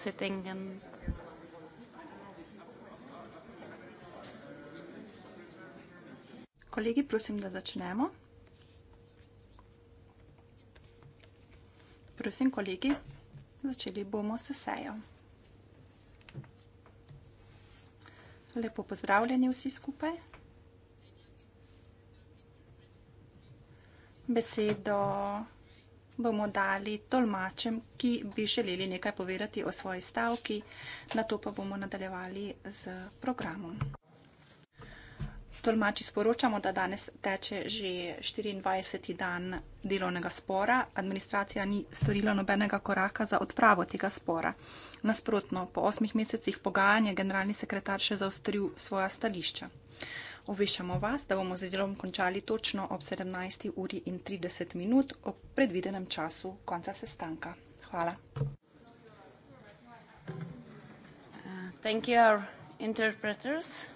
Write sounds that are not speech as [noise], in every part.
se tengan. Kolegi, prosim, da začnemo. Prosim, kolegi, začeli bomo s sejo. Lepo pozdravljeni vsi skupaj. Besedo bomo dali tolmačem, ki bi želeli nekaj povedati o svoji stavki, na to pa bomo nadaljevali z programom. Tolmači sporočamo, da danes teče že 24. dan delovnega spora. Administracija ni storila nobenega koraka za odpravo tega spora. Nasprotno, po osmih mesecih pogajanja generalni sekretar še zaostril svoja stališča. Obveščamo vas, da bomo z delom končali točno ob 17. uri in 30 minut ob predvidenem času konca sestanka. Hvala. Thank you our interpreters.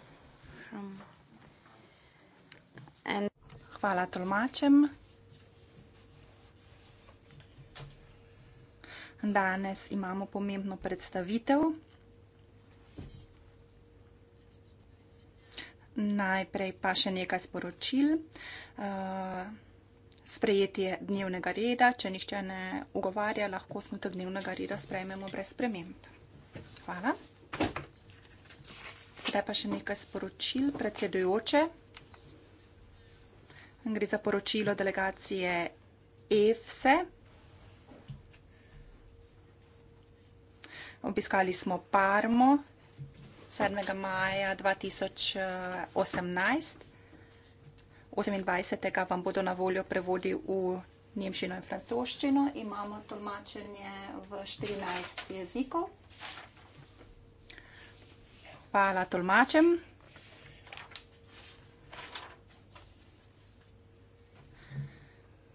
From and Hvala tolmačem. Danes imamo pomembno predstavitev. Najprej pa še nekaj sporočil. Uh, sprejetje dnevnega reda, če nihče ne ugovarja, lahko snutek dnevnega reda sprejmemo brez sprememb. Hvala. Sedaj pa še nekaj sporočil predsedujoče. Gre za poročilo delegacije EFSE. Obiskali smo Parmo, 7. maja 2018. 28. vam bodo na voljo prevodi v nemščino in francoščino. Imamo tolmačenje v 14 jezikov. Hvala tolmačem.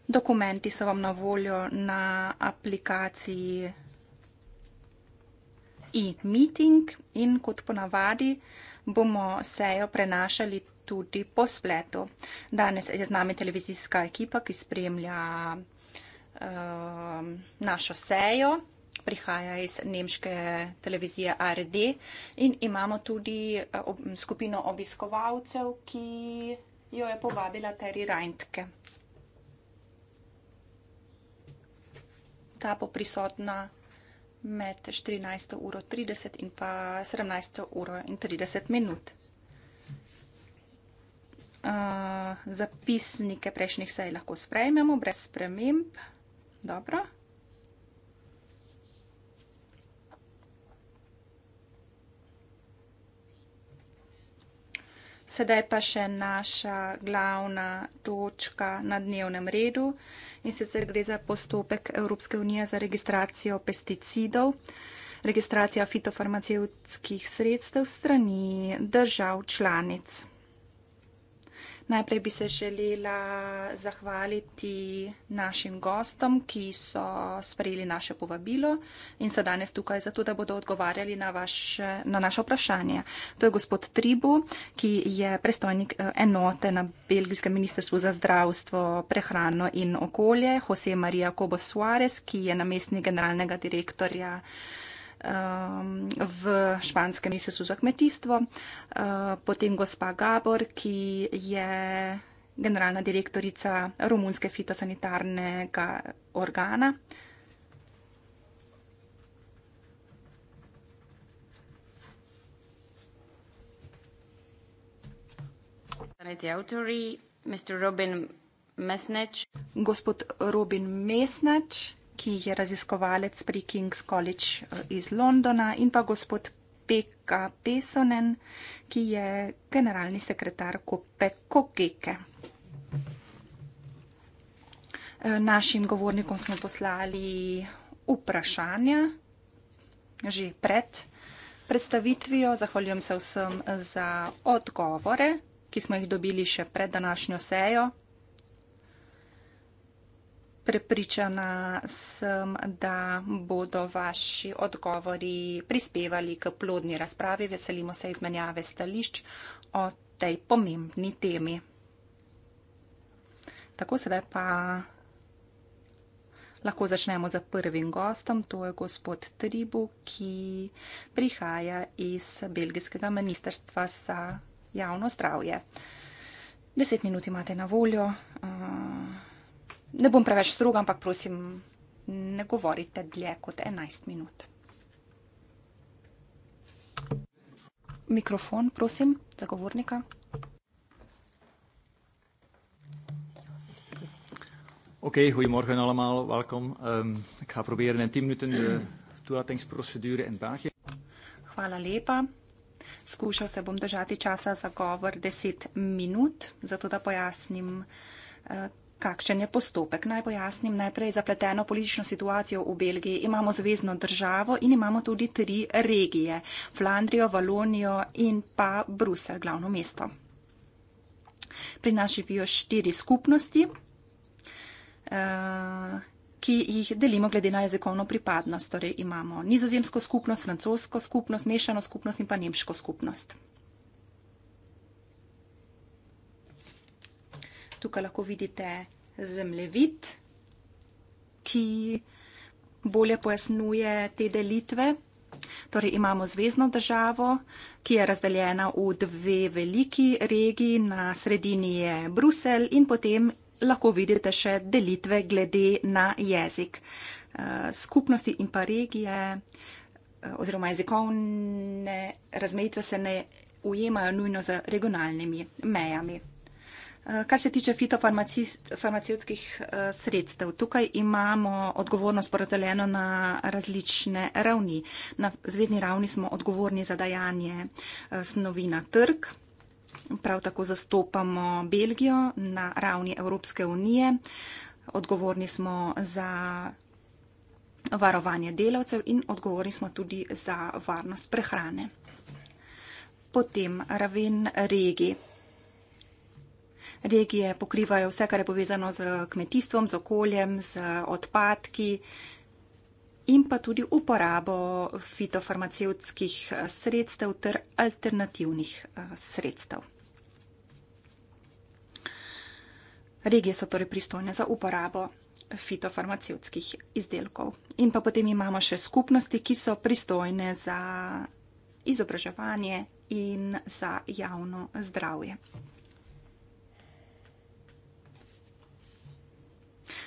Dokumenti so vam na voljo na aplikaciji e-meeting in kot ponavadi bomo sejo prenašali tudi po spletu. Danes je z nami televizijska ekipa, ki spremlja uh, našo sejo. Prihaja iz nemške televizije ARD in imamo tudi eh, skupino obiskovalcev, ki jo je povabila Terry Reintke. Ta bo prisotna med 14. uro 30 in pa 17. uro in 30 minut. Zapisnike prejšnjih sej lahko sprejmemo, brez sprememb. Dobro. Dobro. Sedaj pa še naša glavna točka na dnevnem redu in sicer gre za postopek Evropske unije za registracijo pesticidov, registracija fitofarmacevskih sredstev strani držav članic. Najprej bi se želela zahvaliti našim gostom, ki so sprejeli naše povabilo in so danes tukaj zato, da bodo odgovarjali na, vaš, na naše vprašanje. To je gospod Tribu, ki je predstojnik eh, enote na Belgijskem ministrstvu za zdravstvo, prehrano in okolje, Jose Maria Kobo Suarez, ki je namestnik generalnega direktorja um, v Španskem ministrstvu za kmetijstvo, uh, potem gospa Gabor, ki je generalna direktorica romunske fitosanitarnega organa. Gospod Robin Mesneč ki je raziskovalec pri King's College eh, iz Londona, in pa gospod Pekka Pesonen, ki je generalni sekretar Kope Kokeke. Eh, našim govornikom smo poslali vprašanja že pred predstavitvijo. Zahvaljujem se vsem za odgovore, ki smo jih dobili še pred današnjo sejo. Prepričana sem, da bodo vaši odgovori prispevali k plodni razpravi. Veselimo se izmenjave stališč o tej pomembni temi. Tako sedaj pa lahko začnemo z za prvim gostom, to je gospod Tribu, ki prihaja iz Belgijskega ministrstva za javno zdravje. Deset minut imate na voljo. Uh, ne bom preveč strog, ampak prosim, ne govorite dlje kot 11 minut. Mikrofon, prosim, zagovornika. Ok, goedemorgen allemaal, welkom. Um, ik ga proberen in 10 minuten de toelatingsprocedure in België. Hvala lepa. Skušal se bom držati časa za govor 10 minut, zato da pojasnim, uh, Kakšen je postopek? Naj pojasnim najprej zapleteno politično situacijo v Belgiji. Imamo zvezdno državo in imamo tudi tri regije. Flandrijo, Valonijo in pa Bruselj, glavno mesto. Pri nas živijo štiri skupnosti, eh, ki jih delimo glede na jezikovno pripadnost. Torej imamo nizozemsko skupnost, francosko skupnost, mešano skupnost in pa nemško skupnost. Tukaj lahko vidite zemljevid, ki bolje pojasnjuje te delitve. Torej imamo zvezdno državo, ki je razdeljena v dve veliki regiji, na sredini je Brusel in potem lahko vidite še delitve glede na jezik. Eh, skupnosti in pa regije eh, oziroma jezikovne razmejitve se ne ujemajo nujno z regionalnimi mejami. Eh, kar se tiče fitofarmacijskih eh, sredstev, tukaj imamo odgovornost porazdeljeno na različne ravni. Na zvezdni ravni smo odgovorni za dajanje eh, snovi na trg. Prav tako zastopamo Belgijo na ravni Evropske unije. Odgovorni smo za varovanje delavcev in odgovorni smo tudi za varnost prehrane. Potem raven regije regije, pokrivajo vse, kar je povezano z kmetijstvom, z okoljem, z odpadki in pa tudi uporabo fitofarmacevtskih eh, sredstev ter alternativnih eh, sredstev. Regije so torej pristojne za uporabo fitofarmacevtskih izdelkov. In pa potem imamo še skupnosti, ki so pristojne za izobraževanje in za javno zdravje.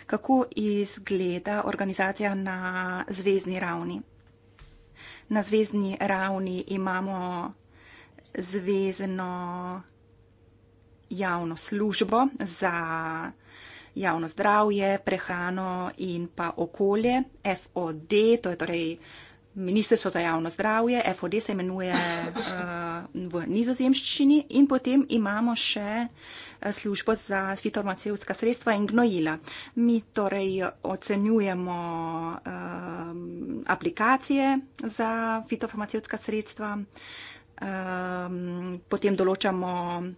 kako izgleda organizacija na zvezdni ravni. Na zvezdni ravni imamo zvezno javno službo za javno zdravje, prehrano in pa okolje, FOD, to je torej Ministrstvo za javno zdravje, FOD se imenuje uh, v nizozemščini in potem imamo še uh, službo za fitofarmacevska sredstva in gnojila. Mi torej ocenjujemo um, aplikacije za fitofarmacevska sredstva, um, potem določamo eh,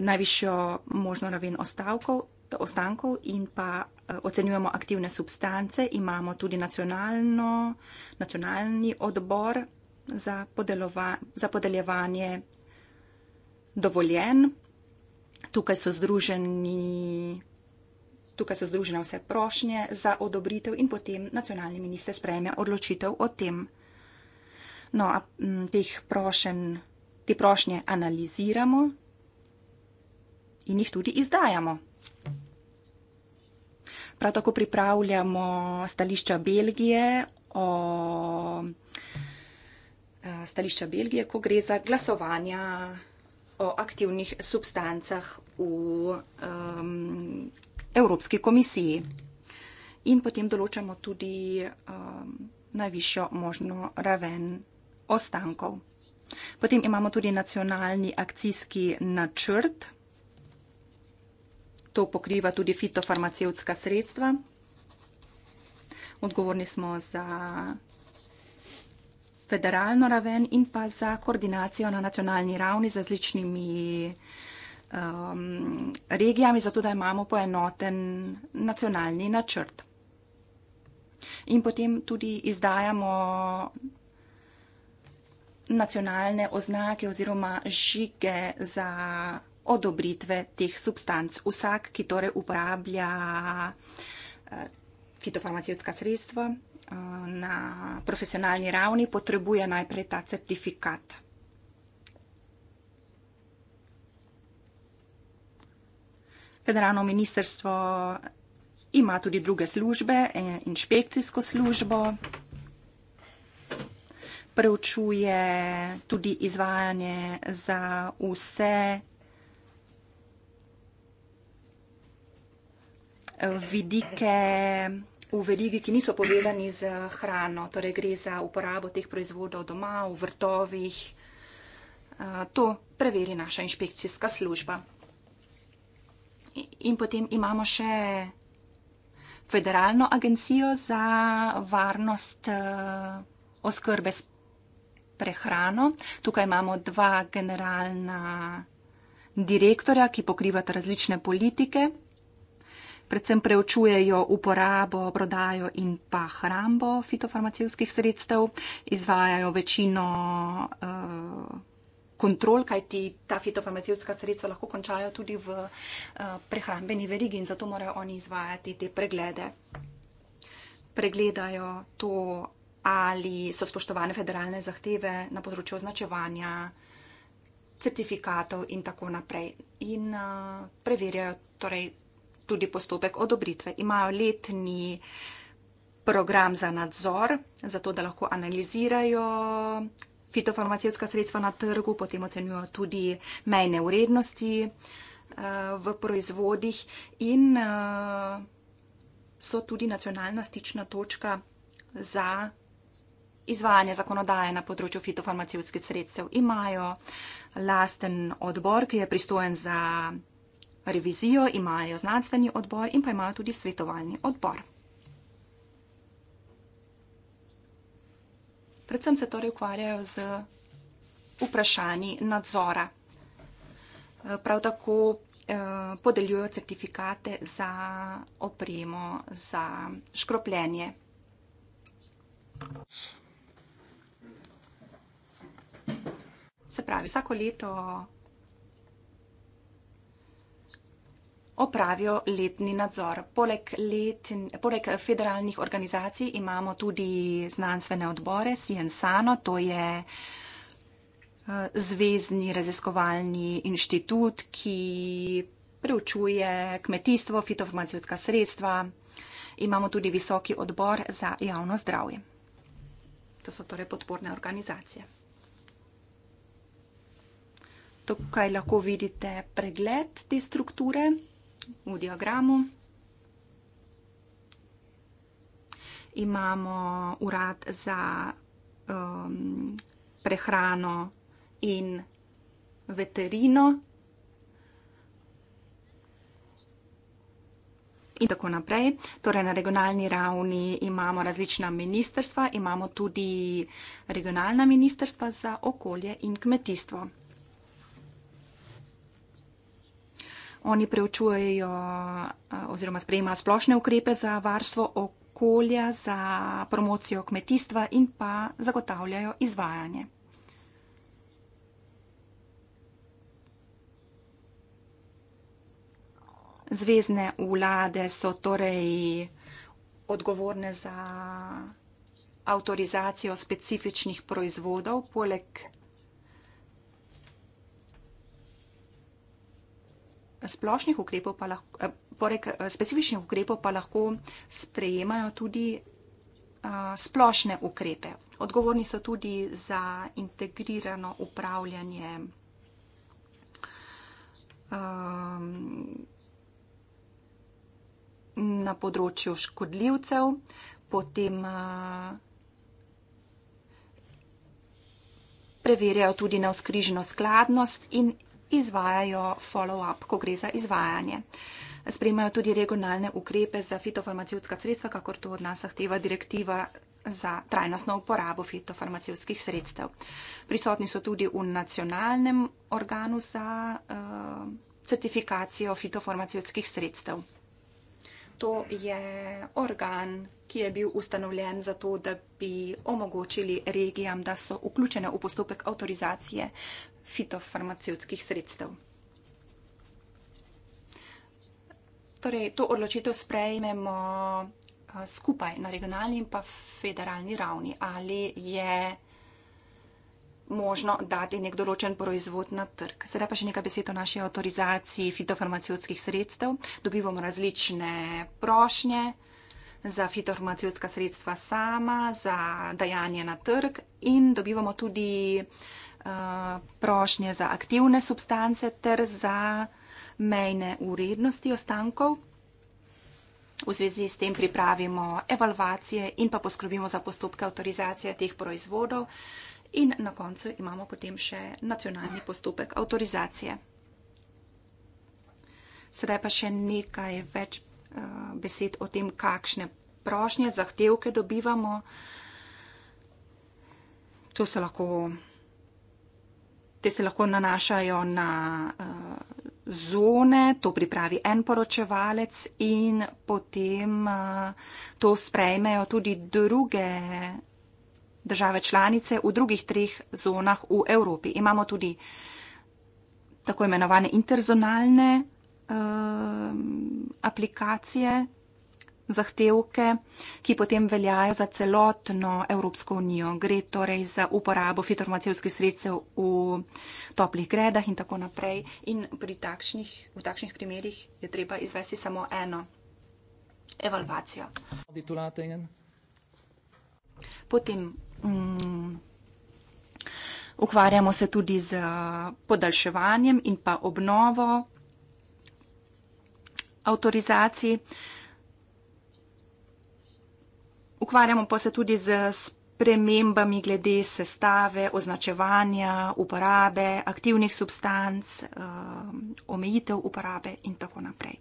najvišjo možno raven ostavkov, ostankov in pa eh, ocenjujemo aktivne substance. Imamo tudi nacionalni odbor za, podelova, za podeljevanje dovoljen tukaj so združeni. Tukaj so združene vse prošnje za odobritev in potem nacionalni minister sprejme odločitev o tem. No, a, m, teh prošen, te prošnje analiziramo in jih tudi izdajamo. Prav tako pripravljamo stališča Belgije o e, stališča Belgije, ko gre za glasovanja o aktivnih substancah v um, Evropski komisiji. In potem določamo tudi um, najvišjo možno raven ostankov. Potem imamo tudi nacionalni akcijski načrt. To pokriva tudi fitofarmacevtska sredstva. Odgovorni smo za federalno raven in pa za koordinacijo na nacionalni ravni z različnimi um, regijami, zato da imamo poenoten nacionalni načrt. In potem tudi izdajamo nacionalne oznake oziroma žige za odobritve teh substanc. Vsak, ki torej uporablja eh, fitofarmacijska sredstva, Eh, na profesionalni ravni, potrebuje najprej ta certifikat. Federalno ministrstvo ima tudi druge službe, e, inšpekcijsko službo, preučuje tudi izvajanje za vse eh, vidike v verigi, ki niso povezani z hrano, torej gre za uporabo teh proizvodov doma, v vrtovih. To preveri naša inšpekcijska služba. In potem imamo še Federalno agencijo za varnost oskrbe s prehrano. Tukaj imamo dva generalna direktorja, ki pokrivata različne politike predvsem preučujejo uporabo, prodajo in pa hrambo fitofarmacijskih sredstev, izvajajo večino uh, kontrol, kajti ta fitofarmacijska sredstva lahko končajo tudi v uh, prehrambeni verigi in zato morajo oni izvajati te preglede. Pregledajo to, ali so spoštovane federalne zahteve na področju označevanja, certifikatov in tako naprej. In uh, preverjajo torej tudi postopek odobritve. Imajo letni program za nadzor, zato da lahko analizirajo fitofarmacijska sredstva na trgu, potem ocenjujo tudi mejne urednosti eh, v proizvodih in eh, so tudi nacionalna stična točka za izvajanje zakonodaje na področju fitofarmacijskih sredstev. Imajo lasten odbor, ki je pristojen za revizijo, imajo znanstveni odbor in pa imajo tudi svetovalni odbor. Predvsem se torej ukvarjajo z vprašanji nadzora. Prav tako eh, podeljujo certifikate za opremo, za škropljenje. Se pravi, vsako leto opravijo letni nadzor. Poleg, letin, poleg federalnih organizacij imamo tudi znanstvene odbore, CNSANO, to je eh, Zvezdni raziskovalni inštitut, ki preučuje kmetijstvo, fitofarmacijska sredstva. Imamo tudi visoki odbor za javno zdravje. To so torej podporne organizacije. Tukaj lahko vidite pregled te strukture v diagramu. Imamo urad za um, prehrano in veterino in tako naprej. Torej, na regionalni ravni imamo različna ministerstva, imamo tudi regionalna ministerstva za okolje in kmetijstvo. Oni preučujejo eh, oziroma sprejemajo splošne ukrepe za varstvo okolja, za promocijo kmetijstva in pa zagotavljajo izvajanje. Zvezdne vlade so torej odgovorne za avtorizacijo specifičnih proizvodov, poleg splošnih ukrepov pa lahko, poleg eh, torej, eh, specifičnih ukrepov pa lahko sprejemajo tudi eh, splošne ukrepe. Odgovorni so tudi za integrirano upravljanje ehm, na področju škodljivcev, potem preverjajo tudi na vzkriženo skladnost in izvajajo follow-up, ko gre za izvajanje. Spremajo tudi regionalne ukrepe za fitofarmacijska sredstva, kakor to od nas zahteva direktiva za trajnostno uporabo fitofarmacijskih sredstev. Prisotni so tudi v nacionalnem organu za uh, certifikacijo fitofarmacijskih sredstev. To je organ, ki je bil ustanovljen zato, da bi omogočili regijam, da so vključene v postopek avtorizacije fitofarmacevtskih sredstev. Torej, to odločitev sprejmemo eh, skupaj na regionalni in pa federalni ravni, ali je možno dati nek določen proizvod na trg. Sedaj pa še nekaj besed o naši avtorizaciji fitofarmacevtskih sredstev. Dobivamo različne prošnje za fitofarmacevtska sredstva sama, za dajanje na trg in dobivamo tudi uh, Eh, prošnje za aktivne substance ter za mejne urednosti ostankov. V zvezi s tem pripravimo evalvacije in pa poskrbimo za postopke avtorizacije teh proizvodov in na koncu imamo potem še nacionalni postopek avtorizacije. Sedaj pa še nekaj več eh, besed o tem, kakšne prošnje, zahtevke dobivamo. To se lahko te se lahko nanašajo na uh, zone, to pripravi en poročevalec in potem uh, to sprejmejo tudi druge države članice v drugih treh zonah v Evropi. Imamo tudi tako imenovane interzonalne uh, aplikacije, zahtevke, ki potem veljajo za celotno Evropsko unijo. Gre torej za uporabo fitormacijskih sredstev v toplih gredah in tako naprej. In pri takšnih, v takšnih primerjih je treba izvesti samo eno evalvacijo. Potem mm, ukvarjamo se tudi z podaljševanjem in pa obnovo avtorizacij ukvarjamo pa se tudi z premembami glede sestave, označevanja, uporabe aktivnih substanc, eh, omejitev uporabe in tako naprej.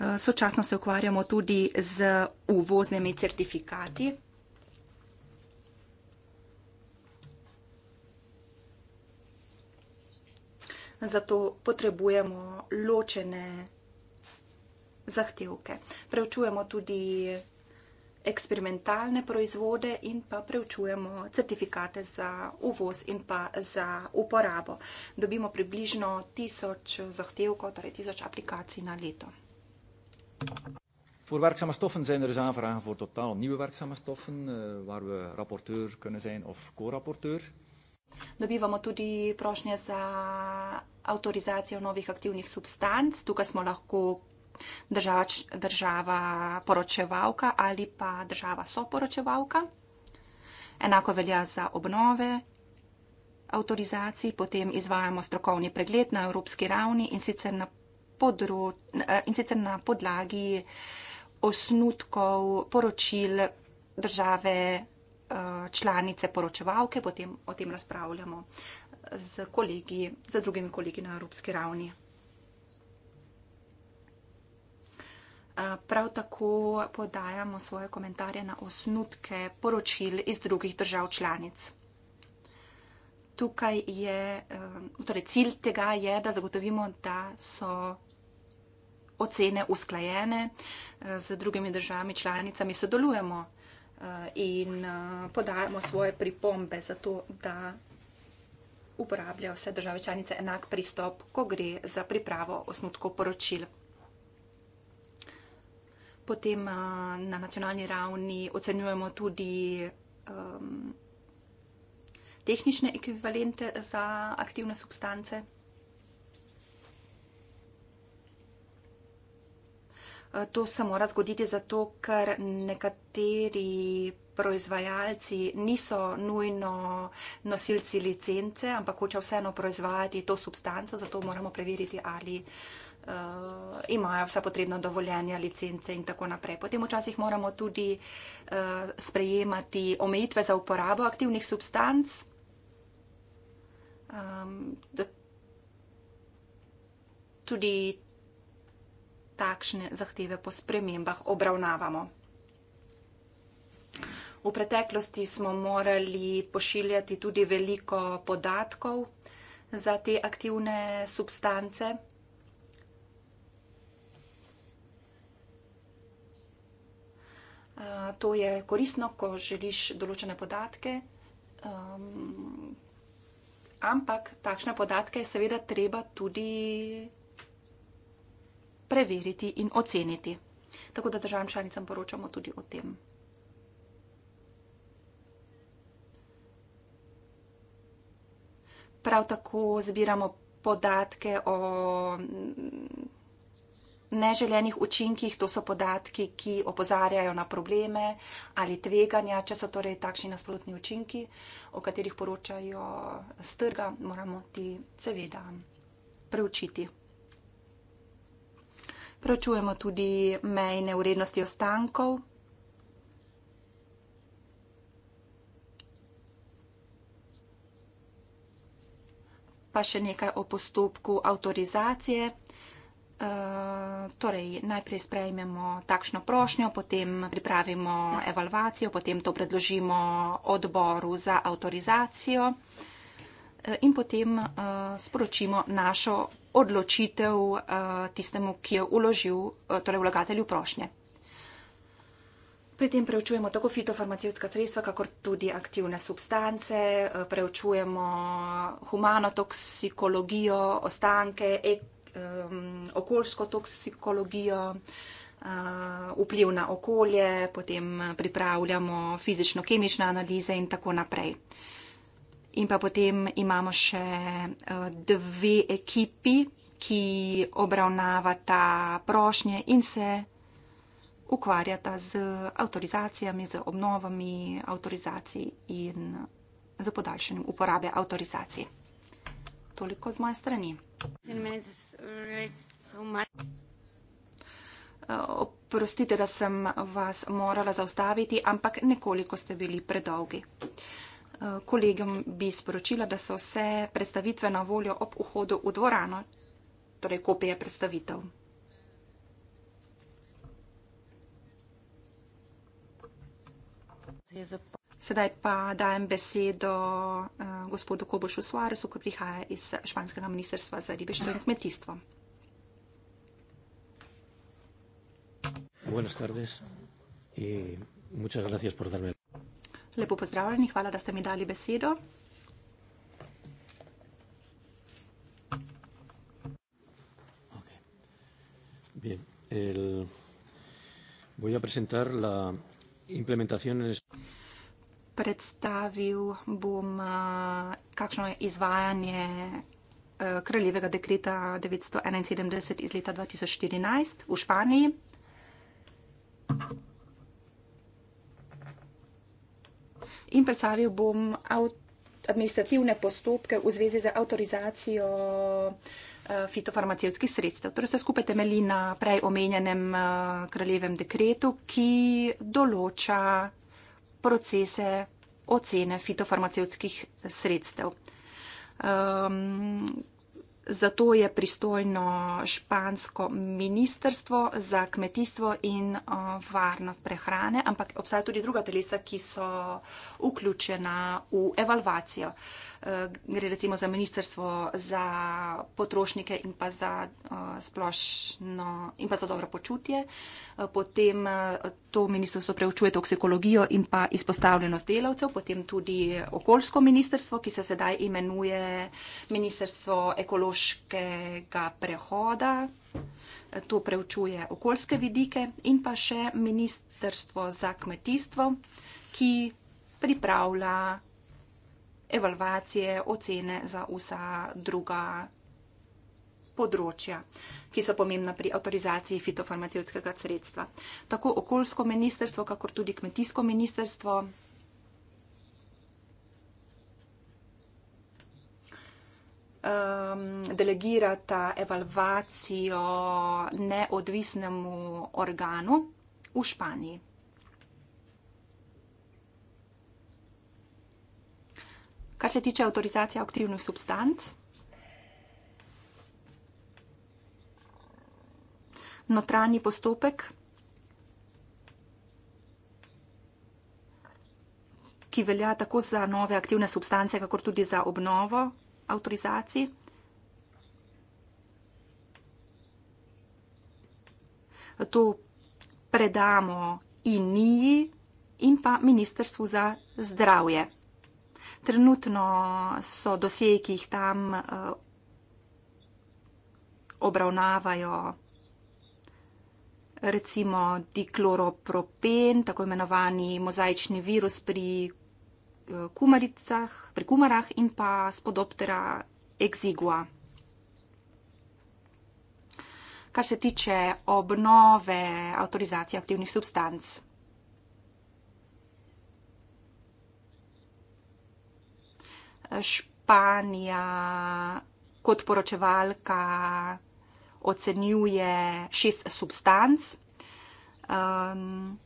Eh, sočasno se ukvarjamo tudi z uvoznimi certifikati. Zato potrebujemo ločene certifikate zahtevke. Preučujemo tudi eksperimentalne proizvode in pa preučujemo certifikate za uvoz in pa za uporabo. Dobimo približno tisoč zahtevkov, torej tisoč aplikacij na leto. Voor werkzame stoffen zijn er dus aanvragen voor totaal nieuwe werkzame stoffen, eh, waar we rapporteur kunnen zijn of co-rapporteur. Dobivamo tudi prošnje za autorizacijo novih aktivnih substanc. Tukaj smo lahko država, država poročevalka ali pa država soporočevalka. Enako velja za obnove avtorizacij, potem izvajamo strokovni pregled na evropski ravni in sicer na, podru, in sicer na podlagi osnutkov poročil države eh, članice poročevalke, potem o tem razpravljamo z kolegi, z drugimi kolegi na evropski ravni. Eh, prav tako podajamo svoje komentarje na osnutke poročil iz drugih držav članic. Tukaj je, eh, torej cilj tega je, da zagotovimo, da so ocene usklajene eh, z drugimi državami članicami, sodelujemo in podajamo svoje pripombe za to, da uporabljajo vse države članice enak pristop, ko gre za pripravo osnutkov poročil. Potem eh, na nacionalni ravni ocenjujemo tudi um, tehnične ekvivalente za aktivne substance. Eh, to se mora zgoditi zato, ker nekateri proizvajalci niso nujno nosilci licence, ampak hoče vseeno proizvajati to substanco, zato moramo preveriti, ali uh, uh, imajo vsa potrebna dovoljenja, licence in tako naprej. Potem včasih moramo tudi uh, sprejemati omejitve za uporabo aktivnih substanc. Um, tudi takšne zahteve po spremembah obravnavamo. V preteklosti smo morali pošiljati tudi veliko podatkov za te aktivne substance. to je koristno, ko želiš določene podatke, um, ampak takšne podatke je seveda treba tudi preveriti in oceniti. Tako da državam članicam poročamo tudi o tem. Prav tako zbiramo podatke o. Mm, neželenih učinkih, to so podatki, ki opozarjajo na probleme ali tveganja, če so torej takšni nasprotni učinki, o katerih poročajo strga, moramo ti seveda preučiti. Preučujemo tudi mejne vrednosti ostankov. Pa še nekaj o postopku avtorizacije Eh, torej najprej sprejmemo takšno prošnjo, potem pripravimo evalvacijo, potem to predložimo odboru za avtorizacijo eh, in potem eh, sporočimo našo odločitev tistemu, ki je uložil, torej vlagatelju prošnje. Pri tem preučujemo tako fitofarmacijska sredstva, kakor tudi aktivne substance, preučujemo humanotoksikologijo, ostanke, ekologijo, um, okoljsko toksikologijo, uh, vpliv na okolje, potem pripravljamo fizično-kemične analize in tako naprej. In pa potem imamo še uh, dve ekipi, ki obravnavata prošnje in se ukvarjata z avtorizacijami, z obnovami avtorizacij in z podaljšanjem uporabe avtorizacij toliko z moje strani. Eh, oprostite, da sem vas morala zaustaviti, ampak nekoliko ste bili predolgi. Eh, kolegom bi sporočila, da so vse predstavitve na voljo ob vhodu v dvorano, torej kopije predstavitev. Zdaj je zaprl. Sedaj pa dajem besedo uh, gospodu Kobošu Suarezu, ki prihaja iz Španskega ministrstva za ribištvo in kmetijstvo. Lepo pozdravljeni, hvala, da ste mi dali besedo. Bien, el, voy a presentar la implementación en España predstavil bom eh, kakšno je izvajanje eh, kraljevega dekreta 971 iz leta 2014 v Španiji. In predstavil bom administrativne postopke v zvezi z avtorizacijo eh, fitofarmacevskih sredstev. Torej se skupaj temeli na prej omenjenem kraljevem dekretu, ki določa procese ocene fitofarmacevskih sredstev. Um, zato je pristojno špansko ministrstvo za kmetijstvo in uh, varnost prehrane, ampak obstaja tudi druga telesa, ki so vključena v evalvacijo. Uh, Eh, gre recimo za ministerstvo za potrošnike in pa za eh, splošno in pa za dobro počutje. Eh, potem to ministrstvo preučuje toksikologijo in pa izpostavljenost delavcev, potem tudi okoljsko ministrstvo, ki se sedaj imenuje ministrstvo ekološkega prehoda. To preučuje okoljske vidike in pa še ministrstvo za kmetijstvo, ki pripravlja evalvacije, ocene za vsa druga področja, ki so pomembna pri avtorizaciji fitofarmacevtskega sredstva. Tako okoljsko ministerstvo, kakor tudi kmetijsko ministerstvo. delegirata evalvacijo neodvisnemu organu v Španiji. Kar se tiče avtorizacije aktivnih substanc, notranji postopek, ki velja tako za nove aktivne substance, kakor tudi za obnovo avtorizacij. To predamo INI in pa Ministrstvu za zdravje trenutno so dosjeji, ki jih tam eh, obravnavajo, recimo dikloropropen, tako imenovani mozaični virus pri eh, kumaricah, pri kumarah in pa spodoptera exigua. Kar se tiče obnove avtorizacije aktivnih substancij. Španija kot poročevalka ocenjuje šest substanc. Um,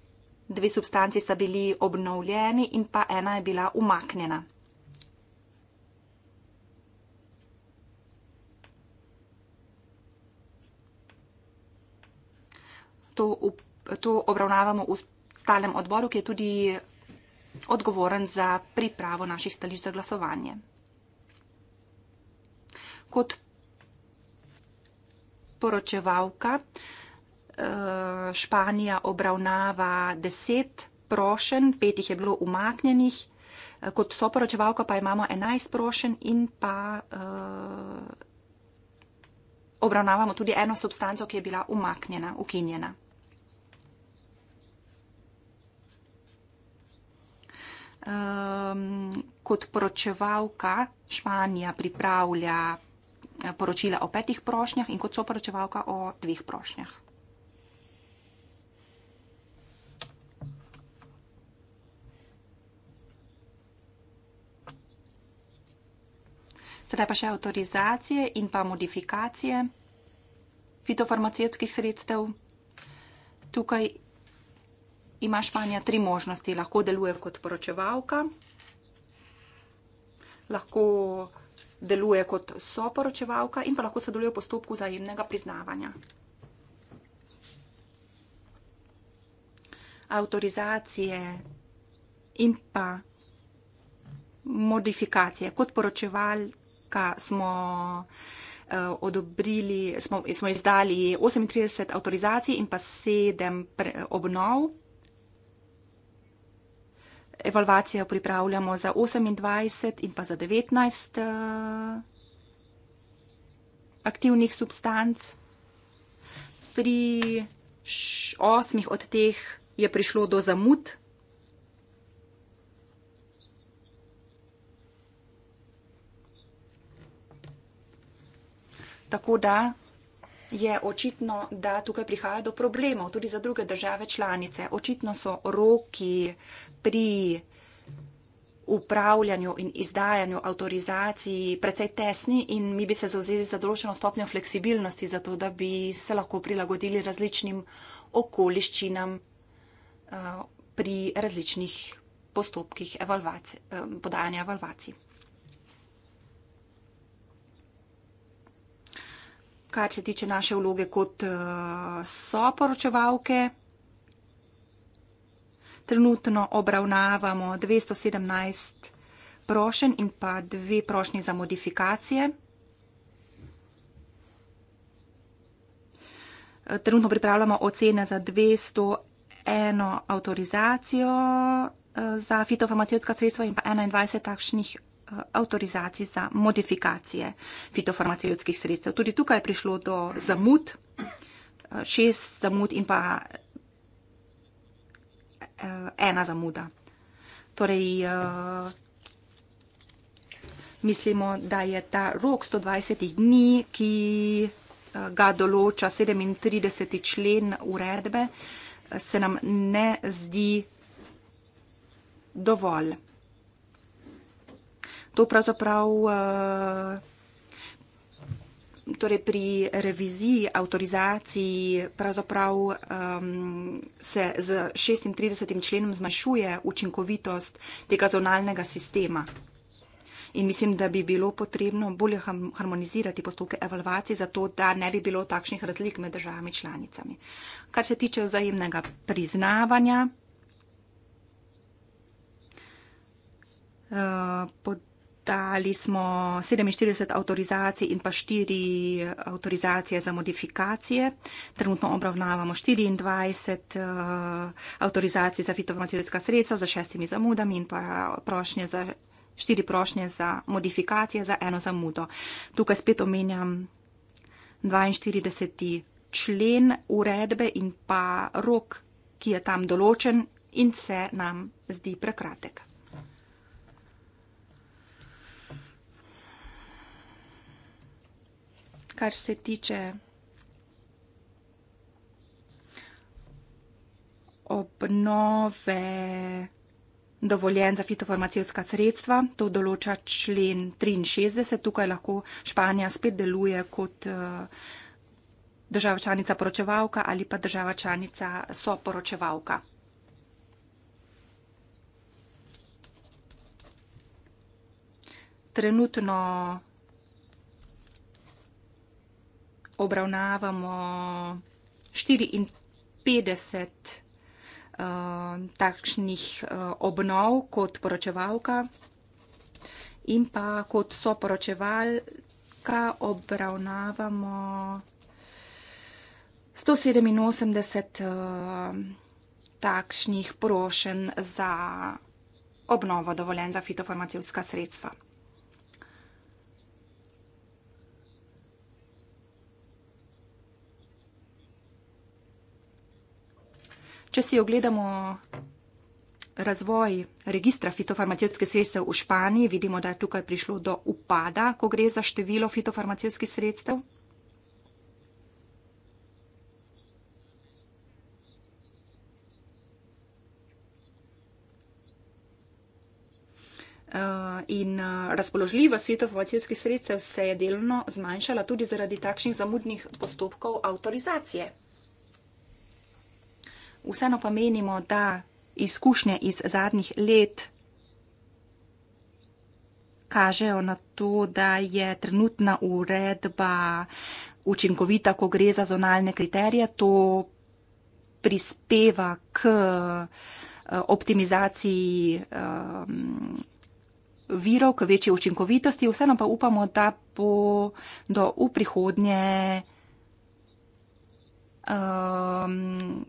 dve substanci sta bili obnovljeni in pa ena je bila umaknjena. To, to obravnavamo v stalem odboru, ki je tudi odgovoren za pripravo naših stališč za glasovanje. Kot poročevalka eh, Španija obravnava deset prošen, pet jih je bilo umaknjenih, eh, kot soporočevalka pa imamo enajst prošen in pa eh, obravnavamo tudi eno substanco, ki je bila umaknjena, ukinjena. um, kot poročevalka Španija pripravlja eh, poročila o petih prošnjah in kot soporočevalka o dveh prošnjah. Sedaj pa še avtorizacije in pa modifikacije fitofarmacijskih sredstev. Tukaj ima Španija tri možnosti. Lahko deluje kot poročevalka, lahko deluje kot soporočevalka in pa lahko sodeluje v postopku zajemnega priznavanja. Avtorizacije in pa modifikacije. Kot poročevalka smo eh, odobrili, smo, smo izdali 38 avtorizacij in pa 7 obnov evalvacijo pripravljamo za 28 in pa za 19 uh, eh, aktivnih substanc. Pri osmih od teh je prišlo do zamud. Tako da je očitno, da tukaj prihaja do problemov tudi za druge države članice. Očitno so roki pri upravljanju in izdajanju avtorizacij precej tesni in mi bi se zauzeli za določeno stopnjo fleksibilnosti, zato da bi se lahko prilagodili različnim okoliščinam eh, pri različnih postopkih eh, podajanja evalvacij. Kar se tiče naše vloge kot eh, soporočevalke, Trenutno obravnavamo 217 prošen in pa dve prošnji za modifikacije. Trenutno pripravljamo ocene za 201 avtorizacijo eh, za fitofarmacijska sredstva in pa 21 takšnih eh, avtorizacij za modifikacije fitofarmacijskih sredstev. Tudi tukaj je prišlo do zamud, eh, šest zamud in pa Eh, ena zamuda. Torej, eh, mislimo, da je ta rok 120 dni, ki eh, ga določa 37. člen uredbe, se nam ne zdi dovolj. To pravzaprav torej pri reviziji avtorizaciji pravzaprav um, se z 36. členom zmanjšuje učinkovitost tega zonalnega sistema. In mislim, da bi bilo potrebno bolje harmonizirati postopke evalvacije, zato da ne bi bilo takšnih razlik med državami članicami. Kar se tiče vzajemnega priznavanja, uh, Dali smo 47 avtorizacij in pa 4 avtorizacije za modifikacije. Trenutno obravnavamo 24 uh, eh, avtorizacij za fitofarmacijska sredstva, za šestimi zamudami in pa prošnje za, 4 prošnje za modifikacije za eno zamudo. Tukaj spet omenjam 42. člen uredbe in pa rok, ki je tam določen in se nam zdi prekratek. kar se tiče obnove dovoljen za fitofarmacijska sredstva. To določa člen 63. Tukaj lahko Španija spet deluje kot eh, država članica poročevalka ali pa država članica soporočevalka. Trenutno obravnavamo 54 uh, eh, takšnih uh, obnov kot poročevalka in pa kot soporočevalka obravnavamo 187 uh, eh, takšnih prošen za obnovo dovoljen za fitofarmacijska sredstva. Če si ogledamo razvoj registra fitofarmacijskih sredstev v Španiji, vidimo, da je tukaj prišlo do upada, ko gre za število fitofarmacijskih sredstev. Eh, in eh, razpoložljivost fitofarmacijskih sredstev se je delno zmanjšala tudi zaradi takšnih zamudnih postopkov avtorizacije vseeno pa menimo, da izkušnje iz zadnjih let kažejo na to, da je trenutna uredba učinkovita, ko gre za zonalne kriterije. To prispeva k eh, optimizaciji um, virov, k večji učinkovitosti. Vseeno pa upamo, da bo do v prihodnje um,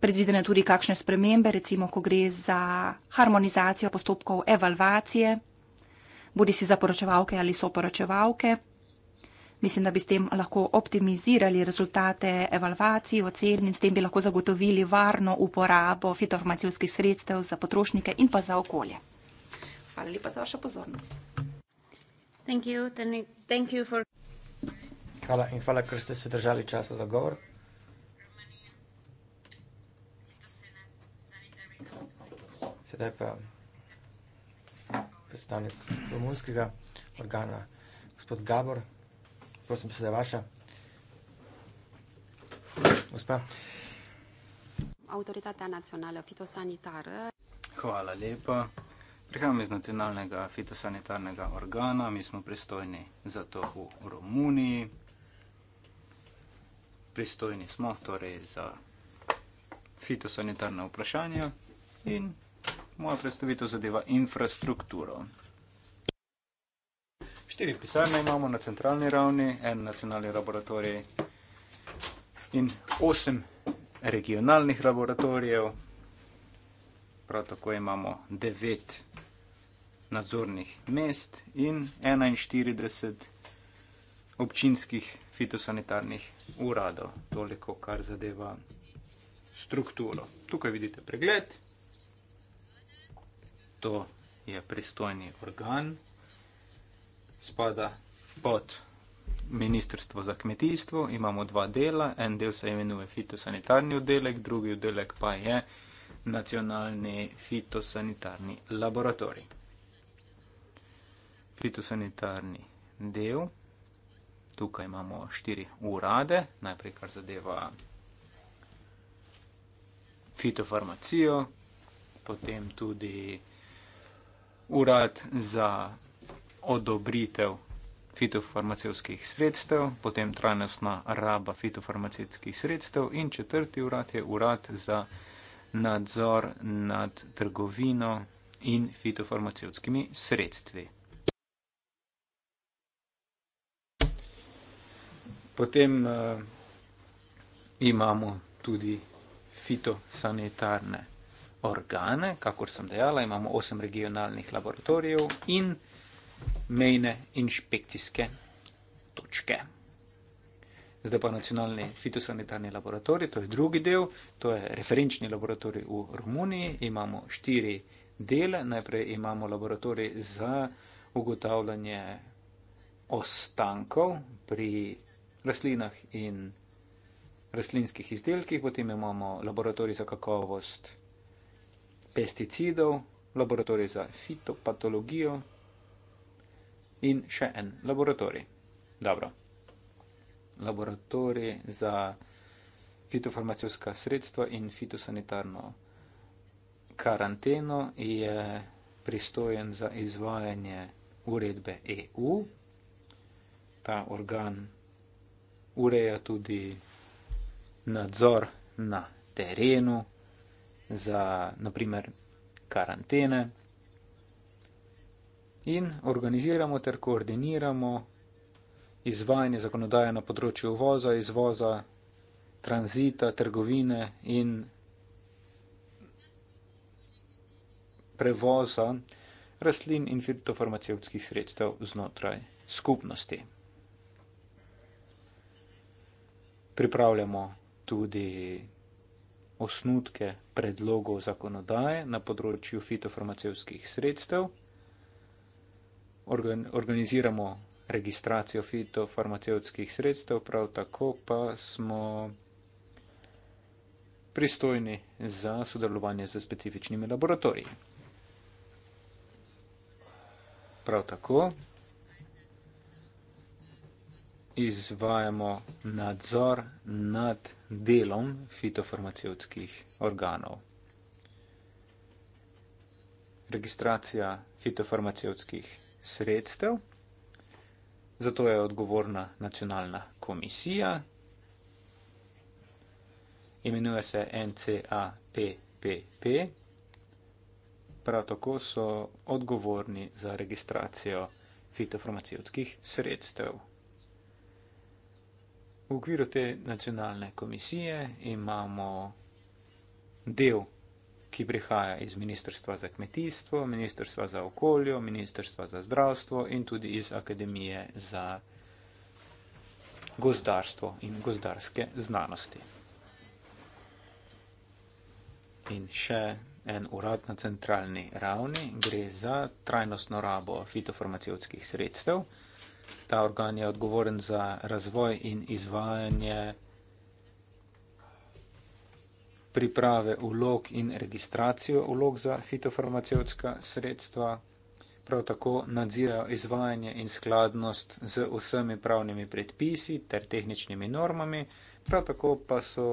predvidene tudi kakšne spremembe, recimo, ko gre za harmonizacijo postopkov evalvacije, bodi si za poročevalke ali so poročevalke. Mislim, da bi s tem lahko optimizirali rezultate evalvacij, ocen in s tem bi lahko zagotovili varno uporabo fitofarmacijskih sredstev za potrošnike in pa za okolje. Hvala lepa za vašo pozornost. Thank you, thank you for... Hvala in hvala, ker ste se držali časa za govor. Sedaj pa predstavnik romunskega organa, gospod Gabor, prosim, sedaj vaša. Gospa. Autoritata nacionale fitosanitare. Hvala lepa. Prihajam iz nacionalnega fitosanitarnega organa, mi smo pristojni za to v Romuniji. Pristojni smo torej za fitosanitarne vprašanja in Moja predstavitev zadeva infrastrukturo. Štiri pisarne imamo na centralni ravni, en nacionalni laboratorij in osem regionalnih laboratorijev. Prav tako imamo devet nadzornih mest in 41 občinskih fitosanitarnih uradov. Toliko, kar zadeva strukturo. Tukaj vidite pregled to je pristojni organ, spada pod Ministrstvo za kmetijstvo. Imamo dva dela, en del se imenuje fitosanitarni oddelek, drugi oddelek pa je nacionalni fitosanitarni laboratorij. Fitosanitarni del, tukaj imamo štiri urade, najprej kar zadeva fitofarmacijo, potem tudi urad za odobritev fitofarmacijskih sredstev, potem trajnostna raba fitofarmacijskih sredstev in četrti urad je urad za nadzor nad trgovino in fitofarmacijskimi sredstvi. Potem uh, imamo tudi fitosanitarne organe, kakor sem dejala, imamo osem regionalnih laboratorijev in mejne inšpekcijske točke. Zdaj pa nacionalni fitosanitarni laboratorij, to je drugi del, to je referenčni laboratorij v Romuniji, imamo štiri dele. Najprej imamo laboratorij za ugotavljanje ostankov pri rastlinah in rastlinskih izdelkih, potem imamo laboratorij za kakovost pesticidov, laboratorij za fitopatologijo in še en laboratorij. Dobro. Laboratorij za fitofarmacijska sredstva in fitosanitarno karanteno je pristojen za izvajanje uredbe EU. Ta organ ureja tudi nadzor na terenu, za naprimer karantene in organiziramo ter koordiniramo izvajanje zakonodaje na področju uvoza, izvoza, tranzita, trgovine in prevoza rastlin in fitofarmacevtskih sredstev znotraj skupnosti. Pripravljamo tudi osnutke predlogov zakonodaje na področju fitofarmacevskih sredstev, Organ, organiziramo registracijo fitofarmacevskih sredstev, prav tako pa smo pristojni za sodelovanje z specifičnimi laboratoriji. Prav tako izvajamo nadzor nad delom fitofarmacevtskih organov. Registracija fitofarmacevtskih sredstev, zato je odgovorna nacionalna komisija, imenuje se NCAPPP, prav tako so odgovorni za registracijo fitofarmacevtskih sredstev. V okviru te nacionalne komisije imamo del, ki prihaja iz Ministrstva za kmetijstvo, Ministrstva za okoljo, Ministrstva za zdravstvo in tudi iz Akademije za gozdarstvo in gozdarske znanosti. In še en urad na centralni ravni gre za trajnostno rabo fitofarmacijskih sredstev. Ta organ je odgovoren za razvoj in izvajanje priprave ulog in registracijo ulog za fitofarmacevtska sredstva. Prav tako nadzirajo izvajanje in skladnost z vsemi pravnimi predpisi ter tehničnimi normami, prav tako pa so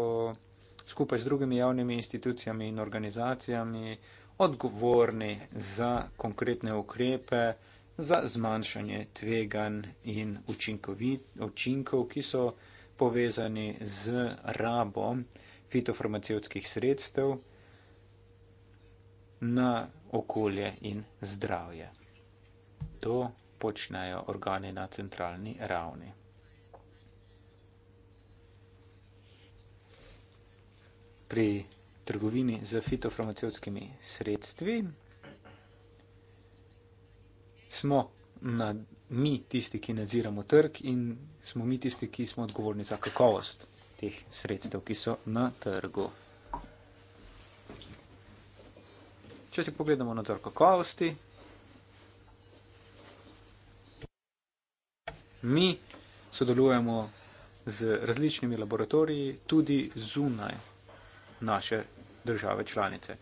skupaj z drugimi javnimi institucijami in organizacijami odgovorni za konkretne ukrepe, za zmanjšanje tveganj in učinkov, ki so povezani z rabo fitofarmacevtskih sredstev na okolje in zdravje. To počnejo organi na centralni ravni. Pri trgovini z fitofarmacevtskimi sredstvi smo na, mi tisti, ki nadziramo trg in smo mi tisti, ki smo odgovorni za kakovost teh sredstev, ki so na trgu. Če si pogledamo nadzor kakovosti, mi sodelujemo z različnimi laboratoriji tudi zunaj naše države članice.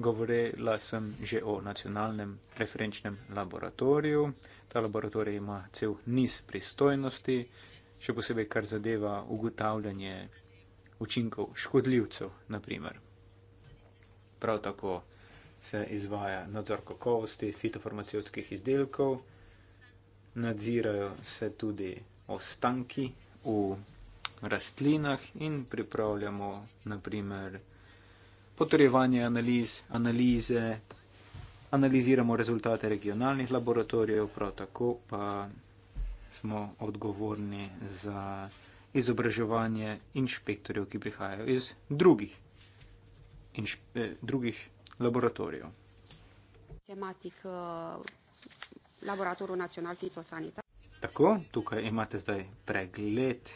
Govorila sem že o nacionalnem referenčnem laboratoriju. Ta laboratorij ima cel niz pristojnosti, še posebej kar zadeva ugotavljanje učinkov škodljivcev. Naprimer. Prav tako se izvaja nadzor kakovosti fitofarmacijskih izdelkov, nadzirajo se tudi ostanki v rastlinah in pripravljamo naprimer potrjevanje analiz, analize, analiziramo rezultate regionalnih laboratorijev, prav tako pa smo odgovorni za izobraževanje inšpektorjev, ki prihajajo iz drugih, inš, eh, drugih laboratorijev. Tematik uh, eh, laboratorija Nacional Tito Sanita. Tako, tukaj imate zdaj pregled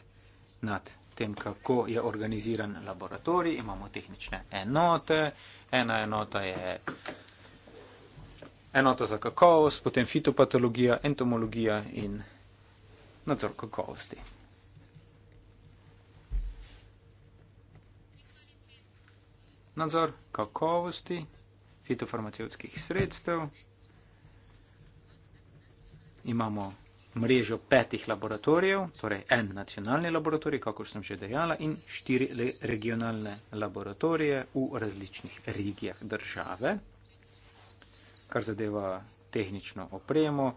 nad tem, kako je organiziran laboratorij. Imamo tehnične enote. Ena enota je enota za kakovost, potem fitopatologija, entomologija in nadzor kakovosti. Nadzor kakovosti fitofarmacevtskih sredstev. Imamo mrežo petih laboratorijev, torej en nacionalni laboratorij, kako sem že dejala, in štiri regionalne laboratorije v različnih regijah države. Kar zadeva tehnično opremo,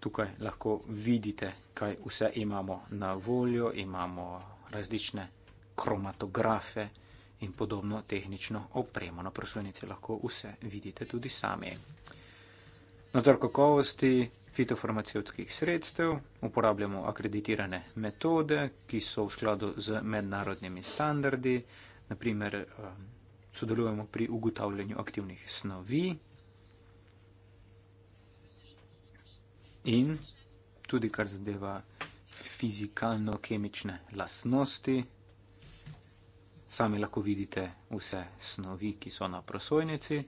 tukaj lahko vidite, kaj vse imamo na voljo, imamo različne kromatografe in podobno tehnično opremo. Na prosojnici lahko vse vidite tudi sami. Nadzor kakovosti fitofarmacevtskih sredstev, uporabljamo akreditirane metode, ki so v skladu z mednarodnimi standardi, naprimer um, sodelujemo pri ugotavljanju aktivnih snovi in tudi kar zadeva fizikalno-kemične lasnosti. Sami lahko vidite vse snovi, ki so na prosojnici.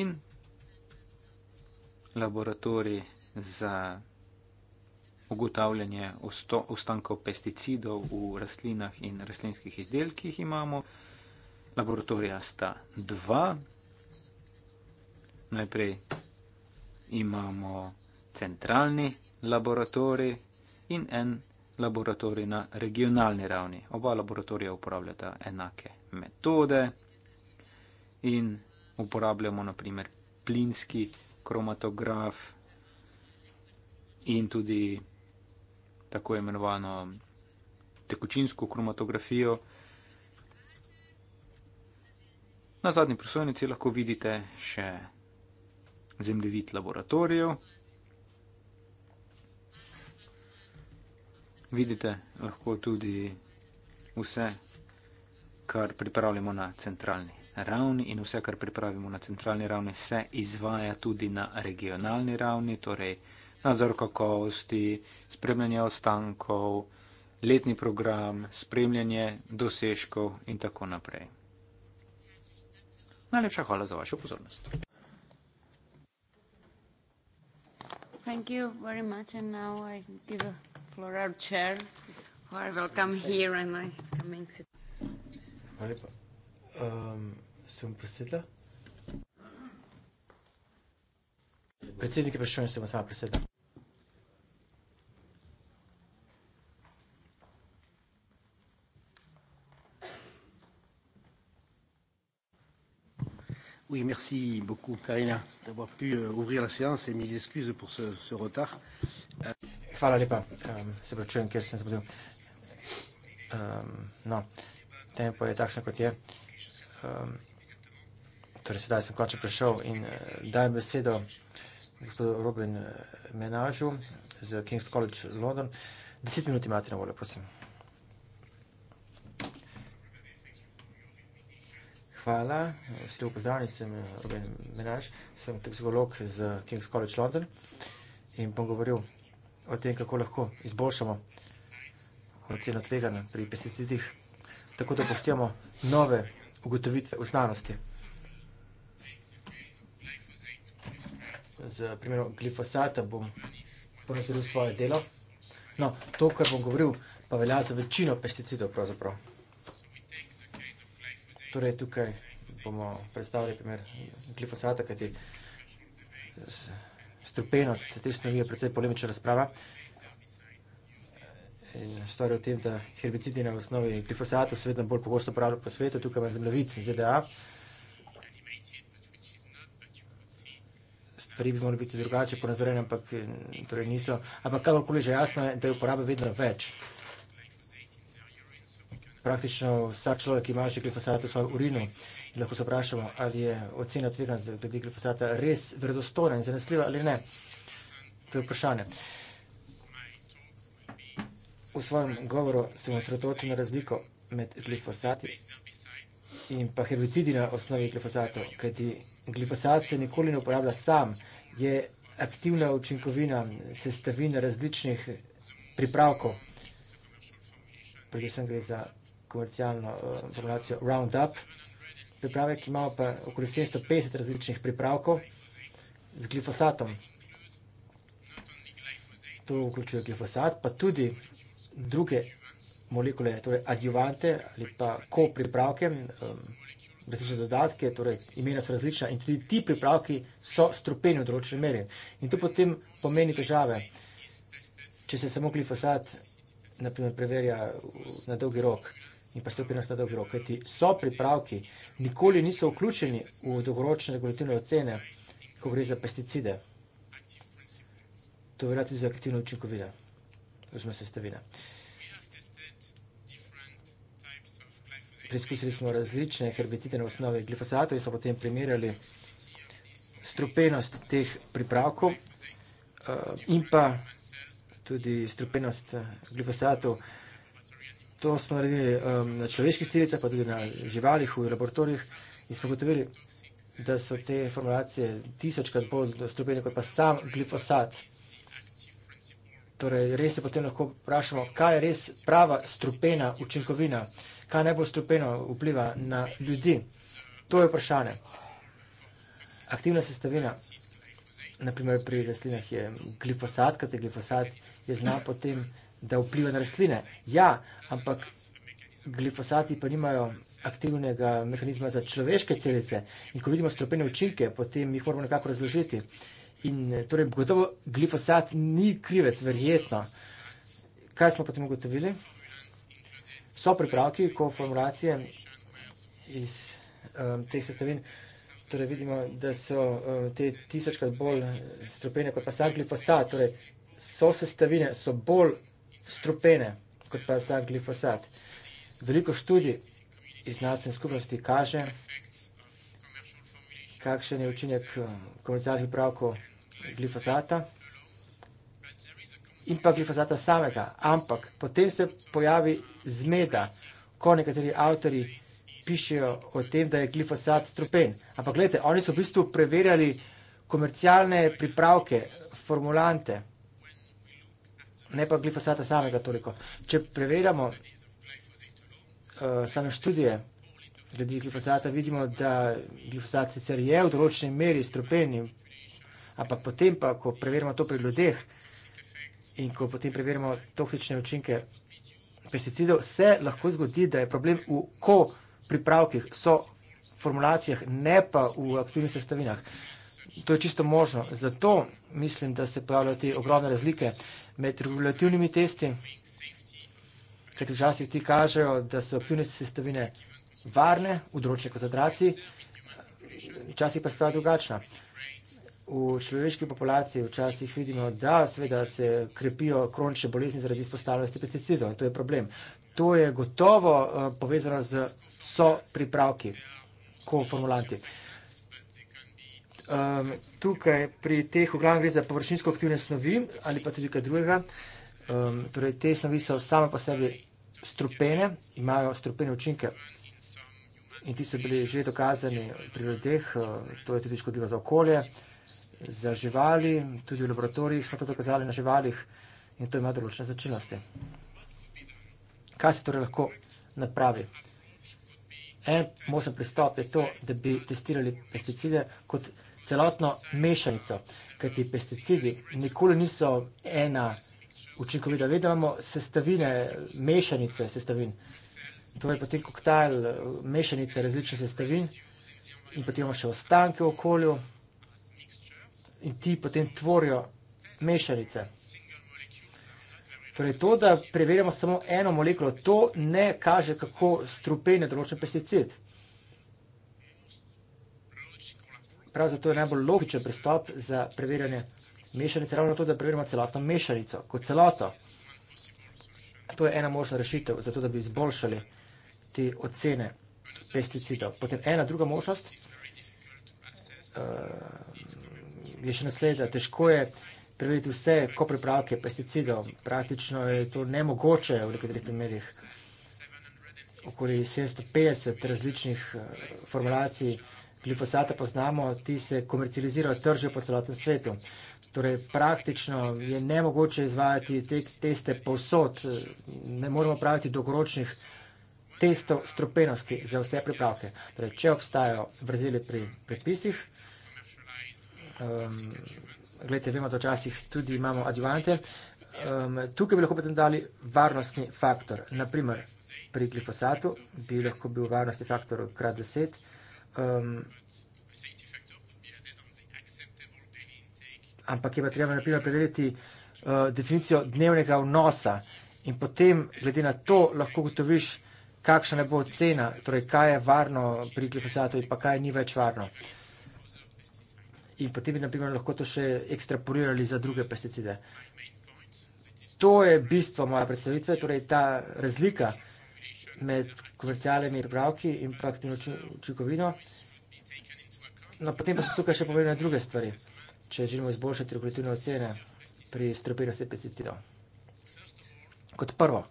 In laboratorij za ugotavljanje ostankov pesticidov v rastlinah in rastlinskih izdelkih imamo. Laboratorija sta dva. Najprej imamo centralni laboratorij in en laboratorij na regionalni ravni. Oba laboratorija uporabljata enake metode in uporabljamo naprimer plinski kromatograf in tudi tako imenovano tekočinsko kromatografijo. Na zadnji prosojnici lahko vidite še zemljevid laboratorijev. Vidite lahko tudi vse, kar pripravljamo na centralni ravni in vse, kar pripravimo na centralni ravni, se izvaja tudi na regionalni ravni, torej nadzor kakovosti, spremljanje ostankov, letni program, spremljanje dosežkov in tako naprej. Najlepša hvala za vašo pozornost. Thank you very much and now I give a floor our chair who are welcome here and I coming sit. Hvala lepa. Um, sem presedla. Predsednik je prišel in se bom sama presedla. Oui, merci beaucoup, Karina, d'avoir pu euh, ouvrir la séance et mes excuses pour ce, ce retard. Voilà, les pas. C'est pas très bien, c'est Non, tempo est tâche à côté. Euh... Torej, sedaj sem končno prišel in uh, dajem besedo gospodu Robin eh, Menažu z King's College London. Deset minut imate na voljo, prosim. Hvala, vsi lepo pozdravljeni, sem eh, Robin Menaž, sem teksikolog z King's College London in bom govoril o tem, kako lahko izboljšamo oceno tveganja pri pesticidih, tako da poštijamo nove ugotovitve v znanosti. z primerom glifosata, bom ponazoril svoje delo. No, to, kar bom govoril, pa velja za večino pesticidov pravzaprav. Torej, tukaj bomo predstavili primer glifosata, kajti strupenost te snovi je predvsej polemična razprava. In stvar je v tem, da herbicidi na osnovi glifosata so vedno bolj pogosto uporabljajo po svetu, tukaj imam zemljevid ZDA, stvari bi morali biti drugače ponazorjene, ampak eh, torej niso. Ampak kakorkoli že jasno je, da je uporabe vedno več. Praktično vsak človek ima že glifosat v svojem urinu. In lahko se vprašamo, ali je ocena tvegan z glede glifosata res verodostora in zanesljiva ali ne. To je vprašanje. V svojem govoru se bom sredotočil na razliko med glifosati in pa herbicidi na osnovi glifosatov, kajti Glifosat se nikoli ne uporablja sam, je aktivna učinkovina sestavin različnih pripravkov. Predvsem gre za komercialno informacijo eh, Roundup. Priprave, ki imamo pa okoli 750 različnih pripravkov z glifosatom. To vključuje glifosat, pa tudi druge molekule, torej adjuvante ali pa ko pripravke, um, različne dodatke, torej imena so različna in tudi ti pripravki so strupeni v določenem meri. In to potem pomeni težave. Če se samo glifosat naprimer preverja na dolgi rok in pa strupenost na dolgi rok, kaj ti so pripravki, nikoli niso vključeni v dolgoročne regulativne ocene, ko gre za pesticide. To verjati za aktivno učinkovine, razumem sestavine. stavine. preizkusili smo različne herbicide na osnovi glifosatov in so potem primerjali strupenost teh pripravkov eh, in pa tudi strupenost eh, glifosatov. To smo naredili eh, na človeških celicah, pa tudi na živalih v laboratorijih in smo gotovili, da so te formulacije tisočkrat bolj strupene kot pa sam glifosat. Torej, res se potem lahko vprašamo, kaj je res prava strupena učinkovina glifosatov kaj najbolj stopeno vpliva na ljudi. To je vprašanje. Aktivna sestavina, naprimer pri rastlinah, je glifosat, kajte glifosat je znal potem, da vpliva na rastline. Ja, ampak glifosati pa nimajo aktivnega mehanizma za človeške celice in ko vidimo stropene učinke, potem jih moramo nekako razložiti. In torej, gotovo glifosat ni krivec, verjetno. Kaj smo potem ugotovili? so pripravki, ko formulacije iz um, teh sestavin, torej vidimo, da so um, te tisočkrat bolj strupene kot pa sam glifosat, torej so sestavine, so bolj strupene kot pa sam glifosat. Veliko študij iz nacen skupnosti kaže, kakšen je učinek um, komercijalnih pripravkov glifosata, in pa glifosata samega. Ampak potem se pojavi zmeda, ko nekateri avtori pišejo o tem, da je glifosat trupen. Ampak gledajte, oni so v bistvu preverjali komercialne pripravke, formulante, ne pa glifosata samega toliko. Če preverjamo uh, same študije glede glifosata, vidimo, da glifosat sicer je v določeni meri strupen, ampak potem pa, ko preverjamo to pri ljudeh, uh, in ko potem preverimo toksične učinke pesticidov, se lahko zgodi, da je problem v ko pripravkih, so formulacijah, ne pa v aktivnih sestavinah. To je čisto možno. Zato mislim, da se pojavljajo te ogromne razlike med regulativnimi testi, kajti včasih ti kažejo, da so aktivne sestavine varne, v določenih koncentraciji, včasih pa stvar drugačna. V človeški populaciji včasih vidimo, da seveda se krepijo kronične bolezni zaradi izpostavljenosti pesticidov in to je problem. To je gotovo uh, povezano z so pripravki, konformulanti. Um, ehm, tukaj pri teh oglavnem gre za površinsko aktivne snovi ali pa tudi kaj drugega. Um, torej te snovi so same po sebi strupene, imajo strupene učinke in ti so bili že dokazani pri ljudeh, uh, to je tudi škodljivo za okolje. Uh, za živali, tudi v laboratorijih smo to dokazali na živalih in to ima določene značilnosti. Kaj se torej lahko napravi? En možen pristop je to, da bi testirali pesticide kot celotno mešanico, ker ti pesticidi nikoli niso ena učinkovita. Vedno imamo sestavine, mešanice sestavin. To je potem koktajl mešanice različnih sestavin in potem imamo še ostanke v okolju in ti potem tvorijo mešalice. Torej to, da preverjamo samo eno molekulo, to ne kaže, kako strupen je določen pesticid. Prav zato je najbolj logičen pristop za preverjanje mešalice, ravno to, da preverjamo celotno mešalico, kot celoto. To je ena možna rešitev, zato da bi izboljšali te ocene pesticidov. Potem ena druga možnost, je še naslednja. Težko je preveriti vse kopripravke pesticidov. Praktično je to nemogoče v nekaterih primerjih. Okoli 750 različnih eh, formulacij glifosata poznamo, ti se komercializirajo tržijo po celotnem svetu. Torej, praktično je nemogoče izvajati te teste povsod. Ne moramo praviti dolgoročnih testov stropenosti za vse pripravke. Torej, če obstajajo vrzeli pri predpisih, um, ehm, gledajte, vemo, da včasih tudi imamo adjuvante. Um, tukaj bi lahko potem dali varnostni faktor. Naprimer, pri glifosatu bi lahko bil varnostni faktor krat 10. Um, ampak je pa treba naprimer preveriti uh, definicijo dnevnega vnosa in potem, glede na to, lahko gotoviš, kakšna ne bo cena, torej kaj je varno pri glifosatu in pa kaj ni več varno. Uh, in potem bi naprimer lahko to še ekstrapolirali za druge pesticide. To je bistvo moje predstavitve, torej ta razlika med komercialnimi pripravki in pa aktivno učinkovino. No, potem pa so tukaj še pomembne druge stvari, če želimo izboljšati regulativne ocene pri strupenosti pesticidov. Kot prvo,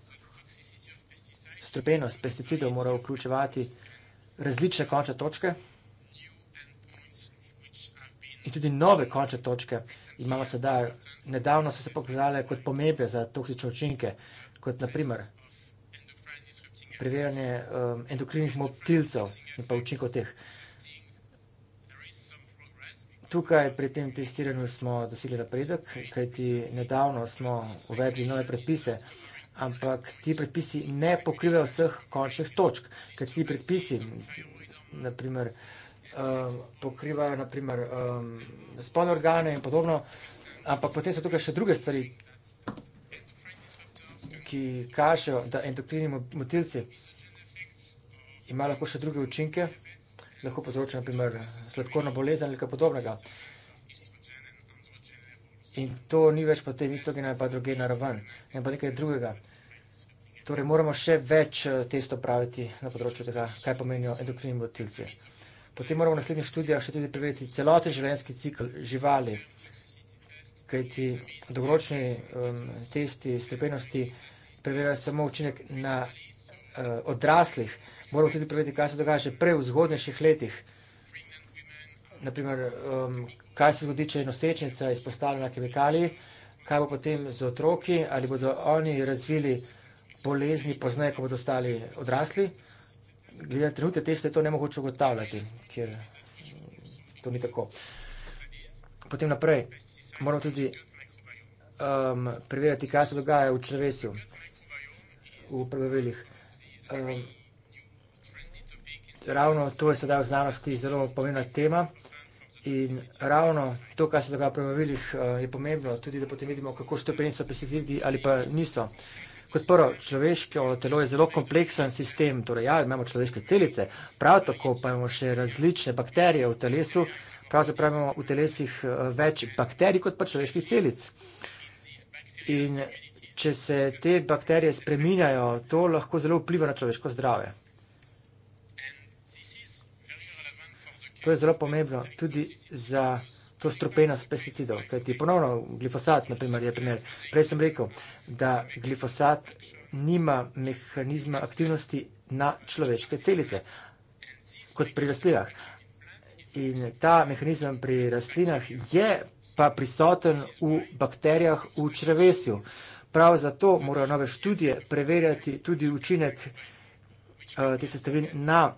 strupenost pesticidov mora vključevati različne končne točke, in tudi nove končne točke imamo sedaj. Nedavno so se pokazale kot pomembe za toksične učinke, kot naprimer preverjanje um, endokrinih motilcev in pa učinkov teh. Tukaj pri tem testiranju smo dosegli napredek, kajti nedavno smo uvedli nove predpise, ampak ti predpisi ne pokrivajo vseh končnih točk, kajti ti predpisi, naprimer, Um, pokrivajo naprimer um, spolne organe in podobno, ampak potem so tukaj še druge stvari, ki kažejo, da endokrini motilci imajo lahko še druge učinke, lahko povzročajo naprimer sladkorno bolezen ali kaj podobnega. In to ni več potem istogena, pa druge naraven, ne pa nekaj drugega. Torej moramo še več eh, testov praviti na področju tega, kaj pomenijo endokrini motilci potem moramo v naslednjih študijah še tudi preveriti celoten življenjski cikl živali, kajti dogoročni um, testi strepenosti preverjajo samo učinek na uh, odraslih. Moramo tudi preveriti, kaj se dogaja že prej v zgodnejših letih. Naprimer, um, kaj se zgodi, če je nosečnica izpostavljena kemikaliji, kaj bo potem z otroki, ali bodo oni razvili bolezni, poznaj, ko bodo ostali odrasli. Uh, glede na trenutne teste, to ne mogoče ugotavljati, ker to ni tako. Potem naprej moramo tudi um, preverjati, kaj se dogaja v črvesju, v prebavilih. Um, ravno to je sedaj v znanosti zelo pomembna tema in ravno to, kaj se dogaja v prebavilih, uh, je pomembno tudi, da potem vidimo, kako stopeni so pesticidi ali pa niso. Uh, Kot prvo, človeško telo je zelo kompleksen sistem, torej ja, imamo človeške celice, prav tako pa imamo še različne bakterije v telesu, pravzaprav imamo v telesih eh, več bakterij kot pa človeških celic. In če se te bakterije spreminjajo, to lahko zelo vpliva na človeško zdrave. To je zelo pomembno tudi za to strupenost pesticidov. Kajti ponovno, glifosat, naprimer, je primer. Prej sem rekel, da glifosat nima mehanizma aktivnosti na človeške celice, kot pri rastlinah. In ta mehanizem pri rastlinah je pa prisoten v bakterijah v črevesju. Prav zato morajo nove študije preverjati tudi učinek uh, eh, te sestavin na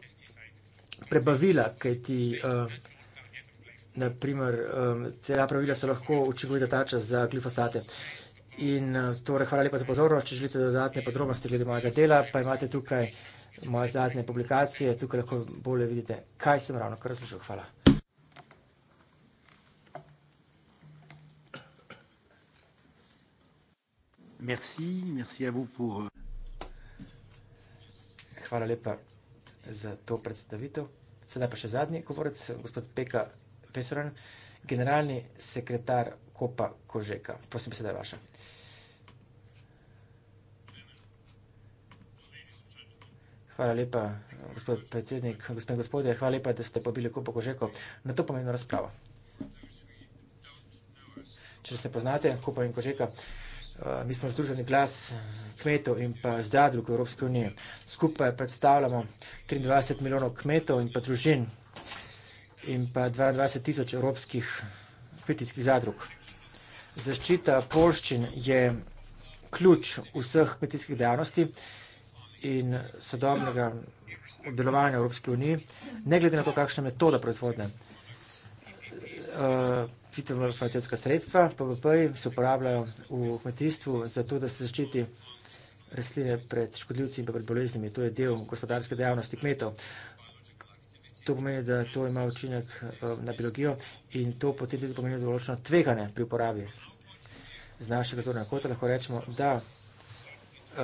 prebavila, kajti uh, naprimer, um, ta pravila so lahko učinkovita tača za glifosate. In uh, torej, hvala lepa za pozornost. Če želite dodatne podrobnosti glede mojega dela, pa imate tukaj moje zadnje publikacije, tukaj lahko bolje vidite, kaj sem ravno kar razložil. Hvala. Merci, merci à vous pour... Euh, hvala lepa za to predstavitev. Sedaj pa še zadnji govorec, gospod Peka Pesaran, generalni sekretar Kopa Kožeka. Prosim, beseda je vaša. Hvala lepa, gospod predsednik, gospod gospodje, hvala lepa, da ste pobili Kopa Kožeko na to pomembno razpravo. Če se poznate, Kopa in Kožeka, eh, mi smo združeni glas kmetov in pa zadrug Evropske unije. Skupaj predstavljamo 23 milijonov kmetov in pa družin, in pa 22 tisoč evropskih kmetijskih zadrug. Zaščita polščin je ključ vseh kmetijskih dejavnosti in sodobnega delovanja Evropske unije, ne glede na to, kakšna metoda proizvodne. Eh, fitofarmacevtska sredstva, PVP, se uporabljajo v kmetijstvu za to, da se zaščiti rastline pred škodljivci in pred boleznimi. To je del gospodarske dejavnosti kmetov. To pomeni, da to ima učinek eh, na biologijo in to potem tudi pomeni določeno tveganje pri uporabi. Z našega zornega kota lahko rečemo, da eh,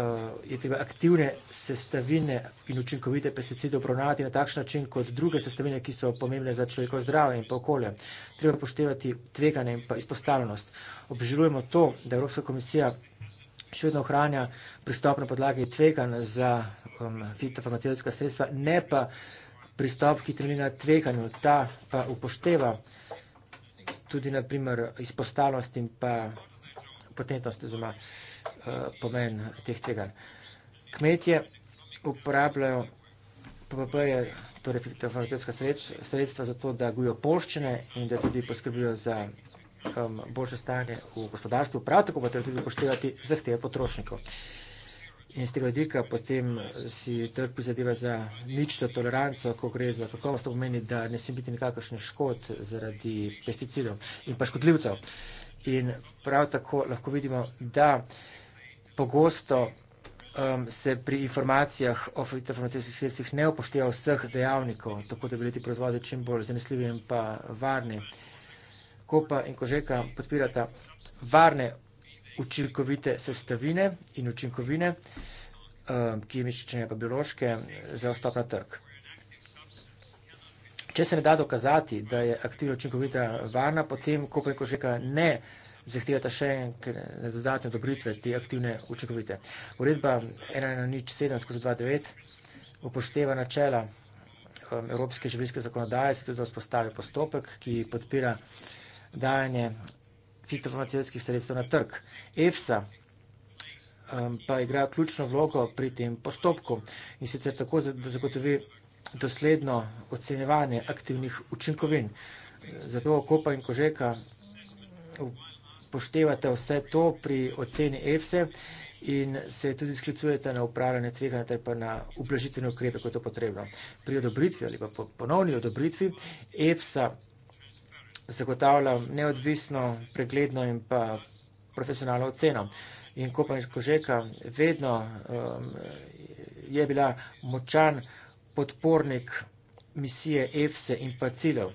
je treba aktivne sestavine in učinkovite pesticide upravnati na takšen način kot druge sestavine, ki so pomembne za človeko zdravje in pa okolje. Treba poštevati tveganje in pa izpostavljenost. Obžirujemo to, da Evropska komisija še vedno ohranja pristop na podlagi tveganj za um, fitofarmacijalska sredstva, ne pa tveganje pristop, ki temelji na tveganju, ta pa upošteva tudi naprimer izpostavljenost in pa potentnost oziroma eh, pomen teh tveganj. Kmetje uporabljajo PPP, torej fitofarmacijska sredstva, zato da gojijo poščene in da tudi poskrbijo za boljše stanje v gospodarstvu. Prav tako pa treba tudi upoštevati zahteve potrošnikov. In z tega vidika potem si trg prizadeva za ničto toleranco, ko gre za kakovost, to pomeni, da ne sme biti nikakršnih škod zaradi pesticidov in pa škodljivcev. In prav tako lahko vidimo, da pogosto um, se pri informacijah o fitofarmacijskih sredstvih ne upošteva vseh dejavnikov, tako da bi bili ti proizvodi čim bolj zanesljivi in pa varni. Kopa in Kožeka podpirata varne učinkovite sestavine in učinkovine, um, kemične pa biološke, za vstop na trg. Če se ne da dokazati, da je aktivna učinkovita varna, potem, ko preko žeka ne zahtevata še enke dodatne dobritve te aktivne učinkovite. Uredba 1107 skozi 29 upošteva načela um, Evropske življenjske zakonodaje, se tudi da vzpostavi postopek, ki podpira dajanje fitofarmacijskih sredstev na trg. EFSA um, pa igra ključno vlogo pri tem postopku in sicer tako, da zagotovi dosledno ocenjevanje aktivnih učinkovin. Zato Kopa in Kožeka poštevate vse to pri oceni EFSE in se tudi sklicujete na upravljanje tveganja ter pa na ublažitvene ukrepe, kot je potrebno. Pri odobritvi ali pa ponovni odobritvi EFSA zagotavlja neodvisno, pregledno in pa profesionalno oceno. In Kopanjško Žeka vedno um, je bila močan podpornik misije EFSE in pa ciljev.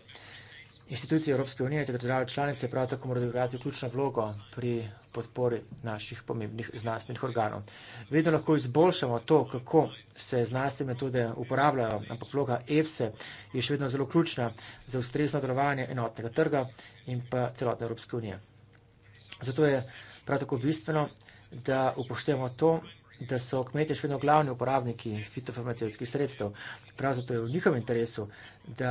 Institucije Evropske unije, te države članice prav tako morajo igrati ključno vlogo pri podpori naših pomembnih znanstvenih organov. Vedno lahko izboljšamo to, kako se znanstvene metode uporabljajo, ampak vloga EFSE je še vedno zelo ključna za ustrezno delovanje enotnega trga in pa celotne Evropske unije. Zato je prav tako bistveno, da upoštevamo to, da so kmetje še vedno glavni uporabniki fitofarmacevskih sredstev. Prav zato je v njihovem interesu, da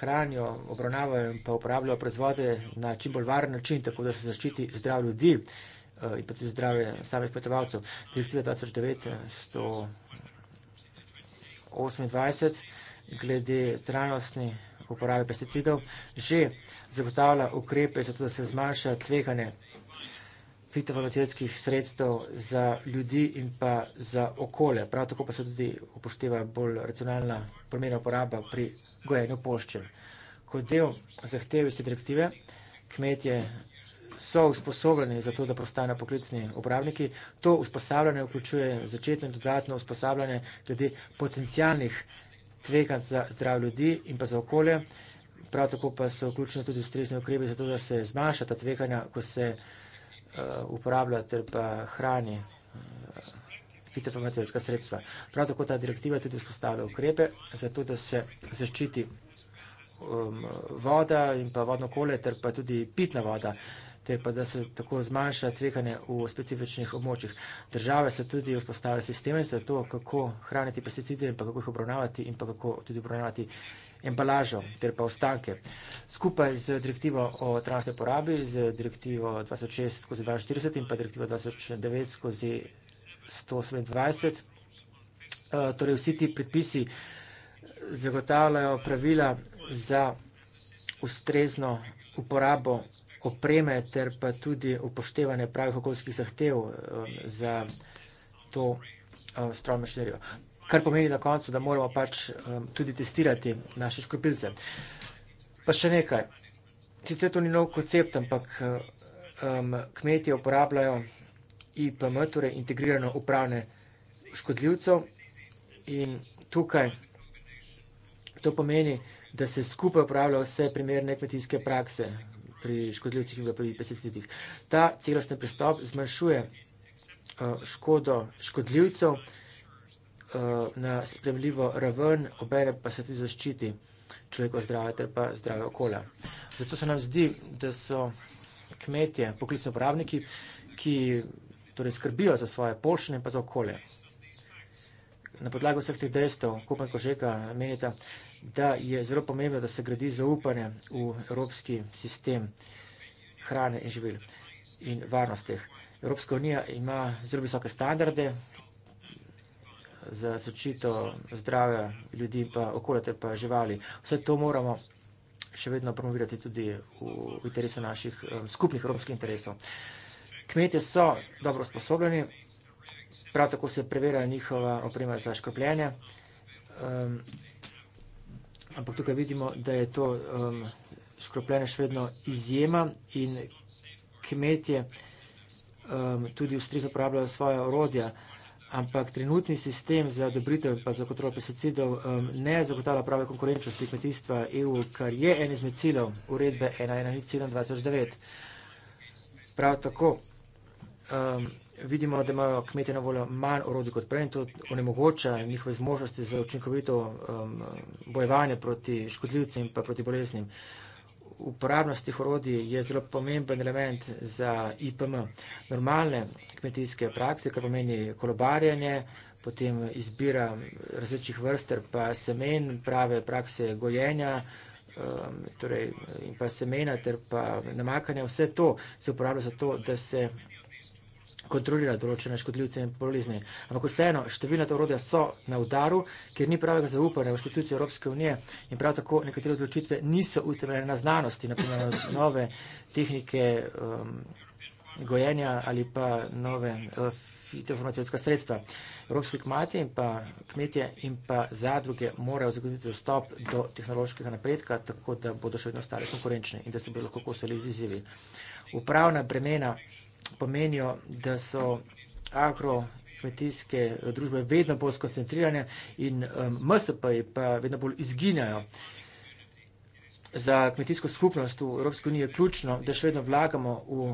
hranijo, obravnavajo in pa uporabljajo proizvode na čim bolj varen način, tako da se zaščiti zdrav ljudi eh, in pa tudi zdravje samih potovalcev. Direktiva 2009-128 glede trajnostni uporabe pesticidov že zagotavlja ukrepe za to, da se zmanjša tveganje fitofarmacijskih sredstev za ljudi in pa za okolje. Prav tako pa se tudi upošteva bolj racionalna pomena uporaba pri gojenju poščen. Kot del zahteve iz te direktive, kmetje so usposobljeni za to, da postane poklicni uporabniki. To usposabljanje vključuje začetno in dodatno usposabljanje glede potencijalnih tvekanj za zdrav ljudi in pa za okolje. Prav tako pa so vključene tudi ustrezne ukrebe za to, da se zmanjša ta tvekanja, ko se vključuje Eh, uporablja ter pa hrani eh, fitofarmacevska sredstva. Prav tako ta direktiva tudi vzpostavlja ukrepe, zato da se zaščiti um, voda in pa vodno okolje ter pa tudi pitna voda ter pa da se tako zmanjša tvekanje v specifičnih območjih. Države so tudi vzpostavile sisteme za to, kako hraniti pesticide in pa kako jih obravnavati in pa kako tudi obravnavati embalažo ter pa ostanke. Skupaj z direktivo o trajnostni porabi, z direktivo 2006 skozi 42 in pa direktivo 2009 skozi 127, e, torej vsi ti predpisi zagotavljajo pravila za ustrezno uporabo opreme ter pa tudi upoštevanje pravih okoljskih zahtev um, za to um, strojno mašinerijo. Kar pomeni na koncu, da moramo pač um, tudi testirati naše škropilce. Pa še nekaj. Sicer to ni nov koncept, ampak kmetje uporabljajo IPM, torej integrirano upravne škodljivcev in tukaj to pomeni, da se skupaj upravlja vse primerne kmetijske prakse, pri škodljivcih in pri pesticidih. Ta celostni pristop zmanjšuje uh, škodo škodljivcev uh, na spremljivo raven, obene pa se tudi zaščiti človeko zdrave ter pa zdrave okolja. Zato se nam zdi, da so kmetje, poklicni uporabniki, ki torej skrbijo za svoje pošnje in pa za okolje. Na podlagu vseh teh dejstev, Kupan Kožeka menita, da je zelo pomembno, da se gradi zaupanje v evropski sistem hrane in živil in varnostih. Evropska unija ima zelo visoke standarde za začito zdrave ljudi in pa okolja ter pa živali. Vse to moramo še vedno promovirati tudi v interesu naših um, skupnih evropskih interesov. Kmetje so dobro sposobljeni, prav tako se je preverjala njihova oprema za škropljenje. Um, ampak tukaj vidimo, da je to um, škropljene še vedno izjema in kmetje um, tudi ustrezno uporabljajo svoje orodja, ampak trenutni sistem za dobritev in pa za kontrolo pesticidov um, ne zagotavlja prave konkurenčnosti kmetijstva EU, kar je en izmed ciljev uredbe 1.1.1.2009. Prav tako um, vidimo, da imajo kmetje na voljo manj orodij kot prej in to onemogoča njihove zmožnosti za učinkovito um, bojevanje proti škodljivcem in pa proti boleznim. Uporabnost teh orodij je zelo pomemben element za IPM normalne kmetijske prakse, kar pomeni kolobarjanje, potem izbira različnih vrst, pa semen, prave prakse gojenja um, torej, in pa semena ter pa namakanja. Vse to se uporablja za to, da se kontrolira določene škodljivce in polizne. Ampak vseeno, številne to urodja so na udaru, ker ni pravega zaupanja v institucije Evropske unije in prav tako nekatere odločitve niso utemeljene na znanosti, naprimer na nove tehnike um, gojenja ali pa nove uh, fitofarmacijska sredstva. Evropski kmetje in pa kmetje in pa zadruge morajo zagotoviti dostop do tehnološkega napredka, tako da bodo še vedno stali konkurenčni in da se bodo lahko kosali z izzivi. Upravna bremena pomenijo, da so agro kmetijske družbe vedno bolj skoncentrirane in MSP-ji um, pa vedno bolj izginjajo. Za kmetijsko skupnost v Evropski uniji je ključno, da še vedno vlagamo v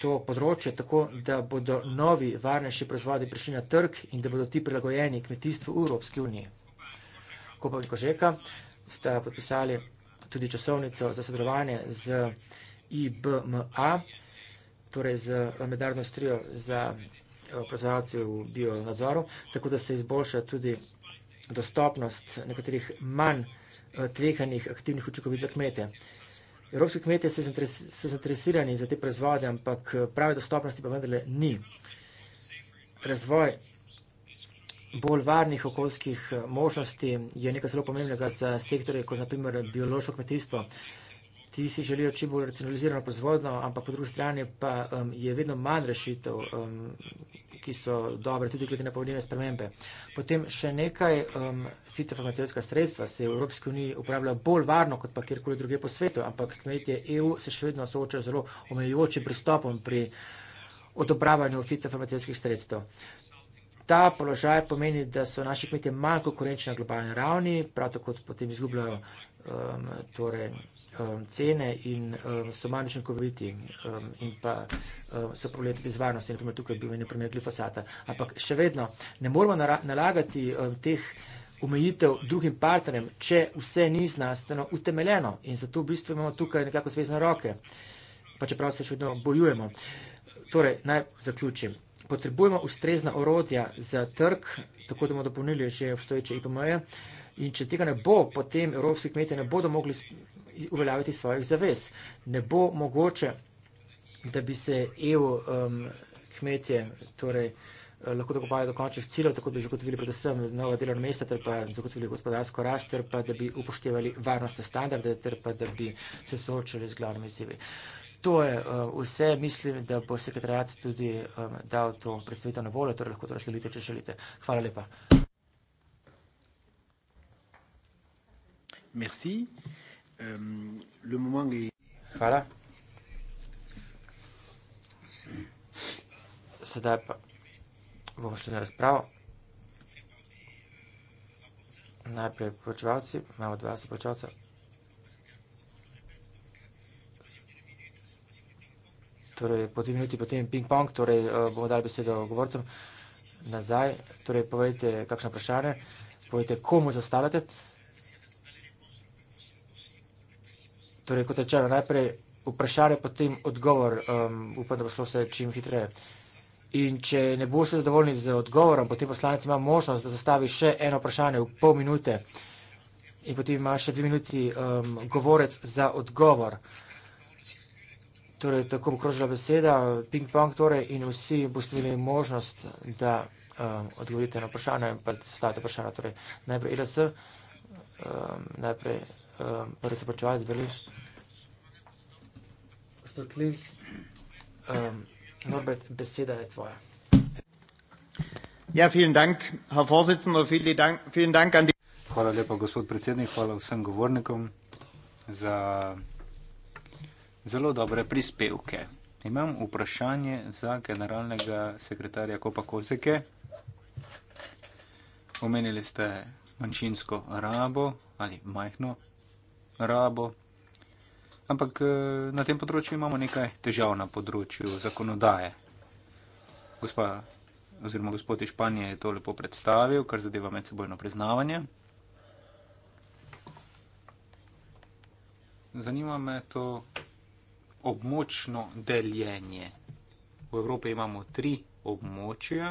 to področje, tako da bodo novi varnejši proizvodi prišli na trg in da bodo ti prilagojeni kmetijstvu v Evropski uniji. Kopa in Kožeka sta podpisali tudi časovnico za sodelovanje z IBMA, ki je torej z eh, mednarodno strijo za eh, proizvajalce v bionadzoru, tako da se izboljša tudi dostopnost nekaterih manj eh, tvehanih aktivnih učinkovit za kmete. Evropski kmete so zainteresirani za te proizvode, ampak prave dostopnosti pa vendarle ni. Razvoj bolj varnih okoljskih možnosti je nekaj zelo pomembnega za sektore, kot naprimer biološko kmetijstvo ti si želijo čim bolj racionalizirano proizvodno, ampak po drugi strani pa um, je vedno manj rešitev, um, ki so dobre, tudi glede na povodnjene spremembe. Potem še nekaj, um, fitofarmacijska sredstva se v Evropski uniji uporabljajo bolj varno, kot pa kjerkoli druge po svetu, ampak kmetje EU se še vedno soočajo zelo omejujoči pristopom pri odobravanju fitofarmacijskih sredstev. Ta položaj pomeni, da so naši kmetje manj konkurenčni na globalni ravni, prav tako potem izgubljajo um, torej, um, cene in um, so manj učinkoviti um, in pa um, so problemi tudi z varnosti, naprimer tukaj bi imeli primerjali fasata. Ampak še vedno ne moramo nalagati um, teh omejitev drugim partnerjem, če vse ni znanstveno utemeljeno in zato v bistvu imamo tukaj nekako svezne roke, pa čeprav se še vedno bojujemo. Torej, naj zaključim. Potrebujemo ustrezna orodja za trg, tako da bomo dopolnili že obstoječe IPM-je. In če tega ne bo, potem evropski kmetje ne bodo mogli uveljaviti svojih zavez. Ne bo mogoče, da bi se EU um, kmetje torej, eh, lahko dokopali do končnih ciljev, tako da bi zagotovili predvsem nova delovna mesta, ter pa zagotovili gospodarsko rast, ter pa da bi upoštevali varnostne standarde, ter pa da bi se soočali z glavnimi izzivi. To je uh, vse. Mislim, da bo sekretarjat tudi um, dal to predstavitev na voljo, torej lahko to razdelite, če želite. Hvala lepa. Merci. Ehm, Hvala. Sedaj pa bomo šli na razpravo. Najprej počevalci, imamo dva sopočevalca. Torej, po tri minuti, potem ping-pong, torej eh, bomo dali besedo govorcem nazaj. Torej, povejte kakšno vprašanje, povejte komu zastavljate. Torej, kot rečeno, najprej vprašanje, potem odgovor. Um, upam, da bo šlo vse čim hitreje. In če ne bo se zadovoljni z odgovorom, potem poslanec ima možnost, da zastavi še eno vprašanje v pol minute. In potem ima še dve minuti um, govorec za odgovor. Torej, tako bo krožila beseda, ping-pong torej, in vsi boste imeli možnost, da um, odgovorite na vprašanje in pa da stavite vprašanje. Torej, najprej LS, um, najprej. Eh, prvi se počuvaj zbeliš. Gospod Lins, um, Norbert, beseda je tvoja. Ja, vielen Dank, Herr Vorsitzender, vielen Dank, vielen Dank an die... Hvala lepa, gospod predsednik, hvala vsem govornikom za zelo dobre prispevke. Imam vprašanje za generalnega sekretarja Kopa Kozeke. Omenili ste manjšinsko rabo ali majhno rabo. Ampak eh, na tem področju imamo nekaj težav na področju zakonodaje. Gospa, oziroma gospod iz Španije je to lepo predstavil, kar zadeva medsebojno priznavanje. Zanima me to območno deljenje. V Evropi imamo tri območja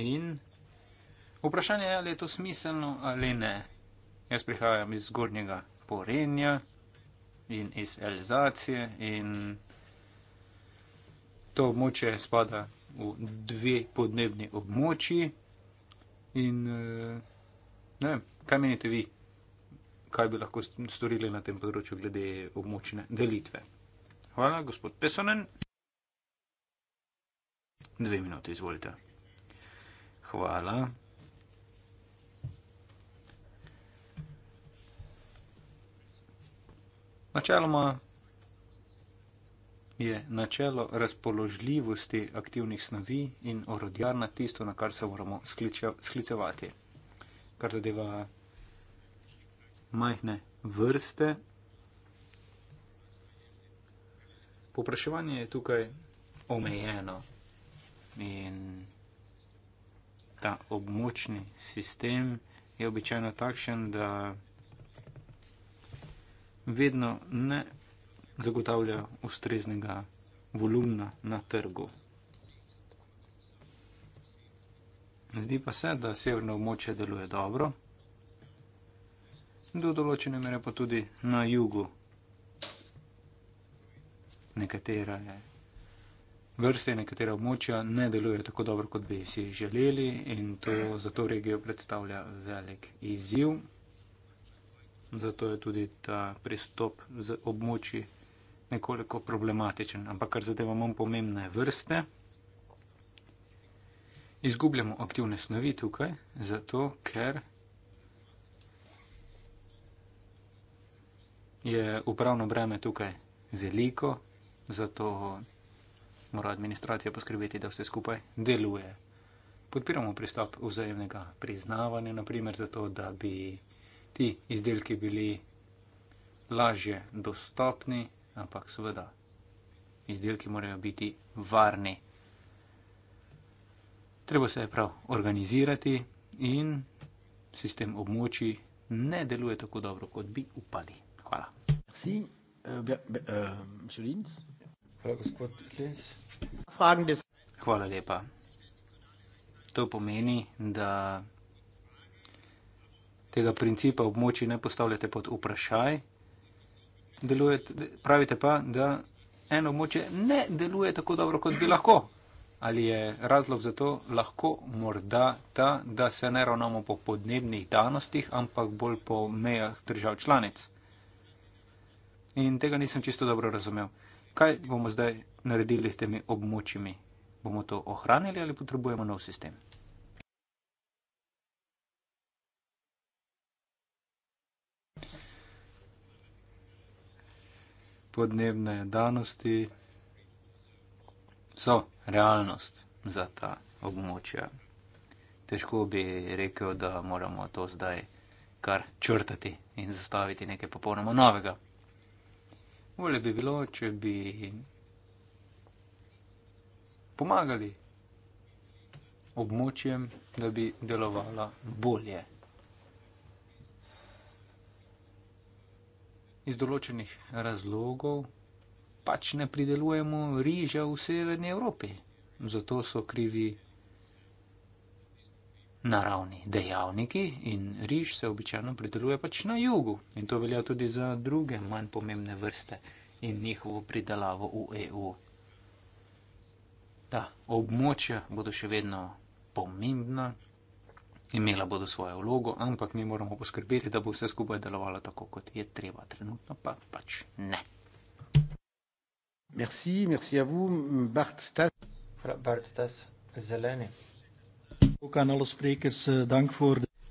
in vprašanje je, ali je to smiselno ali ne. Jaz prihajam iz zgornjega Porenja in iz Elzacije in to območje spada v dve podnebni območji in eh, ne vem, kaj menite vi, kaj bi lahko storili na tem področju glede območne delitve. Hvala, gospod Pesonen. Dve minuti, izvolite. Hvala. Načeloma je načelo razpoložljivosti aktivnih snovi in orodjarna tisto, na kar se moramo sklicevati. Kar zadeva majhne vrste, popraševanje je tukaj omejeno in ta območni sistem je običajno takšen, da vedno ne zagotavlja ustreznega volumna na trgu. Zdi pa se, da severno območje deluje dobro, do določene mere pa tudi na jugu. Nekatera vrste, nekatera območja ne delujejo tako dobro, kot bi si želeli, in to za to regijo predstavlja velik izziv zato je tudi ta pristop z območji nekoliko problematičen. Ampak kar zadeva manj pomembne vrste, izgubljamo aktivne snovi tukaj, zato ker je upravno breme tukaj veliko, zato mora administracija poskrbeti, da vse skupaj deluje. Podpiramo pristop vzajemnega priznavanja, naprimer zato, da bi ti izdelki bili lažje dostopni, ampak seveda izdelki morajo biti varni. Treba se je prav organizirati in sistem območij ne deluje tako dobro, kot bi upali. Hvala. Merci. Euh, euh, Hvala, gospod Lins. Hvala lepa. To pomeni, da tega principa območij ne postavljate pod vprašaj. Delujete, pravite pa, da eno območje ne deluje tako dobro, kot bi lahko. Ali je razlog za to lahko morda ta, da se ne ravnamo po podnebnih danostih, ampak bolj po mejah držav članic? In tega nisem čisto dobro razumel. Kaj bomo zdaj naredili s temi območji? Bomo to ohranili ali potrebujemo nov sistem? podnebne danosti so realnost za ta območja. Težko bi rekel, da moramo to zdaj kar črtati in zastaviti nekaj popolnoma novega. Bolje bi bilo, če bi pomagali območjem, da bi delovala bolje. iz določenih razlogov pač ne pridelujemo riža v severni Evropi. Zato so krivi naravni dejavniki in riž se običajno prideluje pač na jugu. In to velja tudi za druge manj pomembne vrste in njihovo pridelavo v EU. Ta območja bodo še vedno pomembna, imela bodo svojo vlogo, ampak mi moramo poskrbeti, da bo vse skupaj delovalo tako, kot je treba. Trenutno pa pač ne. Merci, merci a vous, Bart Stas. Bart Stas, zeleni. Eh,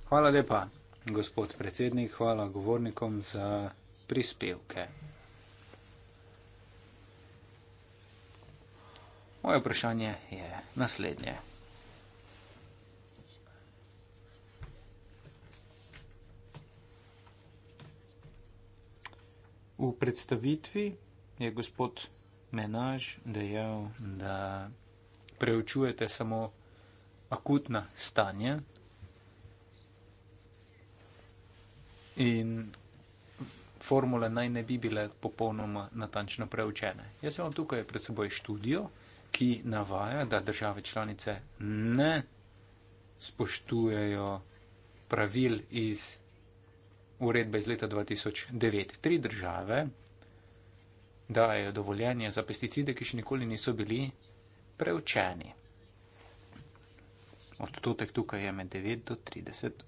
hvala lepa, gospod predsednik, hvala govornikom za prispevke. Moje vprašanje je naslednje. V predstavitvi je gospod Menaž dejal, da preučujete samo akutna stanja in formule naj ne bi bile popolnoma natančno preučene. Jaz imam tukaj pred seboj študijo, ki navaja, da države članice ne spoštujejo pravil iz uredbe iz leta 2009. Tri države dajo dovoljenje za pesticide, ki še nikoli niso bili preučeni. Odstotek tukaj je med 9 do 30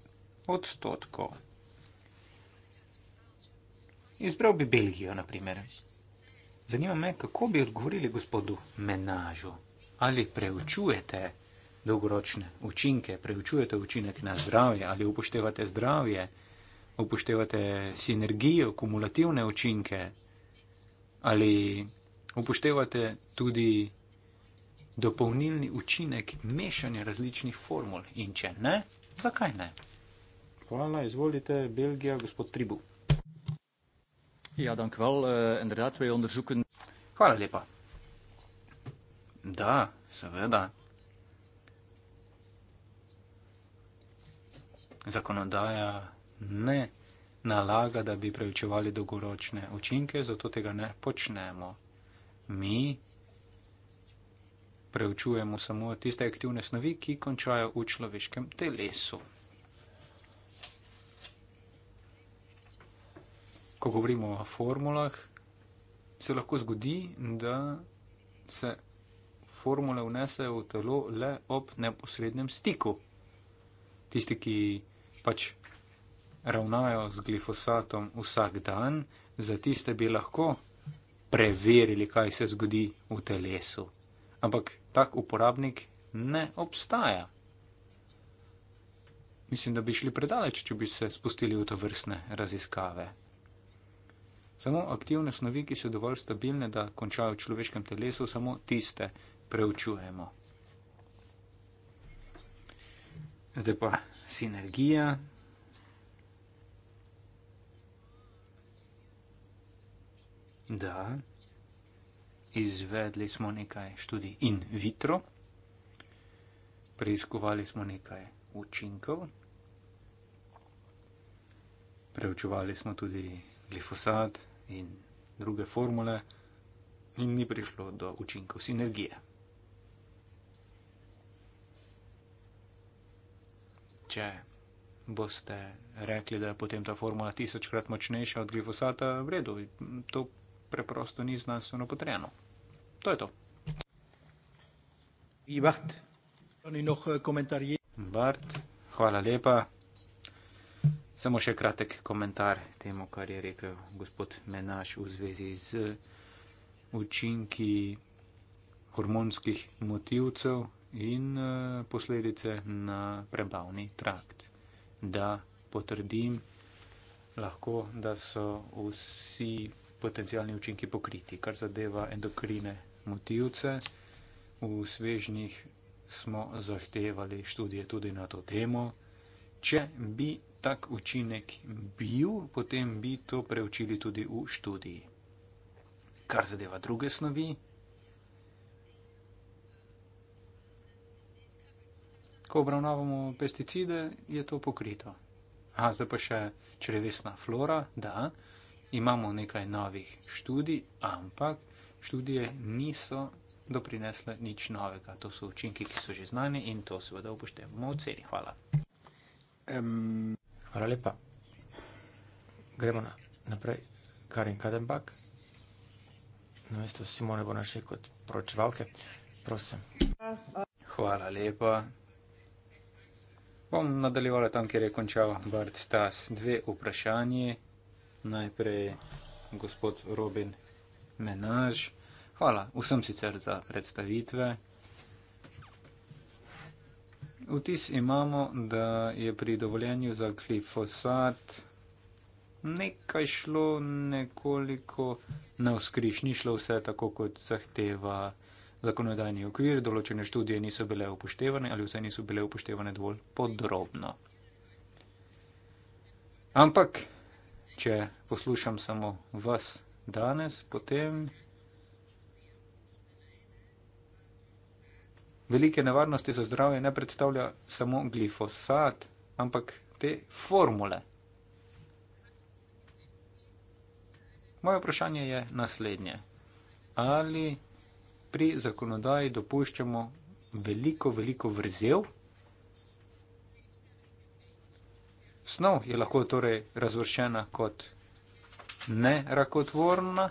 odstotkov. Izbral bi Belgijo, na primer. Zanima me, kako bi odgovorili gospodu menažu. Ali preučujete dolgoročne učinke, preučujete učinek na zdravje, ali upoštevate zdravje, upoštevate sinergijo, kumulativne učinke ali upoštevate tudi dopolnilni učinek mešanja različnih formul in če ne, zakaj ne? Hvala, izvolite, Belgija, gospod Tribu. Ja, dank wel, eh, inderdaad, wij onderzoeken. Hvala lepa. Da, seveda. Zakonodaja ne nalaga, da bi preučevali dolgoročne učinke, zato tega ne počnemo. Mi preučujemo samo tiste aktivne snovi, ki končajo v človeškem telesu. Ko govorimo o formulah, se lahko zgodi, da se formule vnesejo v telo le ob neposrednem stiku. Tisti, ki pač ravnajo z glifosatom vsak dan, za tiste bi lahko preverili, kaj se zgodi v telesu. Ampak tak uporabnik ne obstaja. Mislim, da bi šli predaleč, če bi se spustili v to vrstne raziskave. Samo aktivne snovi, ki so dovolj stabilne, da končajo v človeškem telesu, samo tiste preučujemo. Zdaj pa sinergija, da izvedli smo nekaj študij in vitro, preiskovali smo nekaj učinkov, preučevali smo tudi glifosat in druge formule, in ni prišlo do učinkov sinergije. Če boste rekli, da je potem ta formula tisočkrat močnejša od glifosata, v redu, to preprosto ni znanstveno potrjeno. To je to. Ibart. Eh, Bart, hvala lepa. Samo še kratek komentar temu, kar je rekel gospod Menaš v zvezi z eh, učinki hormonskih motivcev in eh, posledice na prebavni trakt. Da potrdim, lahko, da so vsi potencijalni učinki pokriti. Kar zadeva endokrine motivce, v svežnjih smo zahtevali študije tudi na to temo. Če bi tak učinek bil, potem bi to preučili tudi v študiji. Kar zadeva druge snovi, ko obravnavamo pesticide, je to pokrito. A zdaj pa še črevesna flora, da imamo nekaj novih študij, ampak študije niso doprinesle nič novega. To so učinki, ki so že znani in to seveda upoštevamo v ceni. Hvala. Um, Hvala lepa. Gremo na, naprej. Karin Kadenbak, na mesto Simone Bonaše kot poročevalke. Prosim. Hvala lepa. Bom nadaljevala tam, kjer je končal Bart Stas. Dve vprašanje najprej gospod Robin Menaž. Hvala vsem sicer za predstavitve. Vtis imamo, da je pri dovoljenju za glifosat nekaj šlo nekoliko na vzkriš, ni šlo vse tako, kot zahteva zakonodajni okvir, določene študije niso bile upoštevane ali vse niso bile upoštevane dovolj podrobno. Ampak če poslušam samo vas danes, potem velike nevarnosti za zdravje ne predstavlja samo glifosat, ampak te formule. Moje vprašanje je naslednje. Ali pri zakonodaji dopuščamo veliko, veliko vrzel? snov je lahko torej razvršena kot ne rakotvorna,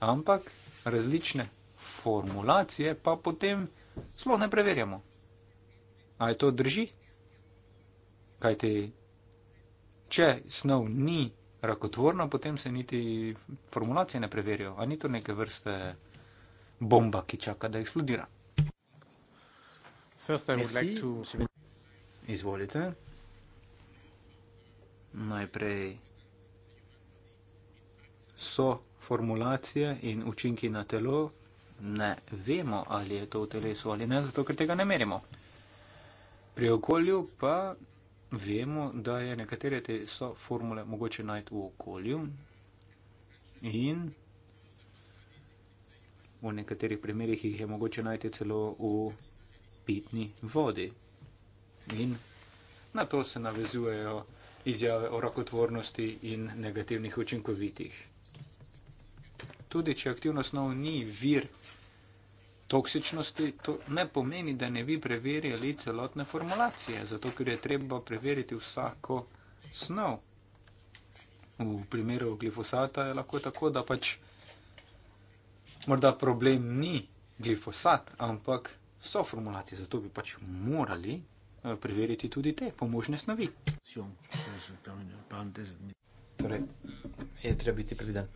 ampak različne formulacije pa potem zelo ne preverjamo. A je to drži? Kaj ti, če snov ni rakotvorna, potem se niti formulacije ne preverijo. A ni to neke vrste bomba, ki čaka, da eksplodira? First, I would like to. Izvolite najprej so formulacije in učinki na telo, ne vemo, ali je to v telesu ali ne, zato ker tega ne merimo. Pri okolju pa vemo, da je nekatere te so formule mogoče najti v okolju in v nekaterih primerih jih je mogoče najti celo v pitni vodi. In na to se navezujejo vse izjave o rakotvornosti in negativnih učinkovitih. Tudi, če aktivno snov ni vir toksičnosti, to ne pomeni, da ne bi preverjali celotne formulacije, zato ker je treba preveriti vsako snov. V primeru glifosata je lahko tako, da pač morda problem ni glifosat, ampak so formulacije, zato bi pač morali Eh, preveriti tudi te pomožne snovi. Torej, je treba biti previden.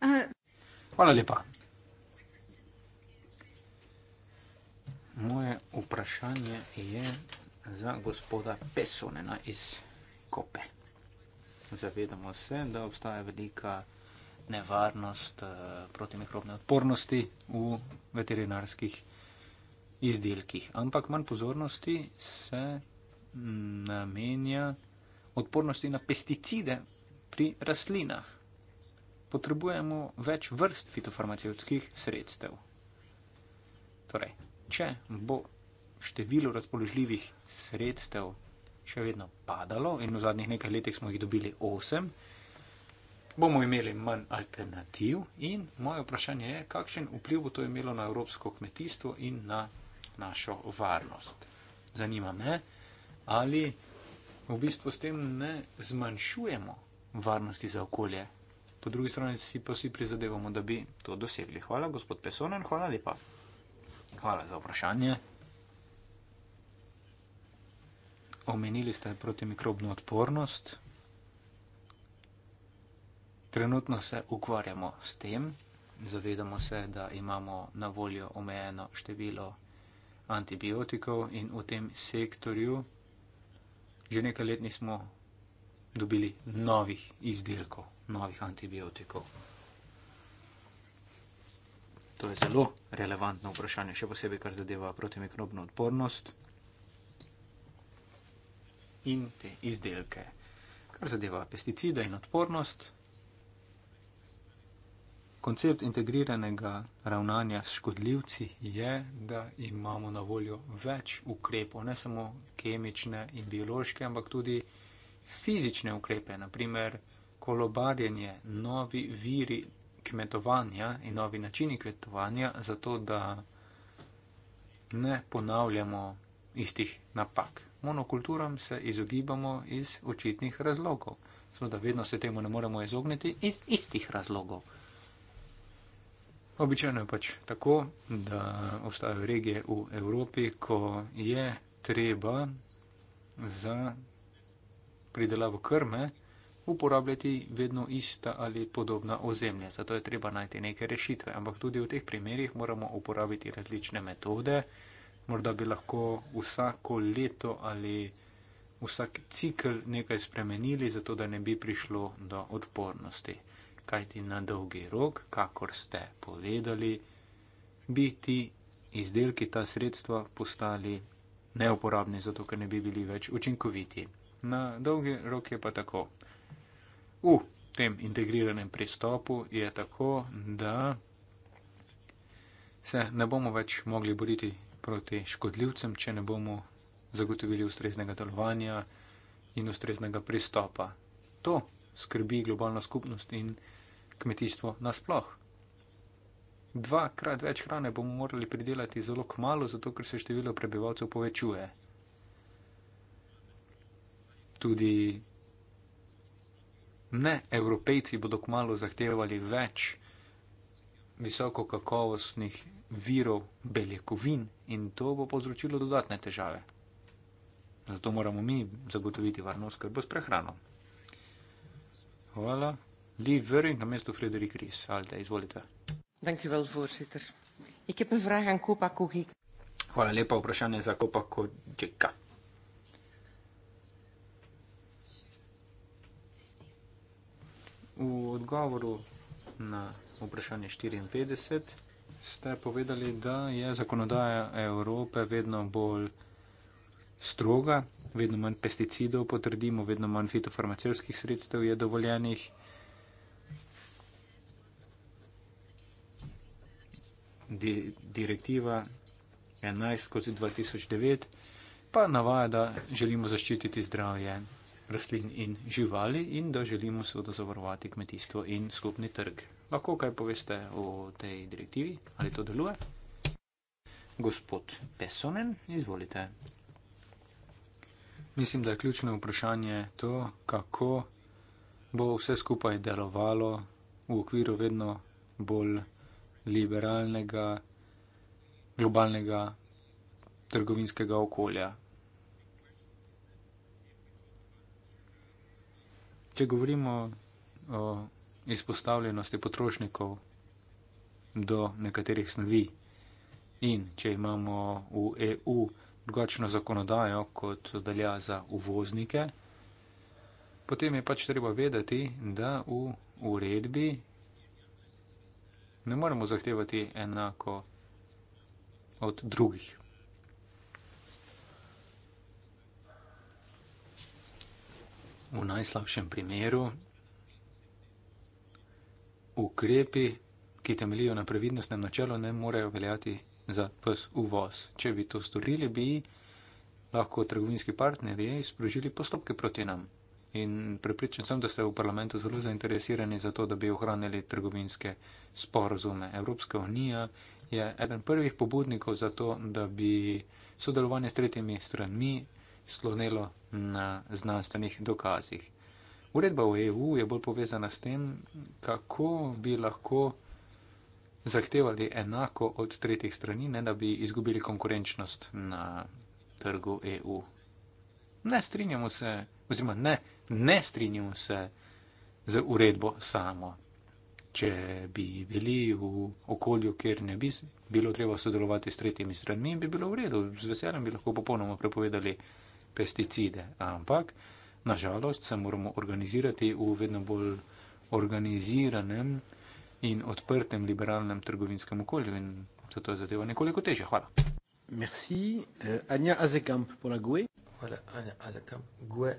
Um, Hvala lepa. Moje vprašanje je za gospoda Pesonena iz Kope. Zavedamo se, da obstaja velika nevarnost eh, protimikrobne odpornosti v veterinarskih izdelkih. Ampak manj pozornosti se namenja odpornosti na pesticide pri rastlinah. Potrebujemo več vrst fitofarmacevskih sredstev. Torej, če bo število razpoložljivih sredstev še vedno padalo, in v zadnjih nekaj letih smo jih dobili osem, bomo imeli manj alternativ in moje vprašanje je, kakšen vpliv bo to imelo na evropsko kmetijstvo in na našo varnost. Zanima me, ali v bistvu s tem ne zmanjšujemo varnosti za okolje, po drugi strani si pa si prizadevamo, da bi to dosegli. Hvala, gospod Pesonen, hvala lepa. Hvala za vprašanje. Omenili ste protimikrobno odpornost, Trenutno se ukvarjamo s tem, zavedamo se, da imamo na voljo omejeno število antibiotikov in v tem sektorju že nekaj let nismo dobili novih izdelkov, novih antibiotikov. To je zelo relevantno vprašanje, še posebej, kar zadeva protimikrobno odpornost in te izdelke. Kar zadeva pesticide in odpornost, koncept integriranega ravnanja s škodljivci je, da imamo na voljo več ukrepov, ne samo kemične in biološke, ampak tudi fizične ukrepe, naprimer kolobarjenje, novi viri kmetovanja in novi načini kmetovanja, zato da ne ponavljamo istih napak. Monokulturam se izogibamo iz očitnih razlogov. Sveda vedno se temu ne moremo izogniti iz istih razlogov. Običajno je pač tako, da obstajajo regije v Evropi, ko je treba za pridelavo krme uporabljati vedno ista ali podobna ozemlja. Zato je treba najti neke rešitve. Ampak tudi v teh primerjih moramo uporabiti različne metode. Morda bi lahko vsako leto ali vsak cikl nekaj spremenili, zato da ne bi prišlo do odpornosti kajti na dolgi rok, kakor ste povedali, bi ti izdelki, ta sredstva postali neuporabni, zato ker ne bi bili več učinkoviti. Na dolgi rok je pa tako. V tem integriranem pristopu je tako, da se ne bomo več mogli boriti proti škodljivcem, če ne bomo zagotovili ustreznega delovanja in ustreznega pristopa. To skrbi globalna skupnost in kmetijstvo nasploh. Dvakrat več hrane bomo morali pridelati zelo kmalo, zato ker se število prebivalcev povečuje. Tudi ne evropejci bodo kmalo zahtevali več visoko kakovostnih virov beljakovin in to bo povzročilo dodatne težave. Zato moramo mi zagotoviti varno skrbo s prehrano. Hvala. Lee Vuring, namesto Frederik Ries. Alde, izvolite. Dank u wel, voorzitter. Ik heb een vraag aan Copa Kogika. Hvala lepa, vprašanje za Copa Kogika. V odgovoru na vprašanje 54 ste povedali, da je zakonodaja Evrope vedno bolj stroga, vedno manj pesticidov potrdimo, vedno manj fitofarmacevskih sredstev je dovoljenih. di, direktiva 11 skozi 2009 pa navaja, da želimo zaščititi zdravje rastlin in živali in da želimo seveda zavarovati kmetijstvo in skupni trg. Lahko kaj poveste o tej direktivi? Ali to deluje? Gospod Pesonen, izvolite. Mislim, da je ključno vprašanje to, kako bo vse skupaj delovalo v okviru vedno bolj liberalnega, globalnega trgovinskega okolja. Če govorimo o izpostavljenosti potrošnikov do nekaterih snovi in če imamo v EU drugačno zakonodajo, kot velja za uvoznike, potem je pač treba vedeti, da v uredbi ne moremo zahtevati enako od drugih. V najslabšem primeru ukrepi, ki temelijo na previdnostnem načelu, ne morejo veljati za pes uvoz. Če bi to storili, bi lahko trgovinski partnerji sprožili postopke proti nam. In pripričan sem, da ste v parlamentu zelo zainteresirani za to, da bi ohranili trgovinske sporozume. Evropska unija je eden prvih pobudnikov za to, da bi sodelovanje s tretjimi stranmi slonelo na znanstvenih dokazih. Uredba v EU je bolj povezana s tem, kako bi lahko zahtevali enako od tretjih strani, ne da bi izgubili konkurenčnost na trgu EU ne strinjamo se, oziroma ne, ne strinjamo se z uredbo samo. Če bi bili v okolju, kjer ne bi bilo treba sodelovati s tretjimi stranmi, bi bilo v redu, z veseljem bi lahko popolnoma prepovedali pesticide. Ampak, nažalost, se moramo organizirati v vedno bolj organiziranem in odprtem liberalnem trgovinskem okolju in zato je zadeva nekoliko težja. Hvala. Merci. Uh, Anja Azekamp, Polagoj. Hvala, Anja, a za kam gue?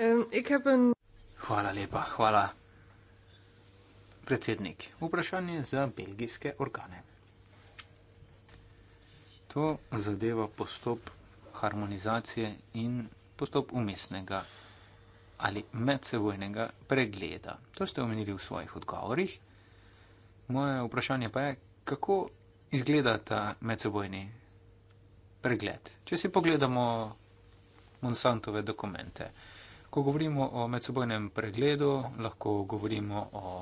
Um, ik heb een... Hvala lepa, hvala. Predsednik, vprašanje za belgijske organe. To zadeva postop harmonizacije in postop umestnega ali medsebojnega pregleda. To ste omenili v svojih odgovorih. Moje vprašanje pa je, kako izgledata medsebojni pregled. Če si pogledamo Monsantove dokumente, ko govorimo o medsebojnem pregledu, lahko govorimo o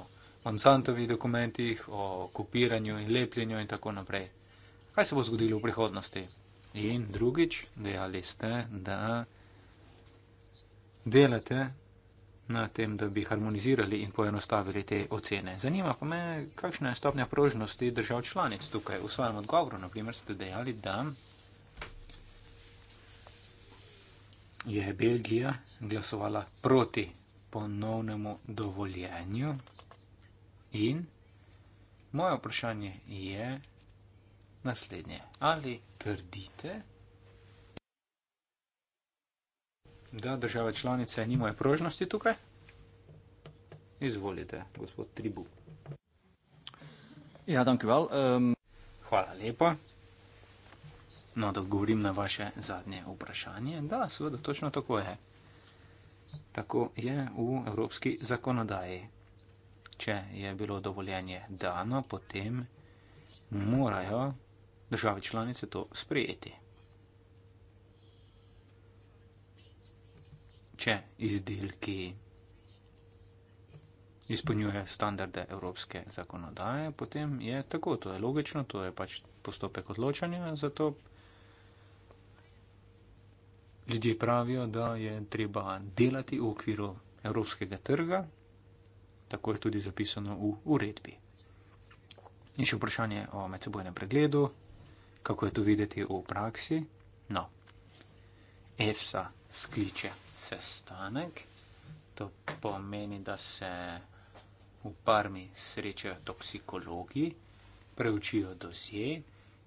Monsantovih dokumentih, o kopiranju in lepljenju in tako naprej. Kaj se bo zgodilo v prihodnosti? In drugič, dejali ste, da delate na tem, da bi harmonizirali in poenostavili te ocene. Zanima pa me, kakšna je stopnja prožnosti držav članic tukaj. V svojem odgovoru, naprimer, ste dejali, da je Belgija glasovala proti ponovnemu dovoljenju. In moje vprašanje je naslednje. Ali trdite, da države članice nimajo prožnosti tukaj? Izvolite, gospod Tribu. Ja, dankjewel. Um... Ehm, Hvala lepa. No, da odgovorim na vaše zadnje vprašanje. Da, seveda, točno tako je. Tako je v evropski zakonodaji. Če je bilo dovoljenje dano, potem morajo države članice to sprejeti. Če izdelki izpolnjujejo standarde evropske zakonodaje, potem je tako, to je logično, to je pač postopek odločanja. Zato ljudje pravijo, da je treba delati v okviru evropskega trga, tako je tudi zapisano v uredbi. In še vprašanje o medsebojnem pregledu, kako je to videti v praksi. No, EFSA skliče sestanek, to pomeni, da se v parmi srečajo toksikologi, preučijo dosje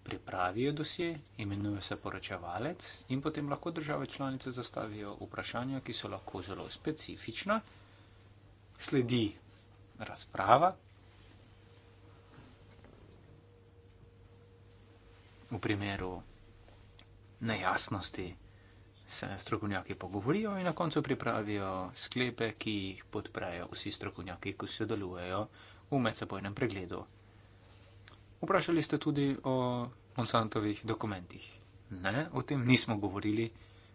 pripravijo dosje, imenuje se poročevalec in potem lahko države članice zastavijo vprašanja, ki so lahko zelo specifična. Sledi razprava. V primeru nejasnosti se strokovnjaki pogovorijo in na koncu pripravijo sklepe, ki jih podprejo vsi strokovnjaki, ki sodelujejo v medsebojnem pregledu. Vprašali ste tudi o Monsantovih dokumentih. Ne, o tem nismo govorili,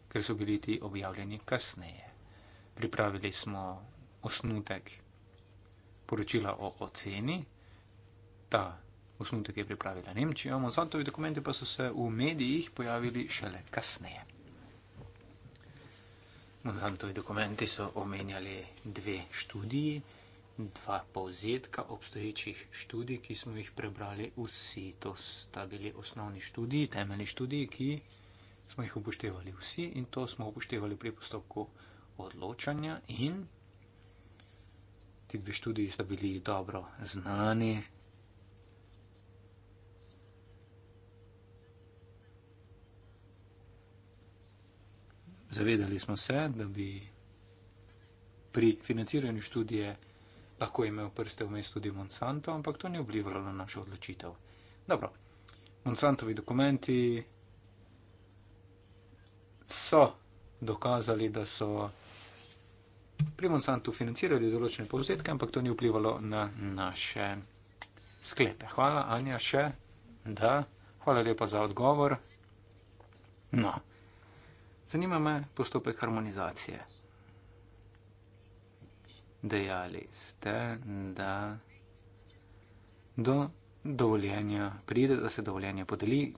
ker so bili ti objavljeni kasneje. Pripravili smo osnutek poročila o oceni, ta osnutek je pripravila Nemčija, Monsantovi dokumenti pa so se v medijih pojavili šele kasneje. Monsantovi dokumenti so omenjali dve študiji dva povzetka obstoječih študij, ki smo jih prebrali vsi. To sta bili osnovni študiji, temeljni študiji, ki smo jih upoštevali vsi in to smo upoštevali pri postopku odločanja in ti dve študiji sta bili dobro znani. Zavedali smo se, da bi pri financiranju študije lahko imel prste vmes tudi Monsanto, ampak to ni vplivalo na našo odločitev. Dobro, Monsantovi dokumenti so dokazali, da so pri Monsantu financirali določene povzetke, ampak to ni vplivalo na naše sklepe. Hvala, Anja, še da. Hvala lepa za odgovor. No, zanima me postopek harmonizacije dejali ste, da do dovoljenja pride, da se dovoljenje podeli,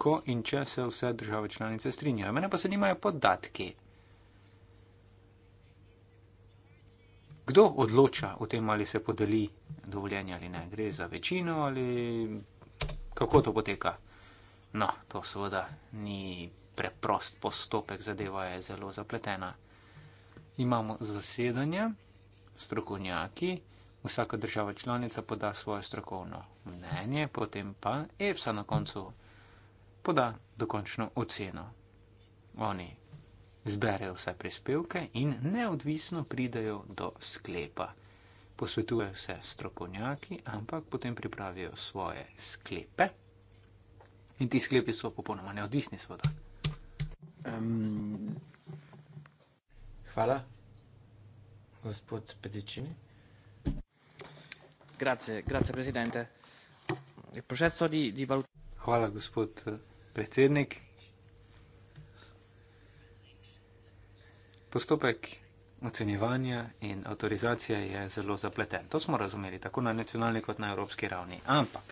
ko in če se vse države članice strinjajo. Mene pa zanimajo podatki. Kdo odloča o tem, ali se podeli dovoljenje ali ne? Gre za večino ali kako to poteka? No, to seveda ni preprost postopek, zadeva je zelo zapletena. Imamo zasedanje strokovnjaki, vsaka država članica poda svoje strokovno mnenje, potem pa EFSA na koncu poda dokončno oceno. Oni zberejo vse prispevke in neodvisno pridajo do sklepa. Posvetujejo se strokovnjaki, ampak potem pripravijo svoje sklepe. In ti sklepi so popolnoma neodvisni, seveda. Um, hvala gospod Pedicini. Grazie, grazie presidente. Il processo di, di valutazione. Hvala, gospod eh, predsednik. Postopek ocenjevanja in avtorizacija je zelo zapleten. To smo razumeli tako na nacionalni kot na evropski ravni. Ampak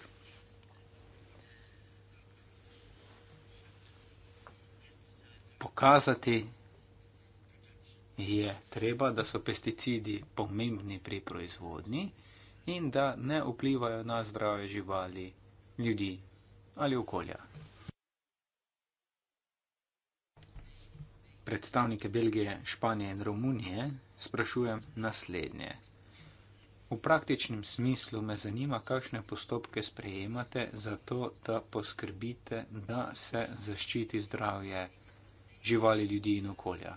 pokazati je treba, da so pesticidi pomembni pri proizvodnji in da ne vplivajo na zdrave živali, ljudi ali okolja. Predstavnike Belgije, Španije in Romunije sprašujem naslednje. V praktičnem smislu me zanima, kakšne postopke sprejemate za to, da poskrbite, da se zaščiti zdravje živali, ljudi in okolja.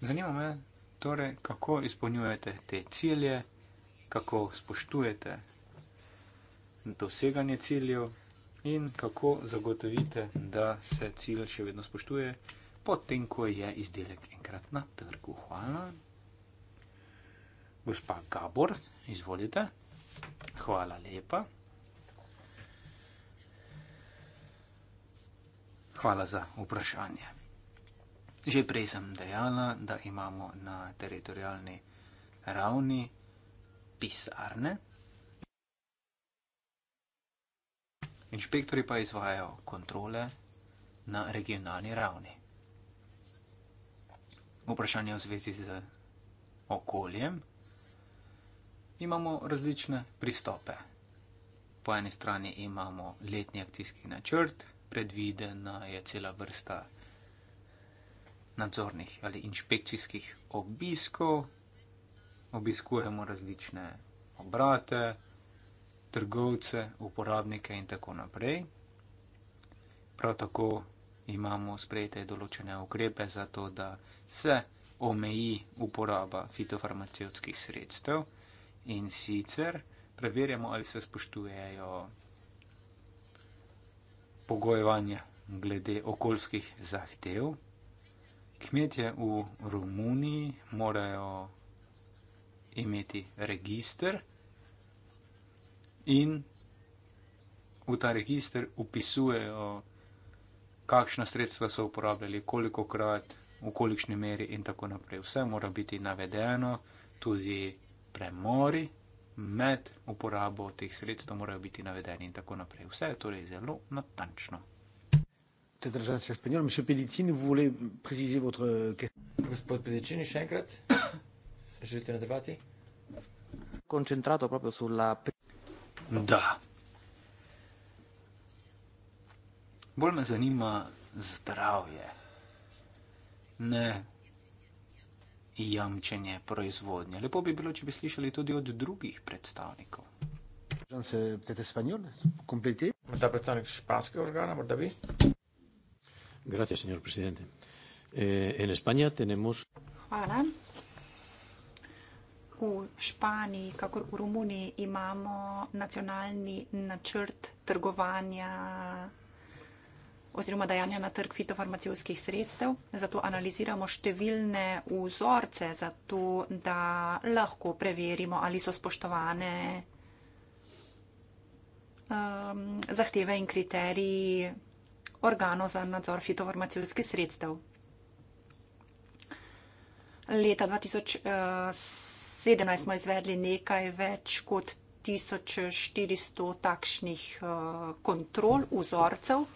Zanima me, torej, kako izpolnjujete te cilje, kako spoštujete doseganje ciljev in kako zagotovite, da se cilj še vedno spoštuje, potem, ko je izdelek enkrat na trgu. Hvala. Gospa Gabor, izvolite. Hvala lepa. Hvala za vprašanje. Že prej sem dejala, da imamo na teritorijalni ravni pisarne. Inšpektori pa izvajajo kontrole na regionalni ravni. Vprašanje v zvezi z okoljem. Imamo različne pristope. Po eni strani imamo letni akcijski načrt, predvidena je cela vrsta nadzornih ali inšpekcijskih obiskov, obiskujemo različne obrate, trgovce, uporabnike in tako naprej. Prav tako imamo sprejete določene ukrepe za to, da se omeji uporaba fitofarmacevskih sredstev in sicer preverjamo, ali se spoštujejo pogojevanja glede okoljskih zahtev kmetje v Romuniji morajo imeti register in v ta register upisujejo, kakšna sredstva so uporabljali, koliko krat, v kolikšni meri in tako naprej. Vse mora biti navedeno, tudi premori med uporabo teh sredstev morajo biti navedeni in tako naprej. Vse je torej zelo natančno. Peut-être l'agence espagnole. Monsieur Pellicini, vous voulez préciser votre euh, question Monsieur Pellicini, une fois encore Je vais Concentrato proprio sulla. Da. Bolj me zanima zdravje, ne jamčenje proizvodnje. Lepo bi bilo, če bi slišali tudi od drugih predstavnikov. Predstavnik španskega organa, morda bi. Gracias, señor presidente. Eh, en España tenemos. Hvala. V Španiji, kakor v Romuniji, imamo nacionalni načrt trgovanja oziroma dajanja na trg fitofarmacijskih sredstev. Zato analiziramo številne vzorce, zato da lahko preverimo, ali so spoštovane um, zahteve in kriteriji organov za nadzor fitofarmacijskih sredstev. Leta 2017 eh, smo izvedli nekaj več kot 1400 takšnih eh, kontrol, vzorcev.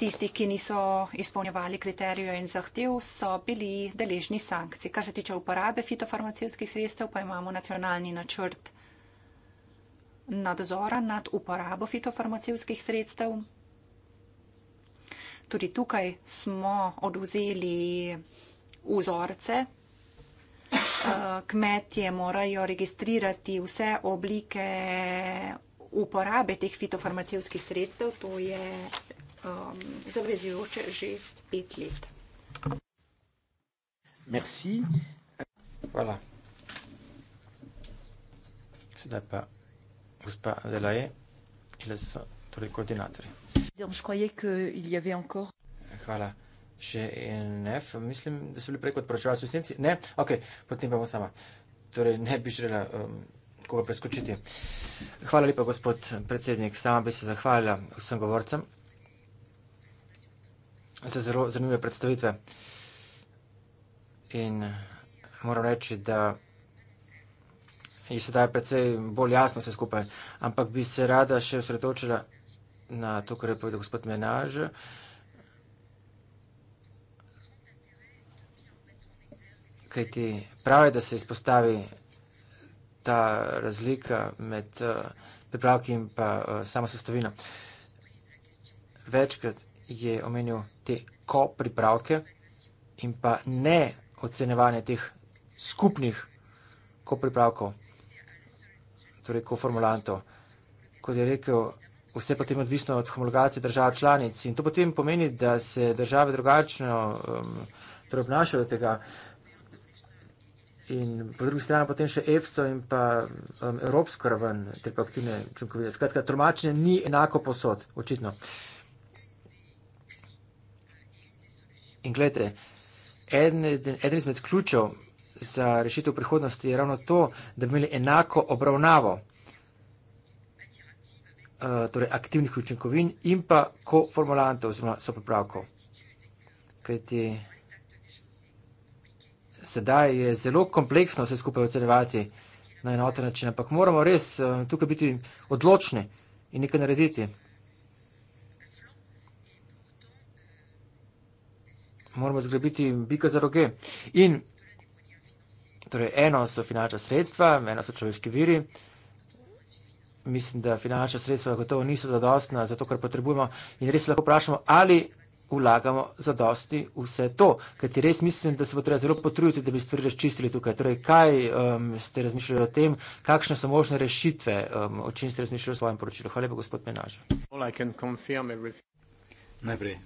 Tisti, ki niso izpolnjevali kriterijev in zahtev, so bili deležni sankcij. Kar se tiče uporabe fitofarmacijskih sredstev, pa imamo nacionalni načrt nadzora nad uporabo fitofarmacijskih sredstev. Tudi tukaj smo oduzeli vzorce. Eh, kmetje morajo registrirati vse oblike uporabe teh fitofarmacijskih sredstev. To je um, zavezujoče že pet let. Merci. Hvala. Sedaj pa gospa Delaje, ki so torej koordinatorji. Hvala. Še ne, mislim, da so bili prej kot poročevalci v resnici. Ne, ok, potem pa bomo sama. Torej, ne bi želela um, koga preskočiti. Hvala lepa, gospod predsednik. Sama bi se zahvalila vsem govorcem za zelo zanimive predstavitve. In moram reči, da je sedaj precej bolj jasno vse skupaj, ampak bi se rada še osredotočila na to, kar je povedal gospod Menaž. Kaj ti pravi, da se izpostavi ta razlika med eh, pripravki in pa eh, samo sestavino. Večkrat je omenil te ko pripravke in pa ne ocenevanje teh skupnih ko pripravkov, torej ko formulantov. Kot je rekel vse potem odvisno od homologacije držav članic. In to potem pomeni, da se države drugačno um, preobnašajo torej tega. In po drugi strani potem še EFSO in pa um, Evropsko raven trepaktivne čunkovine. Skratka, tromačenje ni enako posod, očitno. In gledajte, eden izmed ključev za rešitev prihodnosti je ravno to, da bi imeli enako obravnavo. Eh, torej aktivnih učinkovin in pa koformulantov oziroma sopripravkov. Kajti sedaj je zelo kompleksno vse skupaj ocenjevati na enoten način, ampak moramo res eh, tukaj biti odločni in nekaj narediti. Moramo zgrabiti bika za roge. In torej eno so finančna sredstva, eno so človeški viri, uh, mislim, da finančna sredstva gotovo niso zadostna za to, kar potrebujemo in res lahko vprašamo, ali vlagamo zadosti vse to, kajti res mislim, da se bo treba zelo potruditi, da bi stvari razčistili tukaj. Torej, kaj um, ste razmišljali o tem, kakšne so možne rešitve, um, o čem ste razmišljali v svojem poročilu. Hvala lepa, gospod Menaž. Najprej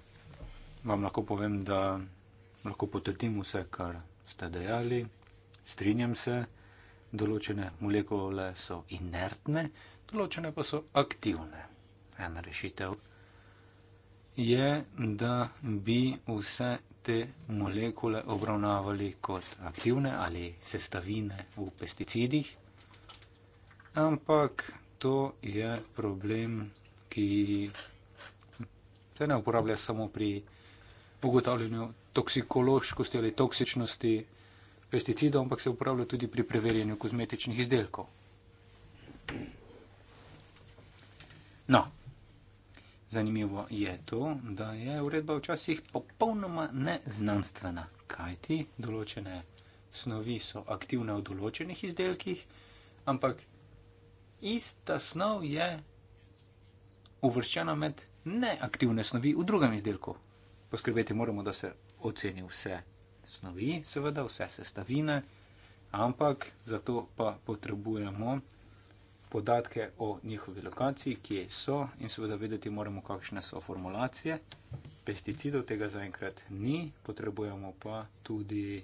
vam lahko povem, da lahko potrdim vse, kar ste dejali. Strinjam se, določene molekole so inertne, ločene pa so aktivne. Ena rešitev je, da bi vse te molekule obravnavali kot aktivne ali sestavine v pesticidih, ampak to je problem, ki se ne uporablja samo pri ugotavljanju toksikološkosti ali toksičnosti pesticidov, ampak se uporablja tudi pri preverjanju kozmetičnih izdelkov. No, zanimivo je to, da je uredba včasih popolnoma neznanstvena, kajti določene snovi so aktivne v določenih izdelkih, ampak ista snov je uvrščena med neaktivne snovi v drugem izdelku. Poskrbeti moramo, da se oceni vse snovi, seveda vse sestavine, ampak za to pa potrebujemo podatke o njihovi lokaciji, kje so in seveda vedeti moramo, kakšne so formulacije. Pesticidov tega zaenkrat ni, potrebujemo pa tudi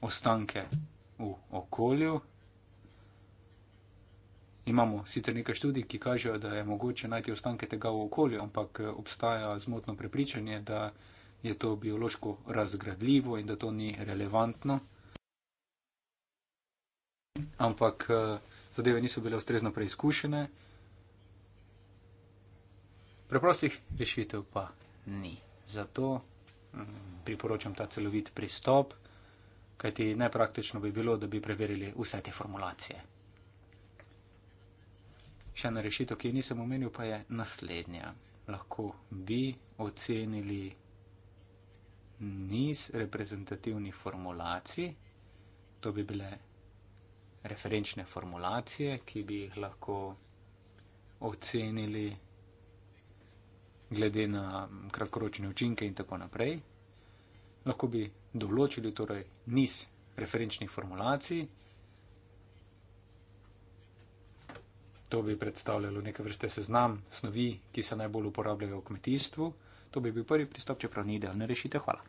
ostanke v okolju. Imamo sicer nekaj študij, ki kažejo, da je mogoče najti ostanke tega v okolju, ampak eh, obstaja zmotno prepričanje, da je to biološko razgradljivo in da to ni relevantno ampak uh, zadeve niso bile ustrezno preizkušene. Preprostih rešitev pa ni. Zato um, priporočam ta celovit pristop, kajti nepraktično bi bilo, da bi preverili vse te formulacije. Še ena rešitev, ki jo nisem omenil, pa je naslednja. Lahko bi ocenili niz reprezentativnih formulacij, to bi bile referenčne formulacije, ki bi jih lahko ocenili glede na kratkoročne učinke in tako naprej. Lahko bi določili torej niz referenčnih formulacij. To bi predstavljalo neke vrste seznam snovi, ki se najbolj uporabljajo v kmetijstvu. To bi bil prvi pristop, čeprav ni idealna rešitev. Hvala.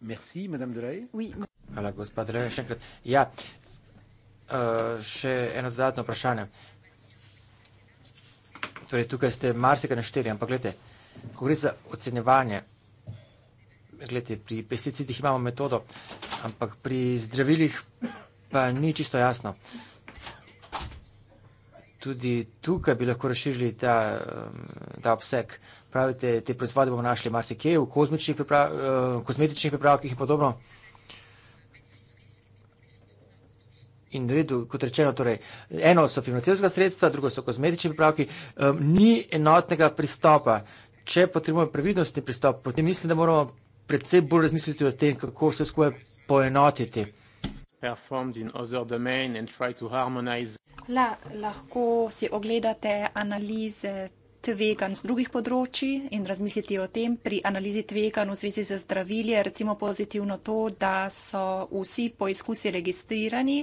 Merci, madame Drey. Oui. Hvala, gospod Dreve, še enkrat. Ja, uh, še eno dodatno vprašanje. Torej, tukaj ste marsikaj našteli, ampak gledajte, ko gre za ocenjevanje, gledajte, pri pesticidih imamo metodo, ampak pri zdravilih pa ni čisto jasno. Tudi tukaj bi lahko razširili ta, eh, ta obseg. Pravite, te proizvode bomo našli marsikaj v pripra eh, kozmetičnih pripravkih in podobno. in redu, kot rečeno, torej, eno so financijska sredstva, drugo so kozmetični pripravki, um, ni enotnega pristopa. Če potrebujemo previdnostni pristop, potem mislim, da moramo predvsem bolj razmisliti o tem, kako vse skupaj poenotiti. La, lahko si ogledate analize tvegan z drugih področji in razmisliti o tem. Pri analizi tvegan v zvezi z zdravilje je recimo pozitivno to, da so vsi poizkusi registrirani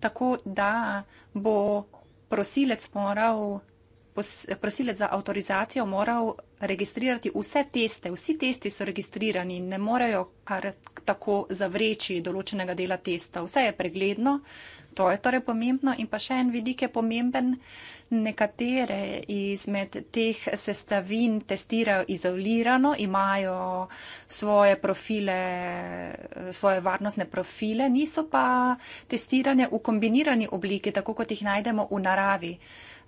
tako da bo prosilec moral prosilec za avtorizacijo moral registrirati vse teste. Vsi testi so registrirani in ne morejo kar tako zavreči določenega dela testa. Vse je pregledno, to je torej pomembno. In pa še en vidik je pomemben, nekatere izmed teh sestavin testirajo izolirano, imajo svoje profile, svoje varnostne profile, niso pa testirane v kombinirani obliki, tako kot jih najdemo v naravi.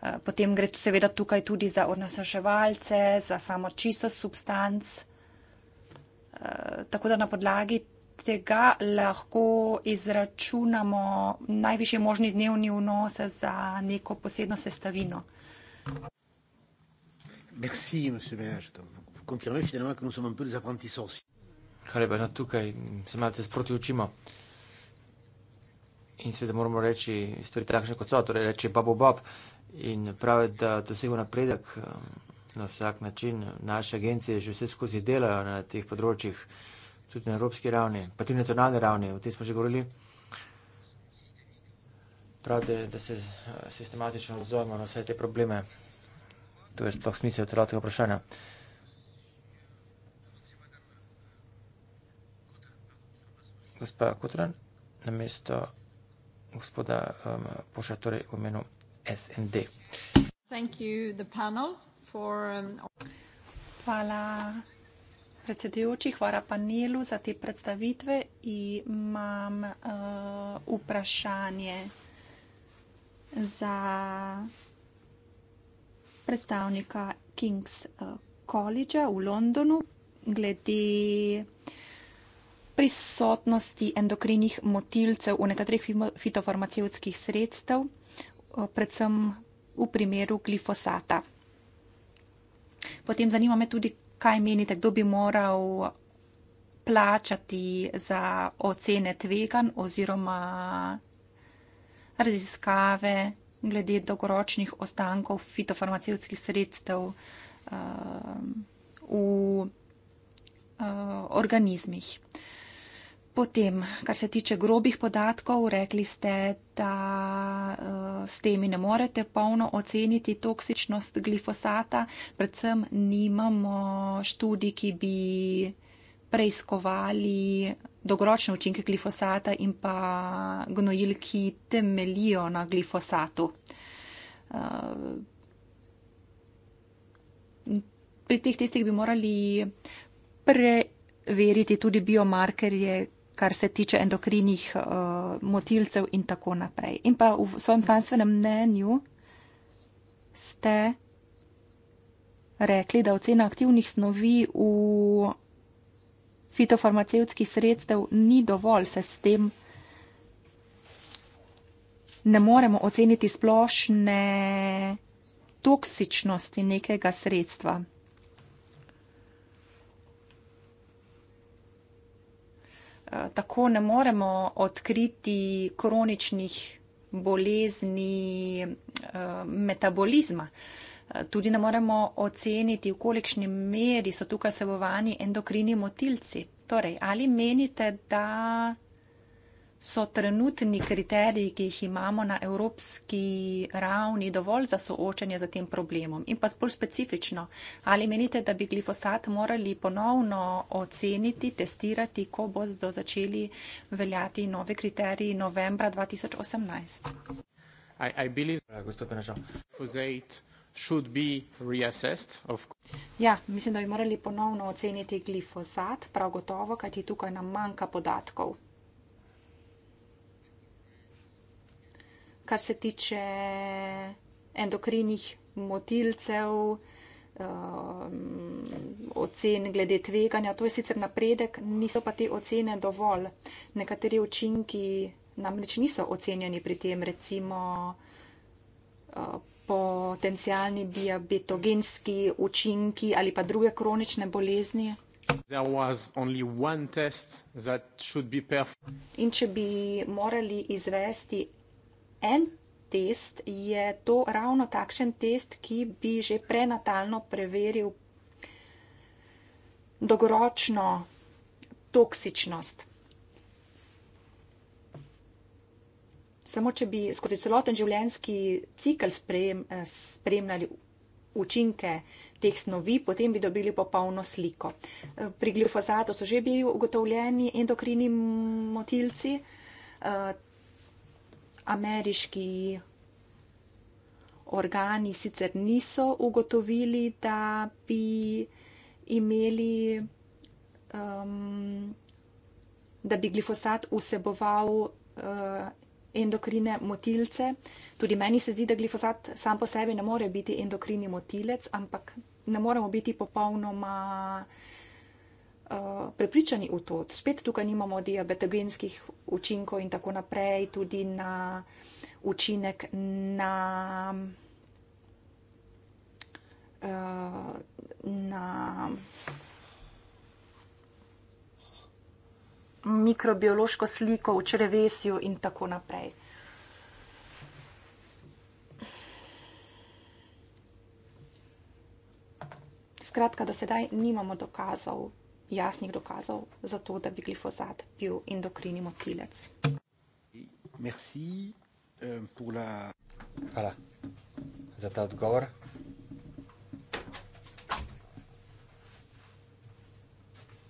Eh, potem gre seveda tukaj tudi za onesnaževalce, za samo čisto substanc. Eh, tako da na podlagi tega lahko izračunamo najviše možni dnevni vnose za neko posebno sestavino. Hvala lepa, da no, tukaj se malce sproti učimo. In seveda moramo reči stvari takšne, kot so, torej reči bab o bab in prav je, da dosego napredek um, na vsak način. Naše agencije že vse skozi delajo na teh področjih, tudi na evropski ravni, pa tudi na nacionalni ravni, o tem smo že govorili. Prav je, da se uh, sistematično odzovemo na vse te probleme. To je sploh smisel celotnega vprašanja. Gospa Kutran, na mesto gospoda um, Poša, torej v imenu SND. Thank you, the panel for, um... Hvala predsedujoči, hvala panelu za te predstavitve. Imam uh, vprašanje za predstavnika King's uh, College v Londonu glede prisotnosti endokrinih motilcev v nekaterih fitofarmacevskih sredstev. Uh, predvsem v primeru glifosata. Potem zanima me tudi, kaj menite, kdo bi moral plačati za ocene tvegan oziroma raziskave glede dolgoročnih ostankov fitofarmacevskih sredstev uh, v uh, organizmih. Potem, kar se tiče grobih podatkov, rekli ste, da eh, s temi ne morete polno oceniti toksičnost glifosata. Predvsem nimamo študij, ki bi preiskovali dolgoročne učinke glifosata in pa gnojil, ki temelijo na glifosatu. Eh, pri teh testih bi morali preveriti tudi biomarkerje kar se tiče endokrinih uh, motilcev in tako naprej. In pa v svojem znanstvenem mnenju ste rekli, da ocena aktivnih snovi v fitofarmacevtski sredstev ni dovolj, se s tem ne moremo oceniti splošne toksičnosti nekega sredstva. Eh, tako ne moremo odkriti kroničnih bolezni eh, metabolizma. Eh, tudi ne moremo oceniti, v kolikšni meri so tukaj sebovani endokrini motilci. Torej, ali menite, da so trenutni kriteriji, ki jih imamo na evropski ravni, dovolj za soočanje z tem problemom? In pa bolj specifično, ali menite, da bi glifosat morali ponovno oceniti, testirati, ko bodo začeli veljati nove kriteriji novembra 2018? Ja, ja, mislim, da bi morali ponovno oceniti glifosat, prav gotovo, kajti tukaj nam manjka podatkov. kar se tiče endokrinih motilcev, um, ocen glede tveganja. To je sicer napredek, niso pa te ocene dovolj. Nekateri učinki namreč niso ocenjeni pri tem, recimo uh, potencijalni diabetogenski učinki ali pa druge kronične bolezni. In če bi morali izvesti En test je to ravno takšen test, ki bi že prenatalno preveril dolgoročno toksičnost. Samo, če bi skozi celoten življenjski cikl sprem, spremljali učinke teh snovi, potem bi dobili popolno sliko. Pri glifosatu so že bili ugotovljeni endokrini motilci. Eh, ameriški organi sicer niso ugotovili, da bi imeli, um, da bi glifosat vseboval uh, endokrine motilce. Tudi meni se zdi, da glifosat sam po sebi ne more biti endokrini motilec, ampak ne moremo biti popolnoma uh, prepričani v to. Spet tukaj nimamo diabetogenskih učinkov in tako naprej, tudi na učinek na. Eh, na mikrobiološko sliko v črvesju, in tako naprej. Skratka, do sedaj nimamo dokazov jasnih dokazov za to, da bi glifosat bil endokrini motilec. Merci, uh, la... Hvala za ta odgovor.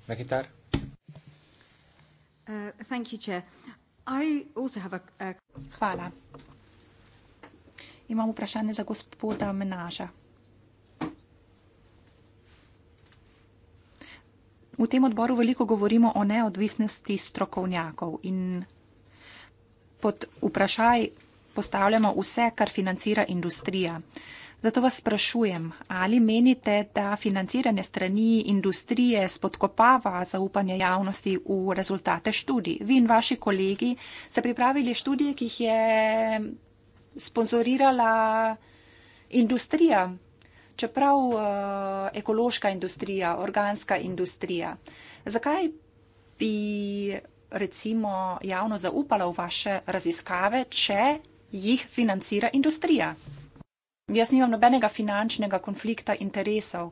Mehitar? Uh, thank you, Chair. I also have a, a... Hvala. Imam vprašanje za gospoda Menaža. V tem odboru veliko govorimo o neodvisnosti strokovnjakov in pod vprašaj postavljamo vse, kar financira industrija. Zato vas sprašujem, ali menite, da financiranje strani industrije spodkopava zaupanje javnosti v rezultate študij? Vi in vaši kolegi ste pripravili študije, ki jih je sponzorirala industrija čeprav uh, ekološka industrija, organska industrija. Zakaj bi recimo javno zaupala v vaše raziskave, če jih financira industrija? Jaz nimam nobenega finančnega konflikta interesov.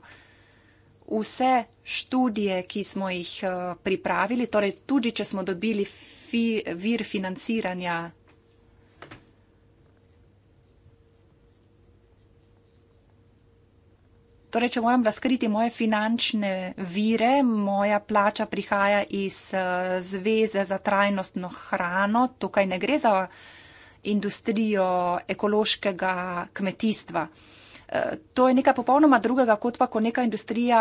Vse študije, ki smo jih eh, pripravili, torej tudi če smo dobili fi, vir financiranja Torej, če moram razkriti moje finančne vire, moja plača prihaja iz eh, Zveze za trajnostno hrano. Tukaj ne gre za industrijo ekološkega kmetijstva. Eh, to je nekaj popolnoma drugega, kot pa, ko neka industrija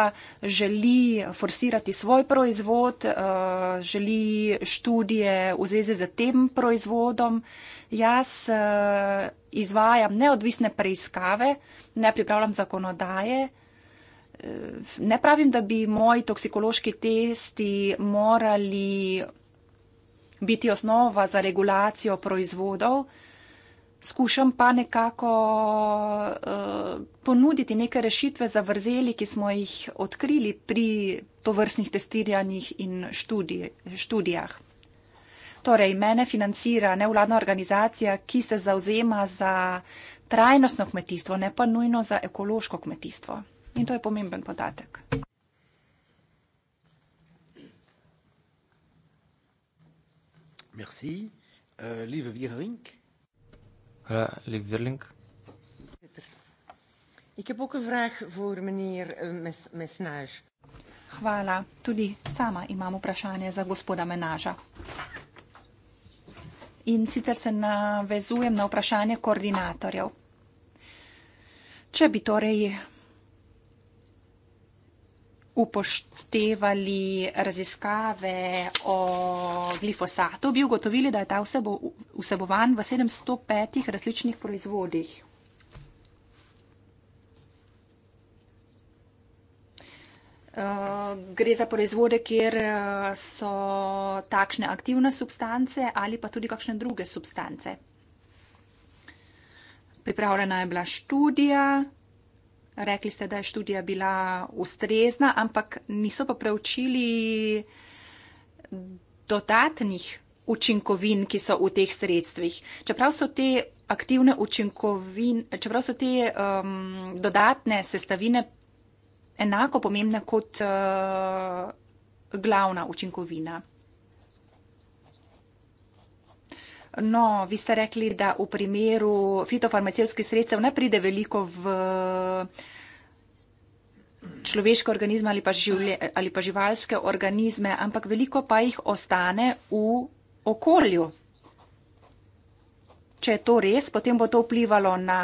želi forsirati svoj proizvod, eh, želi študije v zvezi z tem proizvodom. Jaz izvajam neodvisne preiskave, ne pripravljam zakonodaje, ne pravim, da bi moji toksikološki testi morali biti osnova za regulacijo proizvodov, skušam pa nekako uh, ponuditi neke rešitve za vrzeli, ki smo jih odkrili pri tovrstnih testiranjih in študij, študijah. Torej, mene financira nevladna organizacija, ki se zauzema za trajnostno kmetijstvo, ne pa nujno za ekološko kmetijstvo. In to je pomemben podatek. Merci. Euh, Liv Wierling. Hola, Liv Wierling. Ik heb ook een vraag voor meneer eh, Mesnaž. Hvala. Tudi sama imam vprašanje za gospoda Menaža. In sicer se navezujem na vprašanje koordinatorjev. Če bi torej upoštevali raziskave o glifosatu, bi ugotovili, da je ta vsebo, vsebovan v 705 različnih proizvodih. Eh, gre za proizvode, kjer eh, so takšne aktivne substance ali pa tudi kakšne druge substance. Pripravljena je bila študija, Rekli ste, da je študija bila ustrezna, ampak niso pa preučili dodatnih učinkovin, ki so v teh sredstvih. Čeprav so te aktivne učinkovine, čeprav so te um, dodatne sestavine enako pomembne kot uh, glavna učinkovina. No, vi ste rekli, da v primeru fitofarmacijskih sredstev ne pride veliko v človeške organizme ali pa, življe, ali pa živalske organizme, ampak veliko pa jih ostane v okolju. Če je to res, potem bo to vplivalo na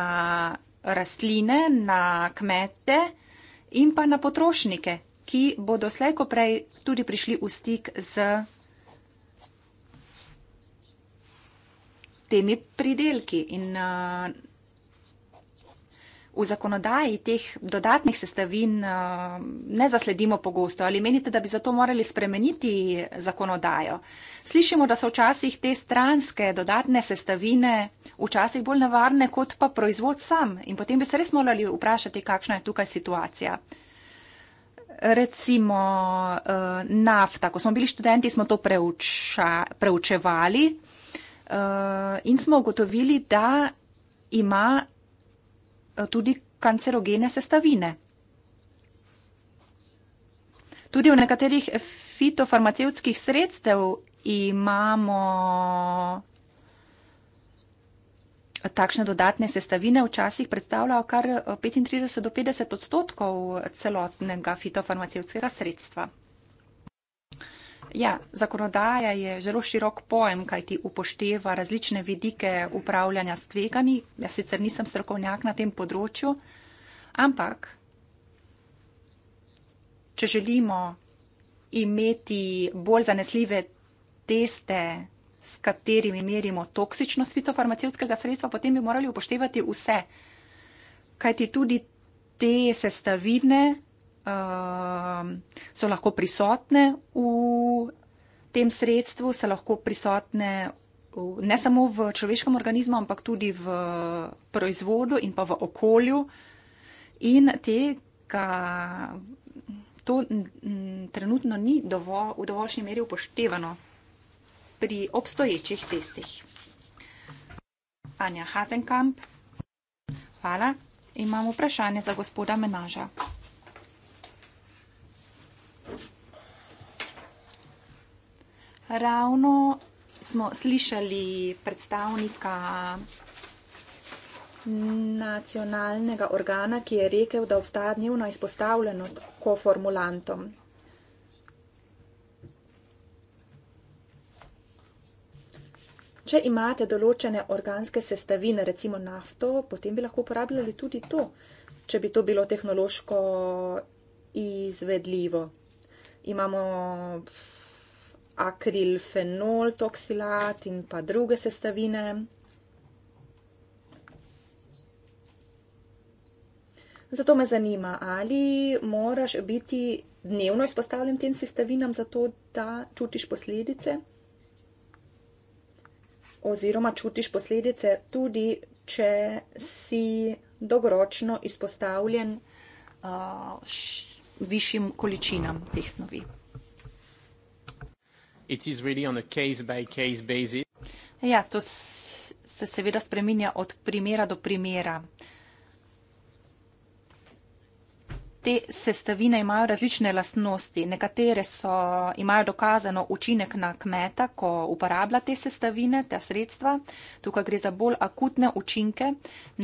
rastline, na kmete in pa na potrošnike, ki bodo slejko prej tudi prišli v stik z temi pridelki. In uh, v zakonodaji teh dodatnih sestavin uh, ne zasledimo pogosto. Ali menite, da bi zato morali spremeniti zakonodajo? Slišimo, da so včasih te stranske dodatne sestavine včasih bolj nevarne, kot pa proizvod sam. In potem bi se res morali vprašati, kakšna je tukaj situacija. Recimo uh, nafta, ko smo bili študenti, smo to preuča, preučevali uh, in smo ugotovili, da ima eh, tudi kancerogene sestavine. Tudi v nekaterih fitofarmacevskih sredstev imamo eh, takšne dodatne sestavine, včasih predstavljajo kar 35 do 50 odstotkov celotnega fitofarmacevskega sredstva. Ja, zakonodaja je zelo širok pojem, kaj ti upošteva različne vidike upravljanja s tvegani. Jaz sicer nisem strokovnjak na tem področju, ampak če želimo imeti bolj zanesljive teste, s katerimi merimo toksičnost fitofarmacijskega sredstva, potem bi morali upoštevati vse. Kaj ti tudi te sestavine uh, so lahko prisotne v tem sredstvu, so lahko prisotne v, ne samo v človeškem organizmu, ampak tudi v proizvodu in pa v okolju. In tega, to trenutno ni dovo, v dovoljšnji meri upoštevano pri obstoječih testih. Anja Hazenkamp. Hvala. Imamo vprašanje za gospoda Menaža. Ravno smo slišali predstavnika nacionalnega organa, ki je rekel, da obstaja dnevna izpostavljenost koformulantom. Če imate določene organske sestavine, recimo nafto, potem bi lahko uporabljali tudi to, če bi to bilo tehnološko izvedljivo. Imamo akrilfenol, toksilat in pa druge sestavine. Zato me zanima, ali moraš biti dnevno izpostavljen tem sestavinam, zato da čutiš posledice? Oziroma čutiš posledice tudi, če si dolgoročno izpostavljen uh, š, višjim količinam teh snovi. It is really on a case by case basis. Ja, to se seveda spreminja od primera do primera. Te sestavine imajo različne lastnosti. Nekatere so, imajo dokazano učinek na kmeta, ko uporablja te sestavine, ta sredstva. Tukaj gre za bolj akutne učinke.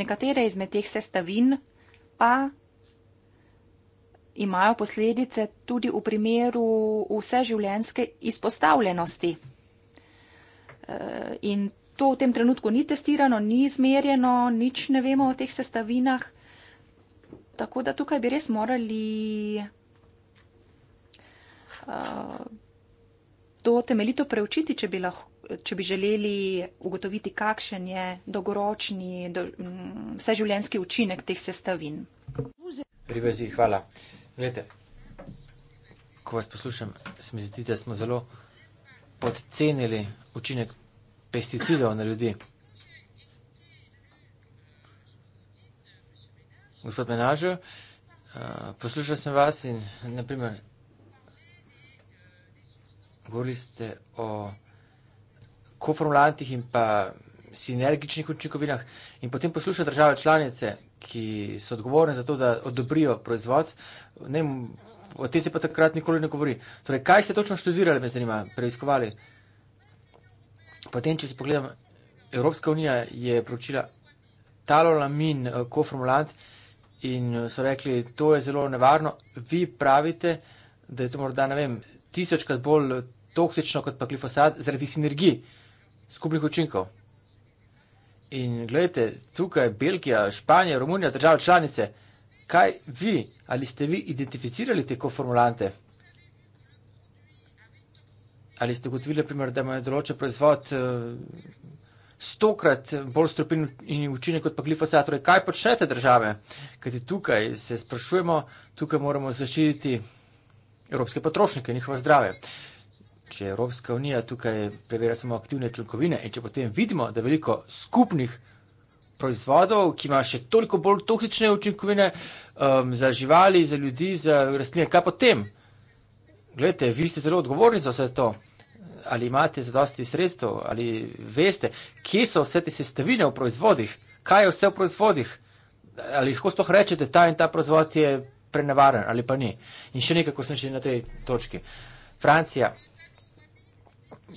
Nekatere izmed teh sestavin pa imajo posledice tudi v primeru vseživljenjske izpostavljenosti. Eh, in to v tem trenutku ni testirano, ni izmerjeno, nič ne vemo o teh sestavinah. Tako da tukaj bi res morali eh, to temeljito preučiti, če bi, lahko, če bi želeli ugotoviti, kakšen je dolgoročni, do, vseživljenjski učinek teh sestavin. Rivezi, hvala. Gledajte, ko vas poslušam, se mi zdi, da smo zelo podcenili učinek pesticidov na ljudi. Gospod menažer, eh, poslušal sem vas in naprimer govorili ste o koformulantih in pa sinergičnih učinkovinah in potem poslušal države članice, ki so odgovorni za to, da odobrijo proizvod. Ne, o tem se pa takrat nikoli ne govori. Torej, kaj ste točno študirali, me zanima, preiskovali? Potem, če se pogledam, Evropska unija je pročila talolamin eh, koformulant in eh, so rekli, to je zelo nevarno. Vi pravite, da je to morda, ne vem, tisočkrat bolj toksično kot pa glifosat zaradi sinergij skupnih učinkov. In gledajte, tukaj Belgija, Španija, Romunija, države članice, kaj vi, ali ste vi identificirali te koformulante? Ali ste gotovili, primer, da imajo določen proizvod eh, stokrat bolj stropen in učinek kot pa glifosat? Torej, kaj počnete države? Kajti tukaj se sprašujemo, tukaj moramo zaščititi evropske potrošnike, njihova zdrave če Evropska unija tukaj preverja samo aktivne črnkovine in če potem vidimo, da veliko skupnih proizvodov, ki ima še toliko bolj toksične učinkovine um, za živali, za ljudi, za rastline, kaj potem? Glejte, vi ste zelo odgovorni za vse to. Ali imate zadosti sredstev, ali veste, kje so vse te sestavine v proizvodih, kaj je vse v proizvodih, ali lahko sploh rečete, ta in ta proizvod je prenevaren ali pa ni. In še nekaj, ko sem še na tej točki. Francija,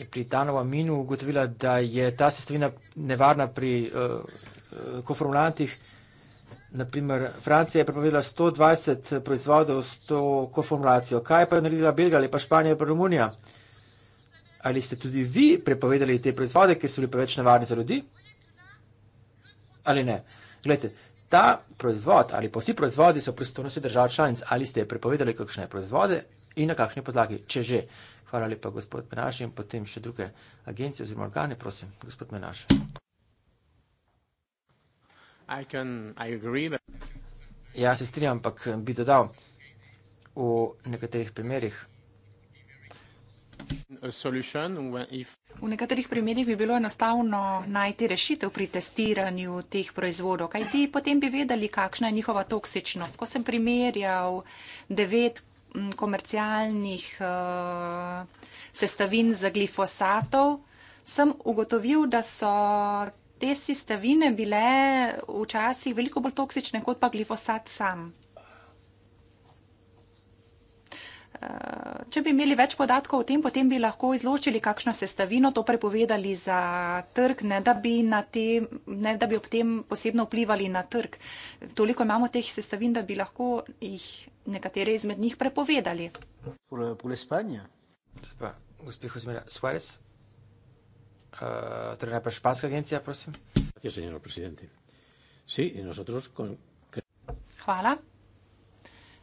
pri Danovem minu ugotovila, da je ta sestavina nevarna pri uh, konformulantih. Naprimer, Francija je prepovedala 120 proizvodov s to konformulacijo. Kaj pa je naredila Belgija ali pa Španija ali pa Romunija? Ali ste tudi vi prepovedali te proizvode, ker so bili preveč nevarni za ljudi? Ali ne? Glejte, ta proizvod ali pa vsi proizvodi so pristojnosti držav članic. Ali ste prepovedali kakšne proizvode in na kakšni podlagi, če že? Hvala lepa, gospod Menaš, in potem še druge agencije oziroma organe, prosim, gospod Menaš. Ja, se strinjam, ampak bi dodal v nekaterih primerih. V nekaterih primerjih bi bilo enostavno najti rešitev pri testiranju teh proizvodov, kajti potem bi vedeli, kakšna je njihova toksičnost. Ko sem primerjal devet komercialnih eh, sestavin za glifosatov, sem ugotovil, da so te sestavine bile včasih veliko bolj toksične kot pa glifosat sam. če bi imeli več podatkov o tem, potem bi lahko izločili kakšno sestavino, to prepovedali za trg, ne da bi, tem, ne, da bi ob tem posebno vplivali na trg. Toliko imamo teh sestavin, da bi lahko jih nekatere izmed njih prepovedali. Pole euh, Spanja. Gospod Hozmira Suarez, uh, torej najprej Španska agencija, prosim. Hvala.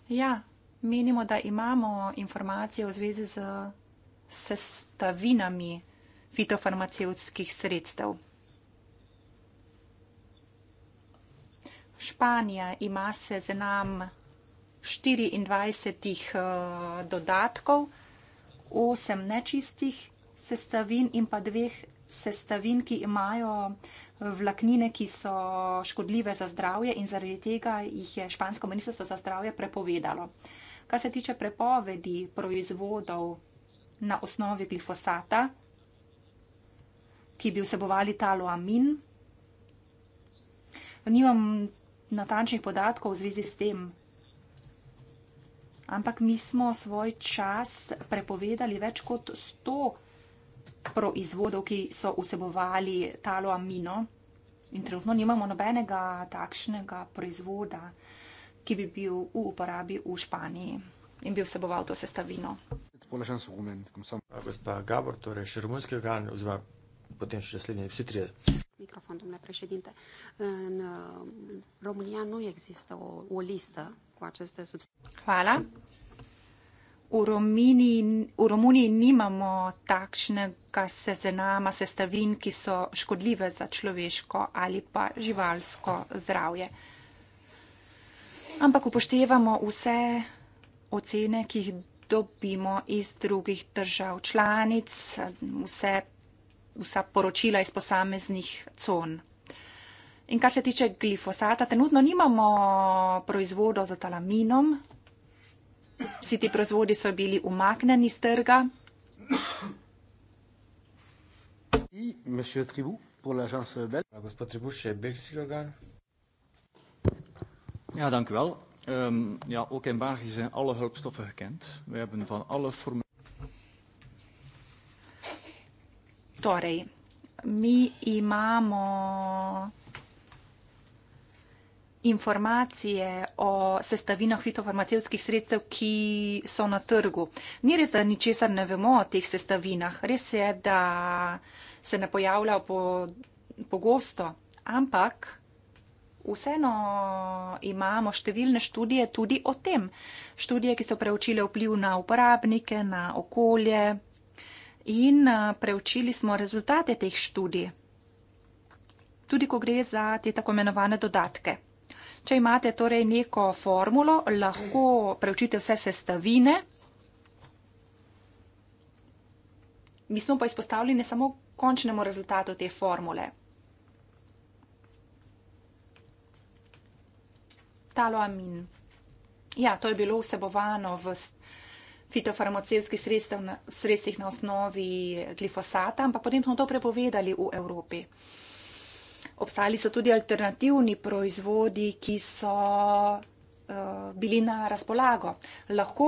Ja, menimo, da imamo informacije v zvezi z sestavinami fitofarmacevskih sredstev. Španija ima se z nam 24 dodatkov, 8 nečistih sestavin in pa dveh sestavin, ki imajo eh, vlaknine, ki so škodljive za zdravje in zaradi tega jih je Špansko ministrstvo za zdravje prepovedalo. Kar se tiče prepovedi proizvodov na osnovi glifosata, ki bi vsebovali taloamin, nimam natančnih podatkov v zvezi s tem. Ampak mi smo svoj čas prepovedali več kot 100 proizvodov, ki so vsebovali taloamino. In trenutno nimamo nobenega takšnega proizvoda ki bi bil v uporabi v Španiji in bi vseboval to sestavino. Gospa Gabor, torej še romunski organ, oziroma potem še naslednji, vsi trije. Mikrofon, domnule prešedinte. Uh, Romunija nu există o, o listă cu aceste substanțe. Hvala. V, Romini, v Romuniji nimamo takšnega seznama sestavin, ki so škodljive za človeško ali pa živalsko zdravje ampak upoštevamo vse ocene, ki jih dobimo iz drugih držav članic, vse, vsa poročila iz posameznih con. In kar se tiče glifosata, trenutno nimamo proizvodov z talaminom. Vsi ti proizvodi so bili umaknjeni z trga. Gospod Tribuš je belgijski organ. Ja, dank u wel. Um, ja, ook in België zijn alle hulpstoffen gekend. We hebben van alle formulieren. Torej, mi imamo informacije o sestavinah fitofarmacevskih sredstev, ki so na trgu. Ni res, da ničesar ne vemo o teh sestavinah. Res je, da se ne pojavljajo pogosto, po ampak vseeno imamo številne študije tudi o tem. Študije, ki so preučile vpliv na uporabnike, na okolje in preučili smo rezultate teh študij. Tudi ko gre za te tako imenovane dodatke. Če imate torej neko formulo, lahko preučite vse sestavine. Mi smo pa izpostavljeni samo končnemu rezultatu te formule. taloamin. Ja, to je bilo vsebovano v fitofarmacevskih sredstev, sredstvih na osnovi glifosata, ampak potem smo to prepovedali v Evropi. Obstali so tudi alternativni proizvodi, ki so uh, bili na razpolago. Lahko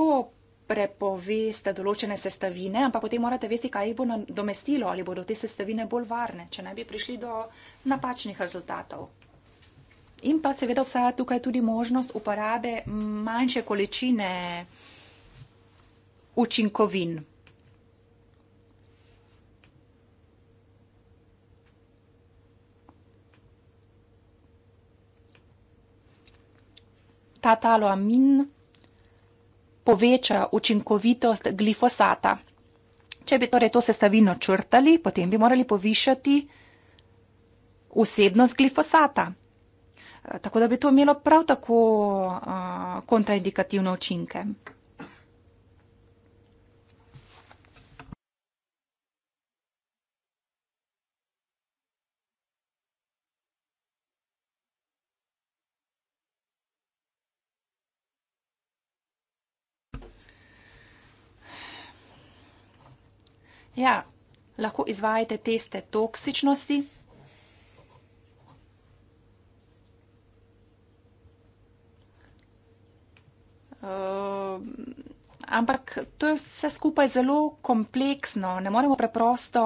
prepoveste določene sestavine, ampak potem morate vesti, kaj jih bo domestilo, ali bodo te sestavine bolj varne, če ne bi prišli do napačnih rezultatov. In pa seveda obstaja tukaj tudi možnost uporabe manjše količine učinkovin. Ta taloamin poveča učinkovitost glifosata. Če bi torej to sestavino črtali, potem bi morali povišati vsebnost glifosata tako da bi to imelo prav tako kontraindikativne učinke. Ja, lahko izvajate teste toksičnosti. Uh, ampak to je vse skupaj zelo kompleksno. Ne moremo preprosto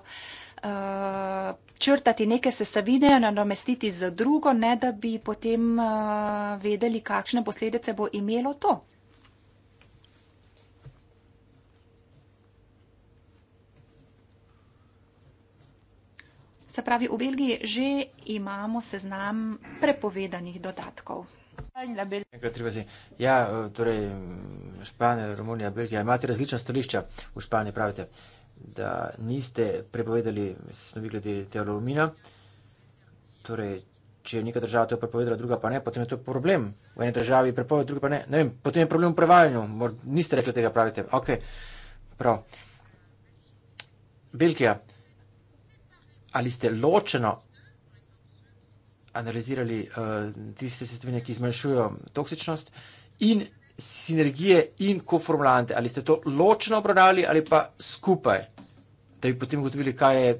uh, črtati neke sestavine in nadomestiti za drugo, ne da bi potem uh, vedeli, kakšne posledice bo imelo to. Se pravi, v Belgiji že imamo seznam prepovedanih dodatkov. Ja, torej, Španija, Romunija, Belgija, imate različna stališča v Španiji, pravite, da niste prepovedali snovi glede teolomina. Torej, če je neka država to prepovedala, druga pa ne, potem je to problem. V eni državi je prepoved, druga pa ne. Ne vem, potem je problem v prevajanju. Niste rekli tega, pravite. Ok, prav. Belgija ali ste ločeno analizirali uh, tiste sestavine, ki zmanjšujejo toksičnost in sinergije in koformulante, ali ste to ločeno obravnavali ali pa skupaj, da bi potem ugotovili, kaj je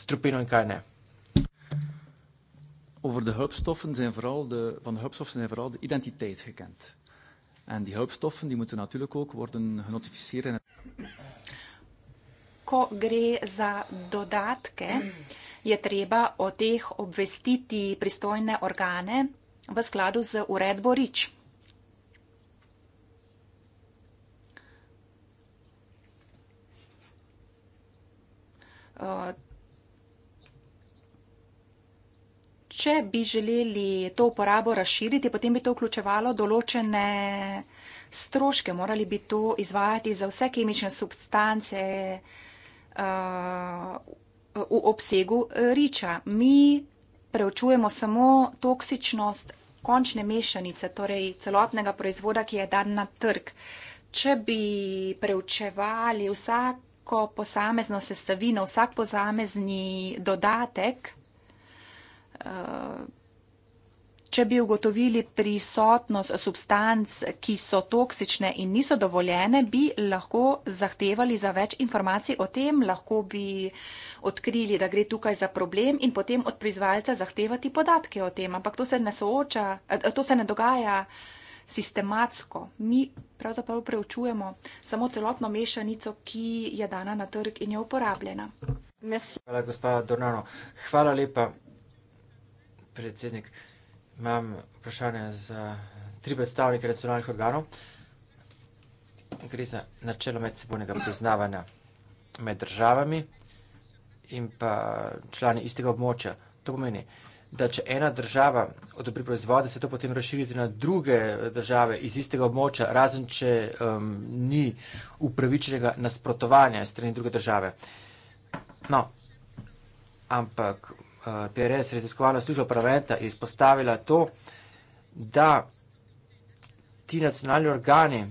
strupeno in kaj ne. Over de hulpstoffen zijn vooral de, van de hulpstoffen zijn vooral de identiteit gekend. En die hulpstoffen die moeten natuurlijk ook worden genotificeerd. In het ko gre za dodatke, je treba o teh obvestiti pristojne organe v skladu z uredbo RIČ. Eh, če bi želeli to uporabo razširiti, potem bi to vključevalo določene stroške. Morali bi to izvajati za vse kemične substance, uh, v obsegu eh, riča. Mi preučujemo samo toksičnost končne mešanice, torej celotnega proizvoda, ki je dan na trg. Če bi preučevali vsako posamezno sestavino, vsak posamezni dodatek, uh, Če bi ugotovili prisotnost substanc, ki so toksične in niso dovoljene, bi lahko zahtevali za več informacij o tem, lahko bi odkrili, da gre tukaj za problem in potem od prizvajalca zahtevati podatke o tem. Ampak to se ne, sooča, eh, to se ne dogaja sistematsko. Mi pravzaprav preučujemo samo celotno mešanico, ki je dana na trg in je uporabljena. Merci. Hvala, gospod Donano. Hvala lepa, predsednik imam vprašanje za tri predstavnike nacionalnih organov. Gre za načelo medsebojnega priznavanja med državami in pa člani istega območja. To pomeni, da če ena država odobri proizvode, se to potem razširiti na druge države iz istega območja, razen če um, ni upravičenega nasprotovanja strani druge države. No, ampak PRS, raziskovalna služba parlamenta, izpostavila to, da ti nacionalni organi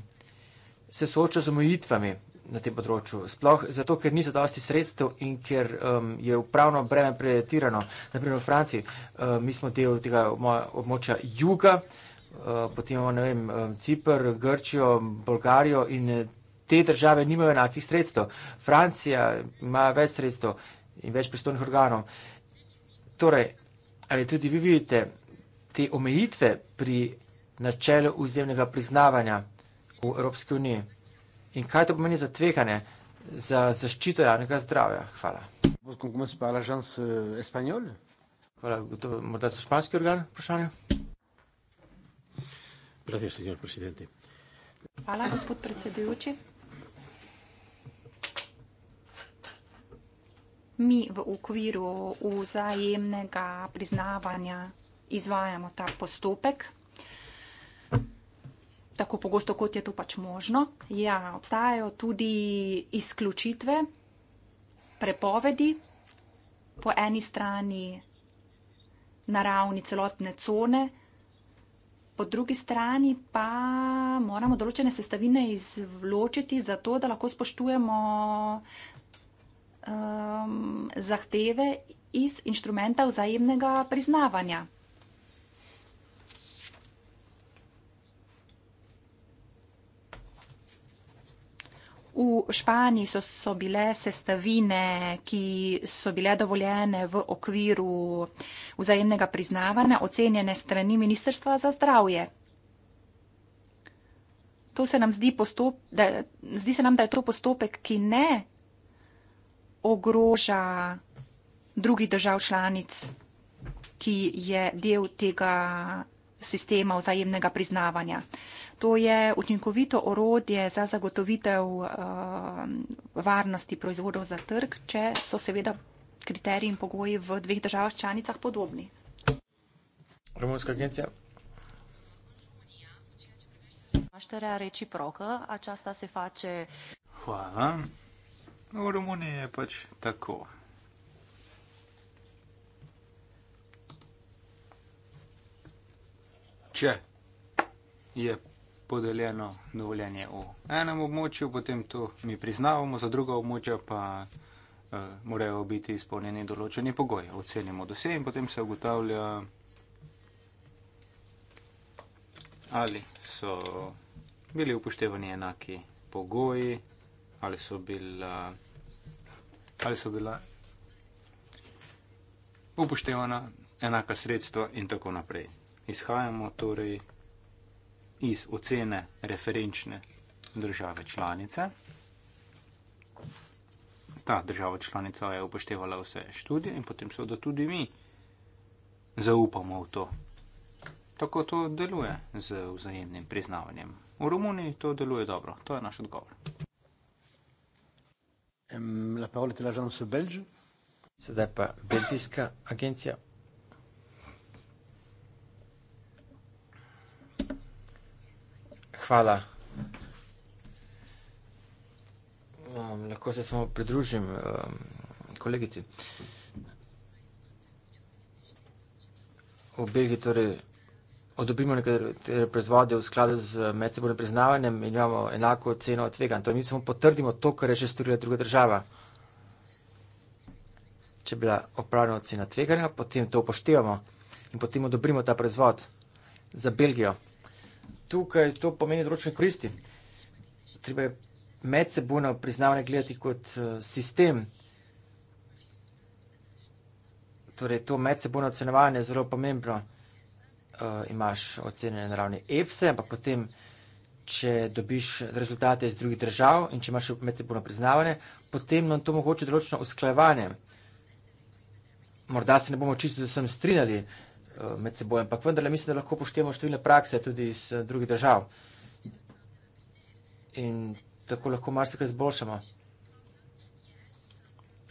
se soočajo z omejitvami na tem področju. Sploh zato, ker ni zadosti sredstev in ker um, je upravno breme prejetirano. Naprimer v Franciji, um, mi smo del tega območja juga, um, potem imamo, ne vem, um, Cipr, Grčijo, Bolgarijo in eh, te države nimajo enakih sredstev. Francija ima več sredstev in več pristojnih organov. Uh, Torej, ali tudi vi vidite te omejitve pri načelu vzemnega priznavanja v Evropski uniji in kaj to pomeni za tveganje, za zaščito javnega zdravja? Hvala. Hvala. To je morda za španski organ vprašanja. Hvala, gospod predsedujoči. mi v okviru vzajemnega priznavanja izvajamo ta postopek. Tako pogosto, kot je to pač možno. Ja, obstajajo tudi izključitve, prepovedi, po eni strani na ravni celotne cone, po drugi strani pa moramo določene sestavine izločiti, zato da lahko spoštujemo um, zahteve iz inštrumenta vzajemnega priznavanja. V Španiji so, so bile sestavine, ki so bile dovoljene v okviru vzajemnega priznavanja, ocenjene strani Ministrstva za zdravje. To se nam zdi, postop, da, zdi se nam, da je to postopek, ki ne ogroža drugi držav članic, ki je del tega sistema vzajemnega priznavanja. To je učinkovito orodje za zagotovitev uh, varnosti proizvodov za trg, če so seveda kriteriji in pogoji v dveh državah članicah podobni. Romunska agencija. Hvala. No, v Romuniji je pač tako. Če je podeljeno dovoljenje v enem območju, potem to mi priznavamo, za druga območja pa eh, morajo biti izpolnjeni določeni pogoji. Ocenimo dosej in potem se ugotavlja, ali so bili upoštevani enaki pogoji, ali so bili. Eh, ali so bila upoštevana enaka sredstva in tako naprej. Izhajamo torej iz ocene referenčne države članice. Ta država članica je upoštevala vse študije in potem seveda tudi mi zaupamo v to. Tako to deluje z vzajemnim priznavanjem. V Romuniji to deluje dobro, to je naš odgovor. La parole est à l'agence belge. C'est la belgique agence. Hvala. Um, lahko se samo pridružim um, kolegici. V Belgiji torej odobrimo nekatere proizvode v skladu z medsebojnim priznavanjem in imamo enako ceno tvega. To torej, je mi samo potrdimo to, kar je že storila druga država. Če je bila opravljena cena tveganja, potem to upoštevamo in potem odobrimo ta proizvod za Belgijo. Tukaj to pomeni odročne koristi. Treba je medsebojno priznavanje gledati kot eh, sistem. Torej, to medsebojno ocenovanje je zelo pomembno uh, imaš ocenjene na ravni EFSE, ampak potem, če dobiš rezultate iz drugih držav in če imaš medsebojno priznavanje, potem nam to mogoče določeno usklajevanje. Morda se ne bomo čisto vsem strinjali uh, med seboj, ampak vendarle mislim, da lahko poštemo številne prakse tudi iz uh, drugih držav. In tako lahko marsikaj zboljšamo.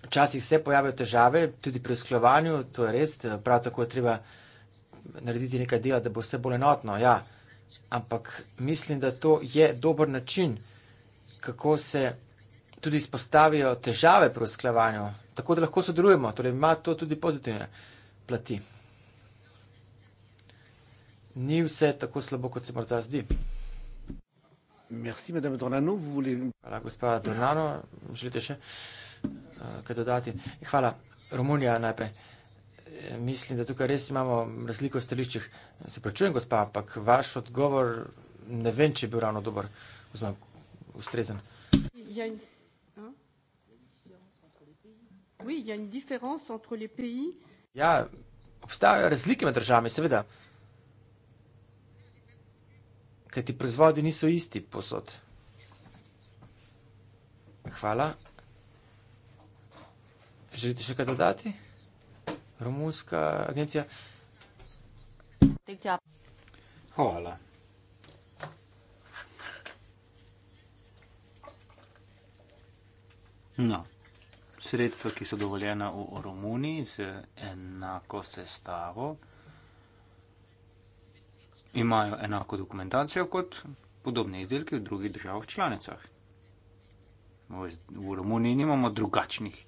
Včasih se pojavijo težave, tudi pri usklajevanju, to je res, prav tako je treba narediti nekaj dela, da bo vse bolj enotno. Ja. Ampak mislim, da to je dober način, kako se tudi izpostavijo težave pri usklajevanju, tako da lahko sodelujemo. Torej, ima to tudi pozitivne plati. Ni vse tako slabo, kot se morda zdi. Merci, Dornano, vole... Hvala, gospod Dornano. Želite še uh, kaj dodati? Hvala, Romunija najprej. Uh, mislim, da tukaj res imamo razliko v stališčih. Se pravčujem, gospa, ampak vaš odgovor ne vem, če je bil ravno dober, oziroma ustrezen. Ja, Oui, il y a une différence entre les pays. Ja, obstajajo razlike med državami, seveda. Kaj ti proizvodi niso isti posod. Hvala. Želite še kaj dodati? romunska agencija. Hvala. No, sredstva, ki so dovoljena v Romuniji z enako sestavo, imajo enako dokumentacijo kot podobne izdelke v drugih državah članicah. V Romuniji nimamo drugačnih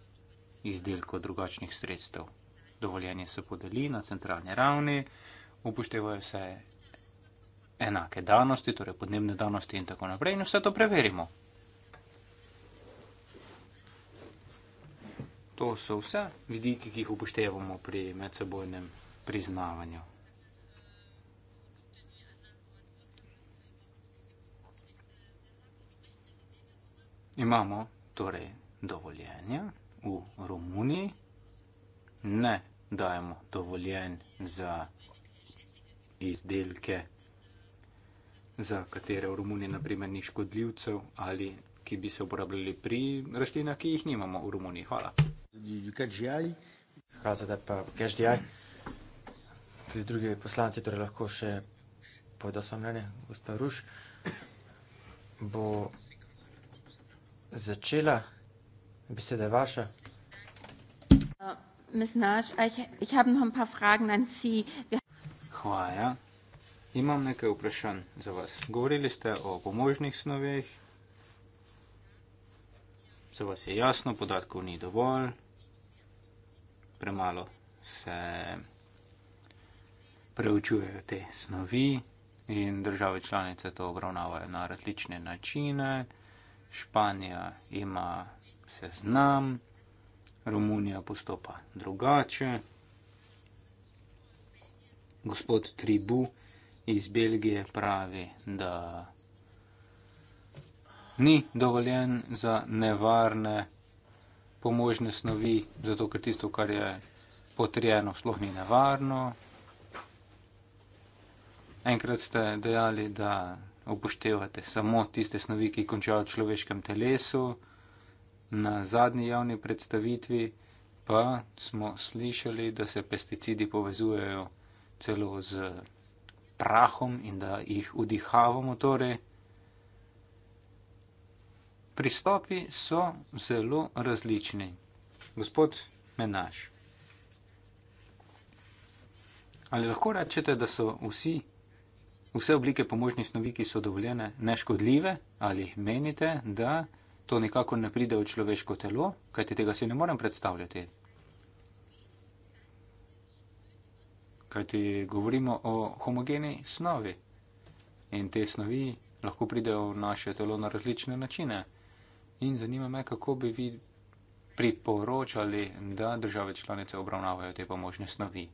izdelkov, drugačnih sredstev dovoljenje se podeli na centralni ravni, upoštevajo se enake danosti, torej podnebne danosti in tako naprej, in vse to preverimo. To so vse vidiki, ki jih upoštevamo pri medsebojnem priznavanju. Imamo torej dovoljenje v Romuniji ne dajemo dovoljenj za izdelke, za katere v Romuniji naprimer ni škodljivcev ali ki bi se uporabljali pri rastlinah, ki jih nimamo v Romuniji. Hvala. Hvala za da pa GDI. Tudi drugi poslanci torej lahko še povedal svoje mnenje. Gospa Ruš bo začela, beseda je vaša. Uh. Ms. Nash, ich, ich habe noch ein paar Fragen an Sie. Wir Hvala, ja. Imam nekaj vprašanj za vas. Govorili ste o pomožnih snoveh. Za vas je jasno, podatkov ni dovolj. Premalo se preučujejo te snovi in države članice to obravnavajo na različne načine. Španija ima seznam Romunija postopa drugače. Gospod Tribu iz Belgije pravi, da ni dovoljen za nevarne pomožne snovi, zato ker tisto, kar je potrjeno, sploh ni nevarno. Enkrat ste dejali, da upoštevate samo tiste snovi, ki končajo v človeškem telesu. Na zadnji javni predstavitvi pa smo slišali, da se pesticidi povezujejo celo z prahom in da jih vdihavamo. Torej, pristopi so zelo različni. Gospod Menaš, ali lahko rečete, da so vsi, vse oblike pomožnih snovi, ki so dovoljene, neškodljive, ali menite, da to nekako ne pride v človeško telo, kajti tega si ne morem predstavljati. Kajti govorimo o homogeni snovi in te snovi lahko pridejo v naše telo na različne načine. In zanima me, kako bi vi priporočali, da države članice obravnavajo te pomožne snovi.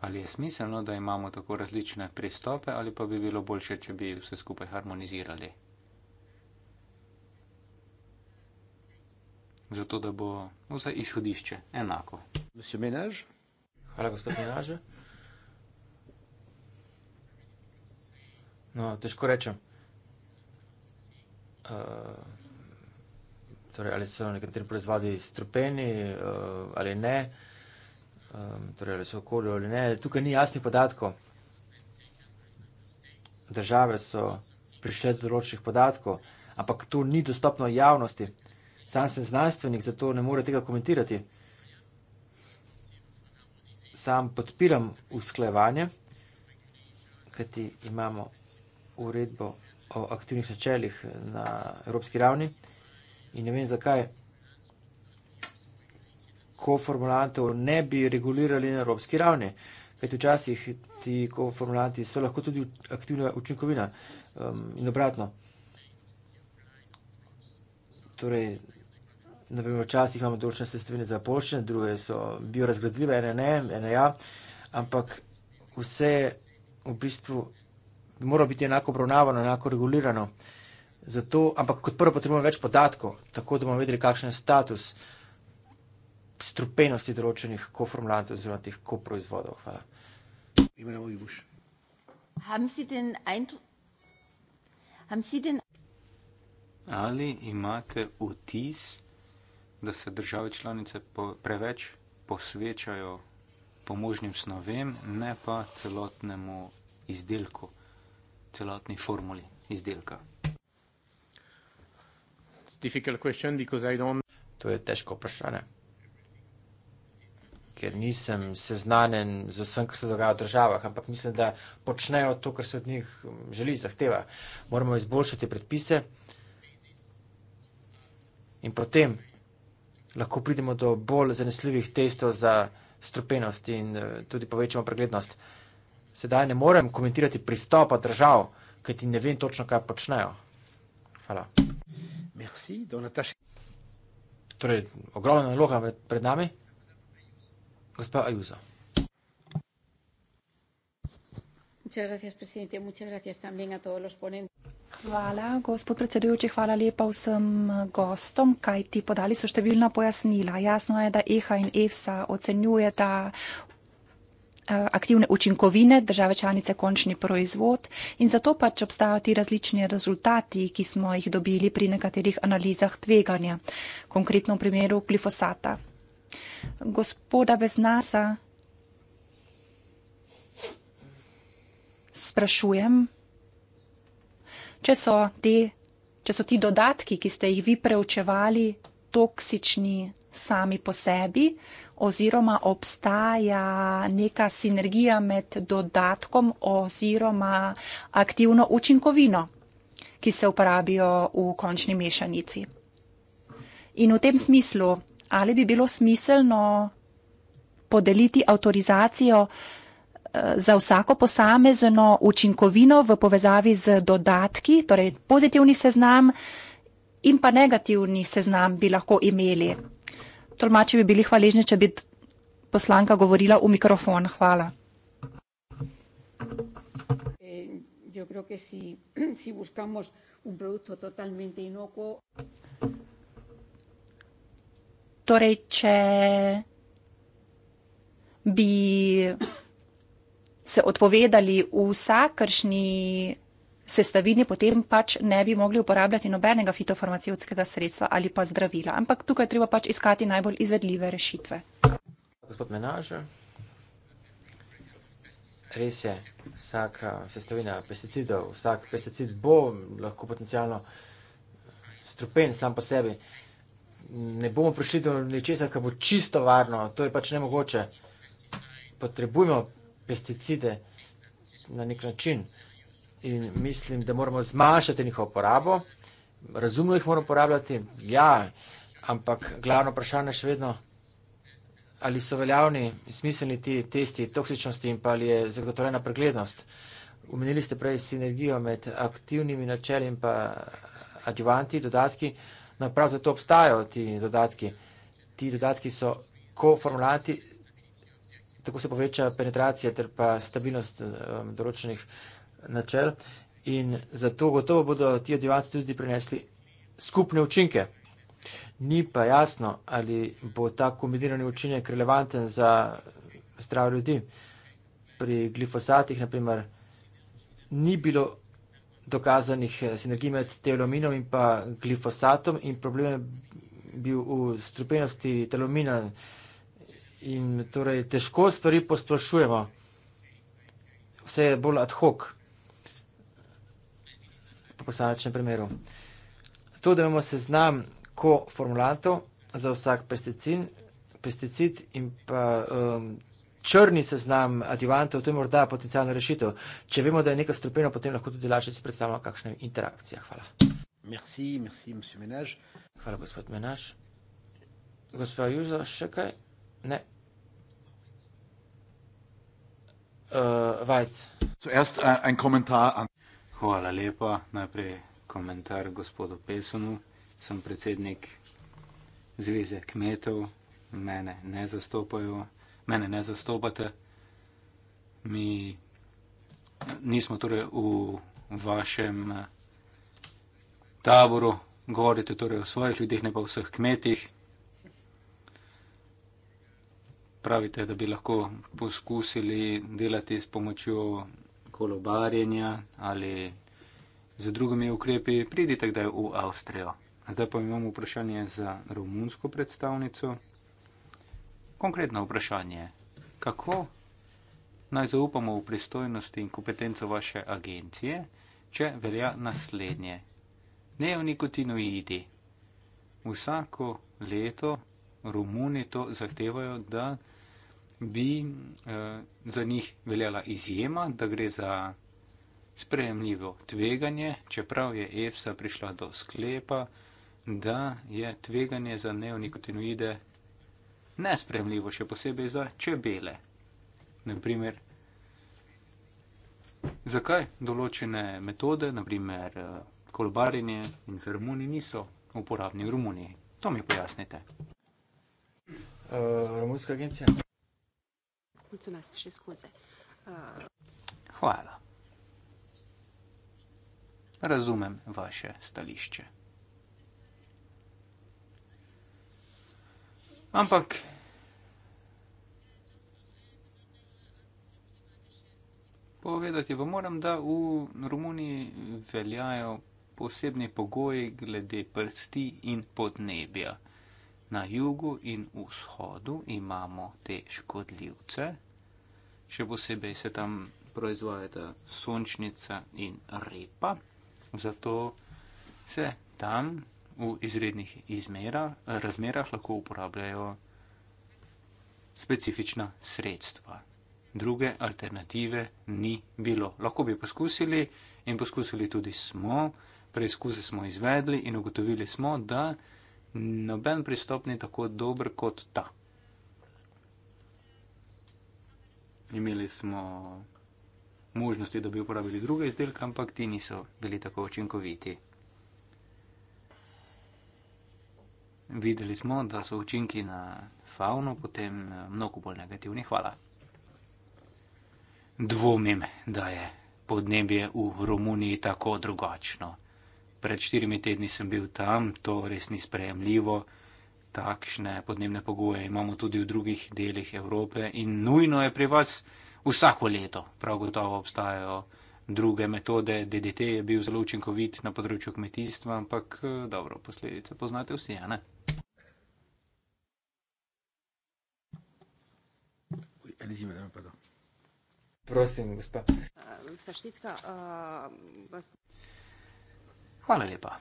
Ali je smiselno, da imamo tako različne pristope, ali pa bi bilo boljše, če bi vse skupaj harmonizirali? zato da bo vse izhodišče enako. Hvala, gospod Minaž. No, težko rečem. Uh, torej, ali so nekateri proizvodi strupeni uh, ali ne, um, torej, ali so okolje ali ne. Tukaj ni jasnih podatkov. Države so prišle do določenih podatkov, ampak to ni dostopno javnosti. Sam sem znanstvenik, zato ne more tega komentirati. Sam podpiram usklevanje, kajti imamo uredbo o aktivnih načeljih na evropski ravni in ne vem zakaj koformulantov ne bi regulirali na evropski ravni, kajti včasih ti koformulanti so lahko tudi aktivna učinkovina um, in obratno. Torej, Naprimer, včasih imamo določene sestavine za poščene, druge so biorazgradljive, ene ne, ene ja, ampak vse je v bistvu mora biti enako obravnavano, enako regulirano. Zato, ampak kot prvo potrebujemo več podatkov, tako da bomo vedeli, kakšen je status strupenosti določenih koformulantov oziroma teh koproizvodov. Hvala. Imenovo Juguš. Ali imate vtis? da se države članice po, preveč posvečajo pomožnim snovem, ne pa celotnemu izdelku, celotni formuli izdelka. To je težko vprašanje, ker nisem seznanjen z vsem, kar se dogaja v državah, ampak mislim, da počnejo to, kar se od njih želi, zahteva. Moramo izboljšati predpise in potem lahko pridemo do bolj zanesljivih testov za strupenost in eh, tudi povečamo preglednost. Sedaj ne morem komentirati pristopa držav, kajti ne vem točno, kaj počnejo. Hvala. Merci, torej, ogromna naloga pred nami. Gospa Ajuza. Gracias, Hvala, gospod predsedujoči, hvala lepa vsem eh, gostom, kaj ti podali so številna pojasnila. Jasno je, da EHA in EFSA ocenjuje ta eh, aktivne učinkovine države članice končni proizvod in zato pač obstajajo ti različni rezultati, ki smo jih dobili pri nekaterih analizah tveganja, konkretno v primeru glifosata. Gospoda Beznasa sprašujem če so, te, če so ti dodatki, ki ste jih vi preučevali, toksični sami po sebi, oziroma obstaja neka sinergija med dodatkom oziroma aktivno učinkovino, ki se uporabijo v končni mešanici. In v tem smislu, ali bi bilo smiselno podeliti avtorizacijo za vsako posamezno učinkovino v povezavi z dodatki, torej pozitivni seznam in pa negativni seznam bi lahko imeli. Tolmači bi bili hvaležni, če bi poslanka govorila v mikrofon. Hvala. [clears throat] Torej, če bi se odpovedali vsakršni sestavini, potem pač ne bi mogli uporabljati nobenega fitofarmacijskega sredstva ali pa zdravila. Ampak tukaj treba pač iskati najbolj izvedljive rešitve. Gospod Menaža, res je, vsaka sestavina pesticidov, vsak pesticid bo lahko potencijalno strupen sam po sebi. Ne bomo prišli do nečesa, kar bo čisto varno, to je pač nemogoče. Potrebujemo pesticide na nek način. In mislim, da moramo zmanjšati njihovo porabo, razumno jih moramo uporabljati, ja, ampak glavno vprašanje je še vedno, ali so veljavni smiselni ti testi toksičnosti in pa ali je zagotovljena preglednost. Umenili ste prej sinergijo med aktivnimi načeli in pa adjuvanti, dodatki. No, prav zato obstajajo ti dodatki. Ti dodatki so koformulanti tako se poveča penetracija ter pa stabilnost um, določenih načel. In zato gotovo bodo ti odjevati tudi prinesli skupne učinke. Ni pa jasno, ali bo ta kombinirani učinek relevanten za zdrav ljudi. Pri glifosatih, naprimer, ni bilo dokazanih eh, sinergij med telominom in pa glifosatom in problem je bil v strupenosti telomina. In torej težko stvari posplošujemo, vse je bolj ad hoc, po posamečnem primeru. To, da imamo seznam koformulatov za vsak pesticin, pesticid in pa um, črni seznam adjuvantov, to je morda potencijalna rešitev. Če vemo, da je nekaj strupeno, potem lahko tudi lažje si predstavljamo, kakšna je interakcija. Hvala. Merci, merci, Hvala, gospod Menaž. Gospod Juzo, še kaj? Ne. Uh, Vajc. Zuerst ein, äh, ein Kommentar an. Hvala lepa. Najprej komentar gospodu Pesonu. Sem predsednik Zveze kmetov. Mene ne zastopajo. Mene ne zastopate. Mi nismo torej v vašem eh, taboru. Govorite torej o svojih ljudeh, ne pa o vseh kmetih. pravite, da bi lahko poskusili delati s pomočjo kolobarjenja ali z drugimi ukrepi, pridite kdaj v Avstrijo. Zdaj pa imamo vprašanje za romunsko predstavnico. Konkretno vprašanje, kako naj zaupamo v pristojnosti in kompetenco vaše agencije, če velja naslednje. Ne v nikotinoidi. Vsako leto Romuni to zahtevajo, da bi eh, za njih veljala izjema, da gre za sprejemljivo tveganje, čeprav je EFSA prišla do sklepa, da je tveganje za neonikotinoide nesprejemljivo, še posebej za čebele. Naprimer, zakaj določene metode, naprimer eh, kolbarjenje in fermuni, niso uporabni v Romuniji? To mi pojasnite. Eh, romunska agencija. Eh, Hvala. Razumem vaše stališče. Ampak povedati vam moram, da v Romuniji veljajo posebni pogoji glede prsti in podnebja. Na jugu in vzhodu imamo te škodljivce, še posebej se tam proizvajata sončnica in repa, zato se tam v izrednih izmera, razmerah lahko uporabljajo specifična sredstva. Druge alternative ni bilo. Lahko bi poskusili in poskusili tudi smo, preizkuse smo izvedli in ugotovili smo, da noben pristop ni tako dober kot ta. Imeli smo možnosti, da bi uporabili druge izdelke, ampak ti niso bili tako učinkoviti. Videli smo, da so učinki na fauno potem eh, mnogo bolj negativni. Hvala. Dvomim, da je podnebje v Romuniji tako drugačno pred štirimi tedni sem bil tam, to res ni sprejemljivo. Takšne podnebne pogoje imamo tudi v drugih delih Evrope in nujno je pri vas vsako leto. Prav gotovo obstajajo druge metode. DDT je bil zelo učinkovit na področju kmetijstva, ampak eh, dobro, posledice poznate vsi, a ne? Prosim, gospa. Eh, Saštitska, uh, eh, vas. Hvala lepa.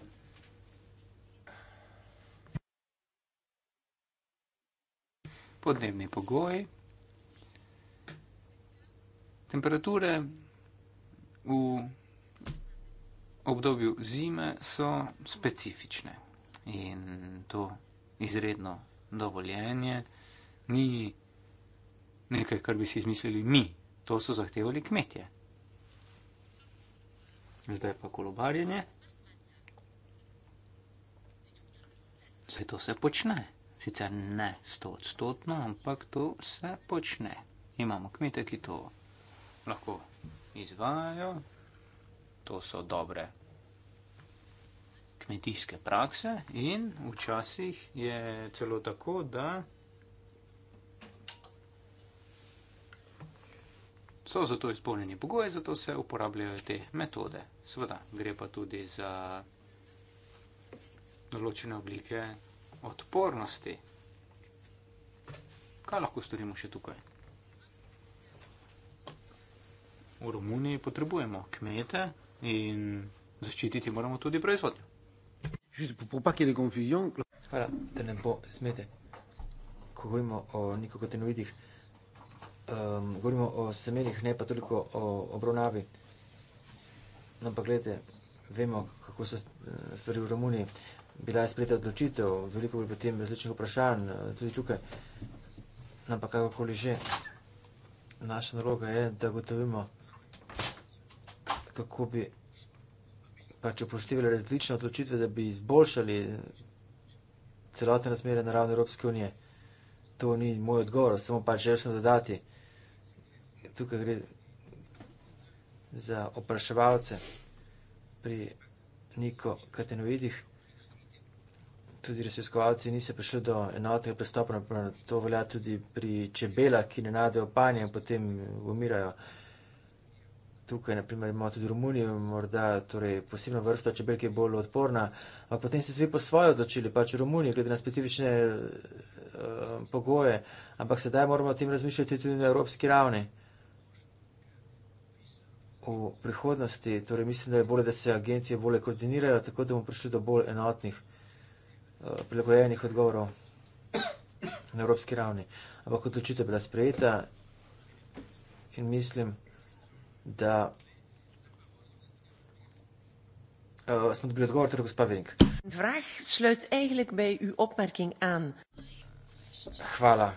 Podnebni pogoji. Temperature v obdobju zime so specifične in to izredno dovoljenje ni nekaj, kar bi si izmislili mi. To so zahtevali kmetje. Zdaj pa kolobarjenje. se to se počne. Sicer ne stotodstotno, ampak to se počne. Imamo kmete, ki to lahko izvajo, to so dobre kmetijske prakse in včasih je celo tako, da so za to izpolnjeni pogoje, zato se uporabljajo te metode. Sveda gre pa tudi za določene oblike odpornosti. Kaj lahko storimo še tukaj? V Romuniji potrebujemo kmete in zaščititi moramo tudi proizvodnjo. Hvala, da nam bo smete. Ko govorimo o nikotinoidih, um, govorimo o semenih, ne pa toliko o obravnavi. No, ampak gledajte, vemo, kako so eh, stvari v Romuniji bila je sprejeta odločitev, veliko bi potem različnih vprašanj, eh, tudi tukaj, ampak kakorkoli že, naša naloga je, da gotovimo, kako bi pač upoštevali različne odločitve, da bi izboljšali celotne razmere na ravni Evropske unije. To ni moj odgovor, samo pač želim dodati. Tukaj gre za opraševalce pri Niko Katenovidih tudi raziskovalci niso prišli do enotnega pristopa, naprimer to velja tudi pri čebelah, ki ne najdejo panja in potem umirajo. Tukaj naprimer, imamo tudi Romunijo, morda torej, posebno vrsto čebel, ki je bolj odporna, ampak potem se svi po svoje odločili, pač v Romuniji, glede na specifične uh, pogoje. Ampak sedaj moramo o tem razmišljati tudi na evropski ravni. V prihodnosti, torej mislim, da je bolje, da se agencije bolje koordinirajo, tako da bomo prišli do bolj enotnih. Eh, prilagojenih odgovorov na evropski ravni. Ampak odločitev je bila sprejeta in mislim, da uh, smo dobili odgovor, torej gospa Vink. Vrah sluit eigenlijk bij uw opmerking aan. Hvala.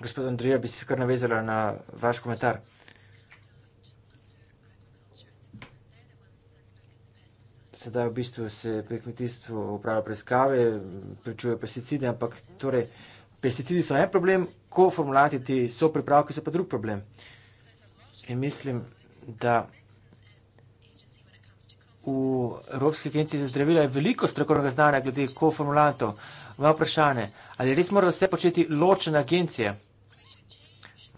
Gospod Andrija, bi se kar navezala na vaš komentar. sedaj v bistvu se pri kmetijstvu upravlja preiskave, pričuje pesticide, ampak torej, pesticidi so en problem, ko formulati ti so pripravki, so pa drug problem. In mislim, da v Evropski agenciji za zdravila je veliko strokovnega znanja glede ko formulantov. Vemo vprašanje, ali res mora vse početi ločene agencije?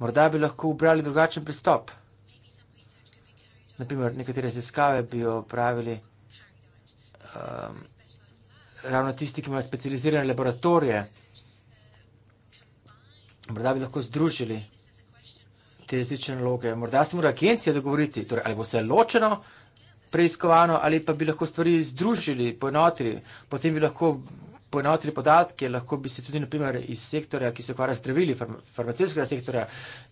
Morda bi lahko ubrali drugačen pristop. Naprimer, nekatere ziskave bi opravili um, ravno tisti, ki imajo specializirane laboratorije, morda bi lahko združili te različne naloge. Morda se mora agencija dogovoriti, torej, ali bo vse ločeno preiskovano, ali pa bi lahko stvari združili, poenotili, potem bi lahko poenotili podatke, lahko bi se tudi, naprimer, iz sektorja, ki se ukvarja z zdravili, farm farmacijskega sektorja,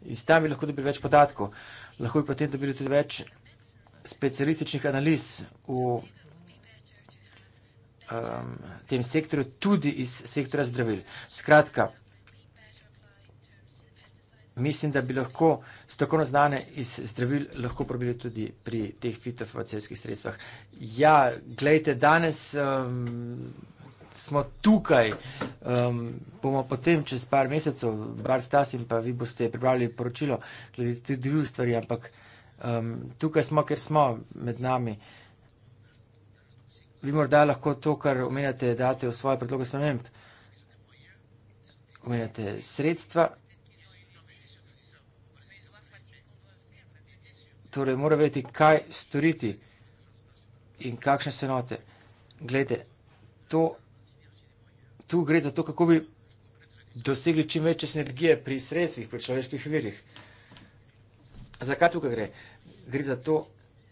iz tam bi lahko dobili več podatkov, lahko bi potem dobili tudi več specialističnih analiz v Um, tem sektorju, tudi iz sektora zdravil. Skratka, mislim, da bi lahko stokono znane iz zdravil lahko probili tudi pri teh fitofarmacijskih sredstvah. Ja, gledajte, danes um, smo tukaj, um, bomo potem čez par mesecev, bar stasim, pa vi boste pripravili poročilo, gledajte, tudi druge stvari, ampak um, tukaj smo, ker smo med nami. Uh, Vi morda lahko to, kar omenjate, date v svoje predloge sprememb. Omenjate sredstva. Torej, mora vedeti, kaj storiti in kakšne se note. Glede, to, tu gre za to, kako bi dosegli čim večje sinergije pri sredstvih, pri človeških virih. Zakaj tukaj gre? Gre za to,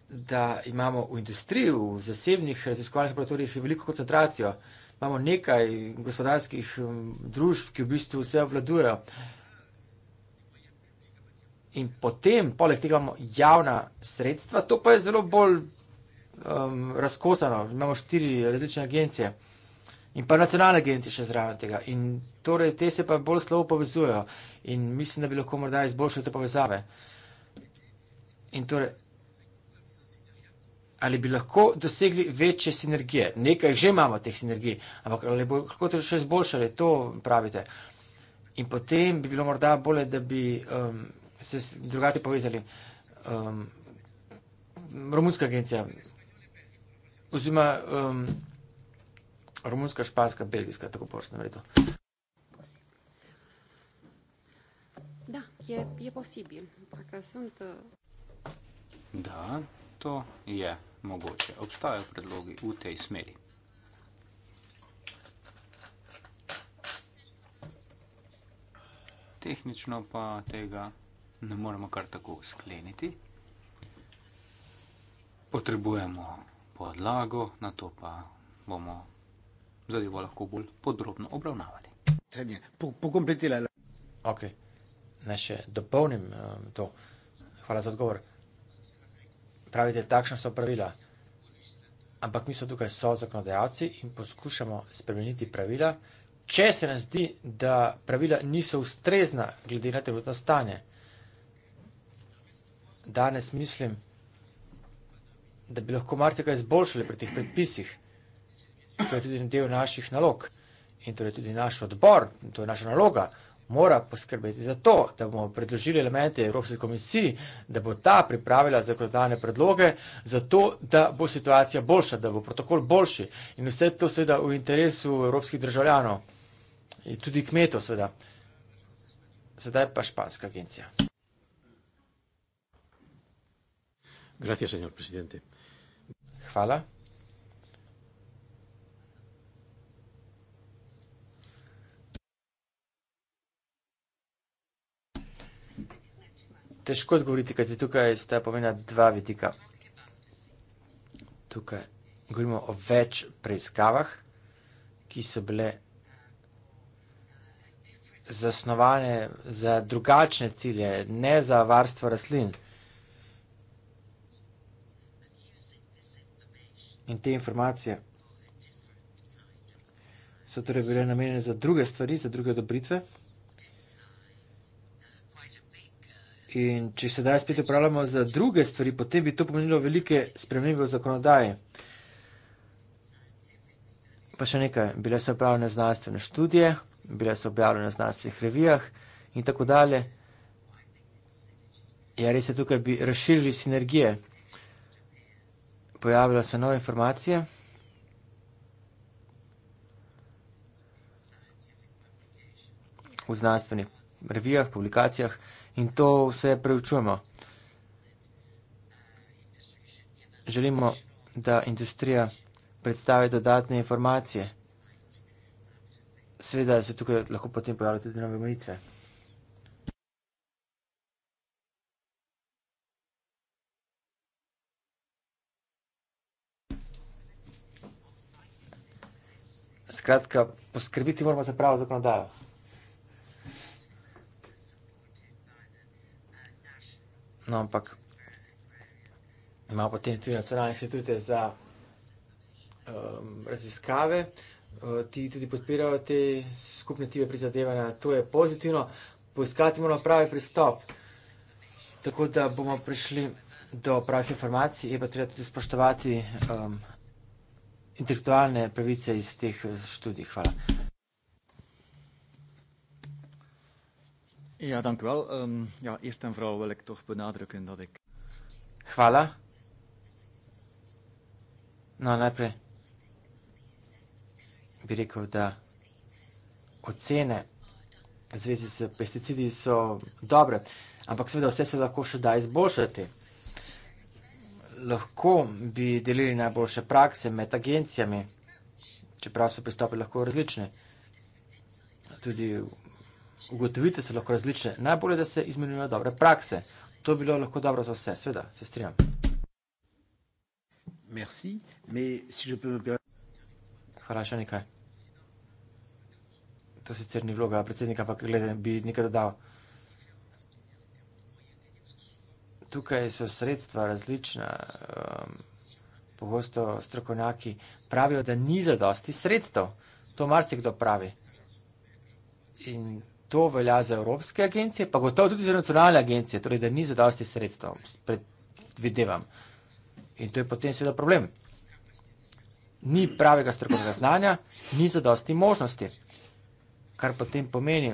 da imamo v industriji, v zasebnih raziskovalnih laboratorijih veliko koncentracijo. Imamo nekaj gospodarskih um, družb, ki v bistvu vse obvladujejo. In potem, poleg tega, imamo javna sredstva, to pa je zelo bolj um, razkosano. Imamo štiri različne agencije in pa nacionalne agencije še zraven tega. In torej te se pa bolj slabo povezujejo in mislim, da bi lahko morda izboljšali te povezave. In torej ali bi lahko dosegli večje sinergije. Nekaj že imamo teh sinergij, ampak ali bo lahko to še izboljšali, to pravite. In potem bi bilo morda bolje, da bi um, se drugače povezali. Um, romunska agencija, oziroma um, romunska, španska, belgijska, tako površno redo. Da, je, je posibil. Da, to je mogoče. Obstajajo predlogi v tej smeri. Tehnično pa tega ne moremo kar tako skleniti. Potrebujemo podlago, na to pa bomo zadevo lahko bolj podrobno obravnavali. Pokompletirajmo. Ok, naj še dopolnim eh, to. Hvala za odgovor pravite, takšna so pravila. Ampak mi smo tukaj so zakonodajalci in poskušamo spremeniti pravila, če se nam zdi, da pravila niso ustrezna glede na trenutno stanje. Danes mislim, da bi lahko marsikaj izboljšali pri teh predpisih. To je tudi del naših nalog in to je tudi naš odbor, to je naša naloga mora poskrbeti za to, da bomo predložili elemente Evropske komisiji, da bo ta pripravila zakonodajne predloge, zato da bo situacija boljša, da bo protokol boljši in vse to seveda v interesu evropskih državljanov in tudi kmetov seveda. Sedaj pa Španska agencija. Gracias, señor presidente. Hvala. težko odgovoriti, kajti tukaj sta pomena dva vidika. Tukaj govorimo o več preiskavah, ki so bile zasnovane za drugačne cilje, ne za varstvo rastlin. In te informacije so torej bile namenjene za druge stvari, za druge dobritve. In če se daj spet upravljamo za druge stvari, potem bi to pomenilo velike spremembe v zakonodaji. Pa še nekaj, bile so upravljene znanstvene študije, bile so objavljene v znanstvenih revijah in tako dalje. Ja, res je tukaj bi razširili sinergije. Pojavljajo se nove informacije. v znanstvenih revijah, publikacijah. In to vse preučujemo. Želimo, da industrija predstavi dodatne informacije. Seveda se tukaj lahko potem pojavljajo tudi nove molitve. Skratka, poskrbiti moramo za pravo zakonodajo. No, ampak ima potem tudi nacionalne institute za um, raziskave, uh, ti tudi podpirajo te skupne tipe prizadevanja. To je pozitivno, poiskati moramo pravi pristop. Tako da bomo prišli do pravih informacij, je pa treba tudi spoštovati um, intelektualne pravice iz teh uh, študij. Hvala. Ja, dank u wel. Um, ja, eerst en vooral wil ik toch benadrukken dat ik. Voilà. No, najprej. Bi rekel, da ocene v zvezi s pesticidi so dobre, ampak seveda vse se lahko še da izboljšati. Lahko bi delili najboljše prakse med agencijami, čeprav so pristopi lahko različni. Tudi ugotovitve so lahko različne. Najbolje je, da se izmenjujejo dobre prakse. To bi bilo lahko dobro za vse, seveda, se strinjam. Hvala še nekaj. To sicer ni vloga predsednika, ampak glede, bi nekaj dodal. Tukaj so sredstva različna. Um, pogosto strokovnjaki pravijo, da ni za dosti sredstev. To marsikdo pravi. In to velja za evropske agencije, pa gotovo tudi za nacionalne agencije, torej da ni zadosti sredstva, predvidevam. In to je potem seveda problem. Ni pravega strokovnega znanja, ni zadosti možnosti. Kar potem pomeni,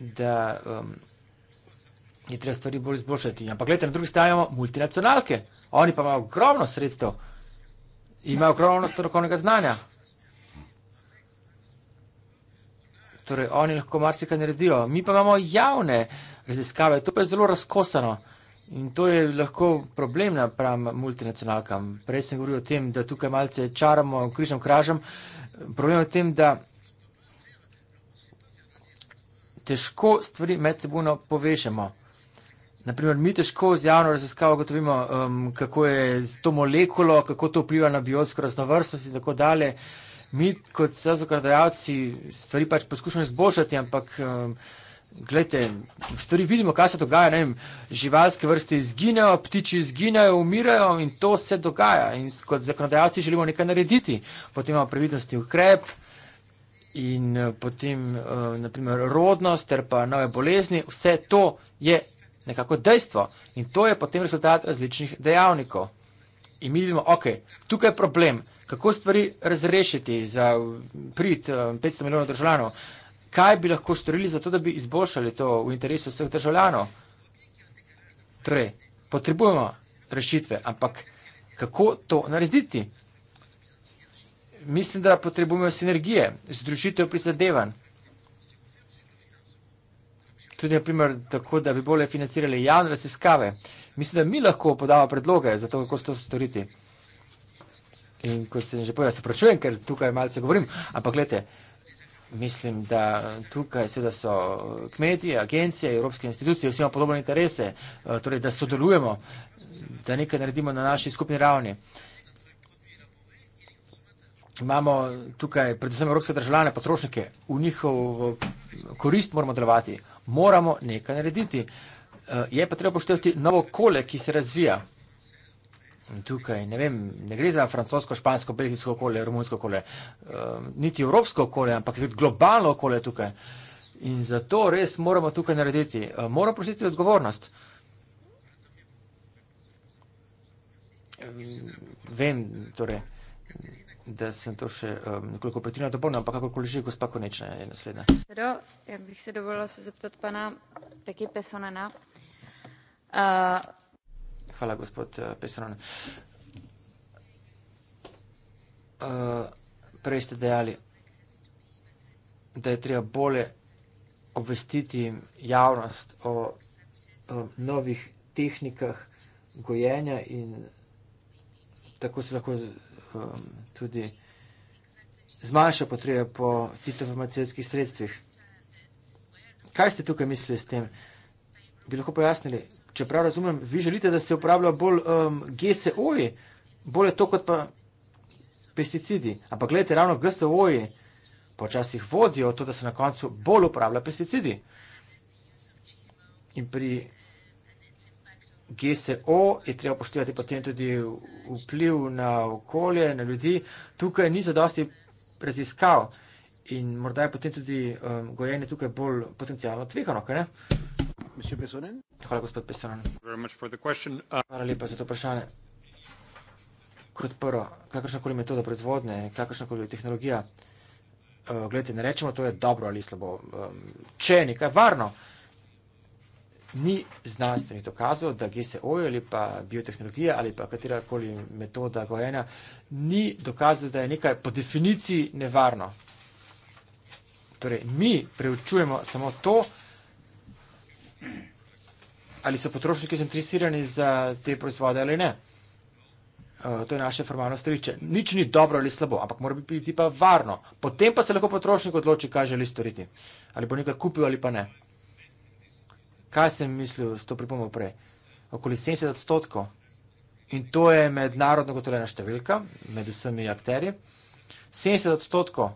da um, je treba stvari bolj izboljšati. Ampak gledajte, na drugi strani imamo multinacionalke. Oni pa imajo ogromno sredstev, imajo ogromno strokovnega znanja. Torej, oni lahko marsikaj naredijo. Mi pa imamo javne raziskave, to pa je zelo razkosano. In to je lahko problem napram multinacionalkam. Prej sem govoril o tem, da tukaj malce čaramo, križam, kražam. Problem je v tem, da težko stvari med sebojno povežemo. Naprimer, mi težko z javno raziskavo gotovimo, um, kako je to molekulo, kako to vpliva na biotsko raznovrstnost in tako dalje mi kot zakonodajalci stvari pač poskušamo izboljšati, ampak um, gledajte, stvari vidimo, kaj se dogaja. Vem, živalske vrste izginejo, ptiči izginejo, umirajo in to se dogaja. In kot zakonodajalci želimo nekaj narediti, potem imamo previdnosti ukrep. In uh, potem, uh, naprimer, rodnost, ter pa nove bolezni, vse to je nekako dejstvo. In to je potem rezultat različnih dejavnikov. In mi vidimo, ok, tukaj je problem, kako stvari razrešiti za prid 500 eh, milijonov državljanov? Kaj bi lahko storili za to, da bi izboljšali to v interesu vseh državljanov? Torej, potrebujemo rešitve, ampak kako to narediti? Mislim, da potrebujemo sinergije, združitev prizadevanj. Tudi, naprimer, tako, da bi bolje financirali javne raziskave. Mislim, da mi lahko podamo predloge za to, kako se to storiti. In kot sem že povedal, se pravčujem, ker tukaj malce govorim, ampak gledajte, mislim, da tukaj seveda so kmetije, agencije, evropske institucije, vsi imamo podobne interese, eh, torej da sodelujemo, da nekaj naredimo na naši skupni ravni. Imamo tukaj predvsem evropske državljane, potrošnike, v njihov korist moramo delovati, moramo nekaj narediti. Eh, je pa treba poštevati novo kole, ki se razvija tukaj, ne vem, ne gre za francosko, špansko, belgijsko okolje, rumunsko okolje, um, niti evropsko okolje, ampak globalno okolje tukaj. In zato res moramo tukaj narediti, eh, moramo prositi odgovornost. Vem, torej, da sem to še um, nekoliko pretirano dopolnil, ampak kakorkoli že, gospa Konečna je naslednja. Zdaj, ja bih se dovolila se zapitati pana Pekipe Sonana. Uh, eh, Hvala, gospod eh, Pesaron. Uh, eh, prej ste dejali, da je treba bolje obvestiti javnost o, o novih tehnikah gojenja in tako se lahko z, um, tudi zmanjša potreba po fitofarmacijskih sredstvih. Kaj ste tukaj mislili s tem? Uh, bi lahko pojasnili, če prav razumem, vi želite, da se uporablja bolj um, GSO-ji, bolje to kot pa pesticidi. Ampak gledajte, ravno GSO-ji počasih vodijo to, da se na koncu bolj uporablja pesticidi. In pri GSO je treba poštevati potem tudi vpliv na okolje, na ljudi. Tukaj ni zadosti raziskav in morda je potem tudi um, gojenje tukaj bolj potencijalno tvegano, kaj ne? Hvala, gospod Pesonen. Uh, Hvala lepa za to vprašanje. Kot prvo, kakršnakoli metoda proizvodne, kakršnakoli tehnologija, uh, gledajte, ne rečemo, to je dobro ali slabo. Um, če je nekaj varno, ni znanstvenih dokazov, da GSO ali pa biotehnologija ali pa katerakoli metoda gojenja ni dokazov, da je nekaj po definiciji nevarno. Torej, mi preučujemo samo to, ali so potrošniki zainteresirani za te proizvode ali ne. Eh, to je naše formalno stališče. Nič ni dobro ali slabo, ampak mora biti pa varno. Potem pa se lahko potrošnik odloči, kaj želi storiti. Ali bo nekaj kupil ali pa ne. Kaj sem mislil s to pripomo prej? Okoli 70 odstotkov. In to je mednarodno gotovljena številka, med vsemi akteri. 70 odstotkov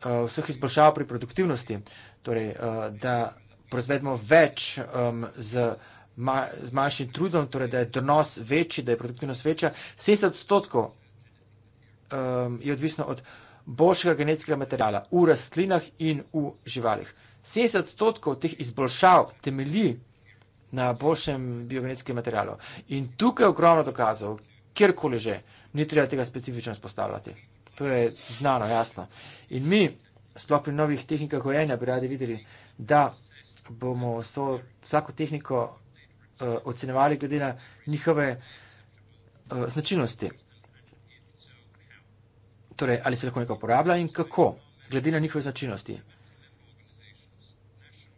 eh, vseh izboljšav pri produktivnosti uh, torej, eh, da proizvedemo več um, z, ma, z manjšim trudom, torej, da je donos večji, da je produktivnost večja. 70 odstotkov um, je odvisno od boljšega genetskega materijala v rastlinah in v živalih. 70 odstotkov teh izboljšav temelji na boljšem biogenetskem materijalu. In tukaj je ogromno dokazov, kjerkoli že, ni treba tega specifično spostavljati. To je znano, jasno. In mi sploh pri novih tehnikah gojenja, bi radi videli, da bomo so, vsako tehniko uh, eh, ocenevali glede na njihove uh, značilnosti. Torej, ali se lahko neka uporablja in kako, glede na njihove značilnosti.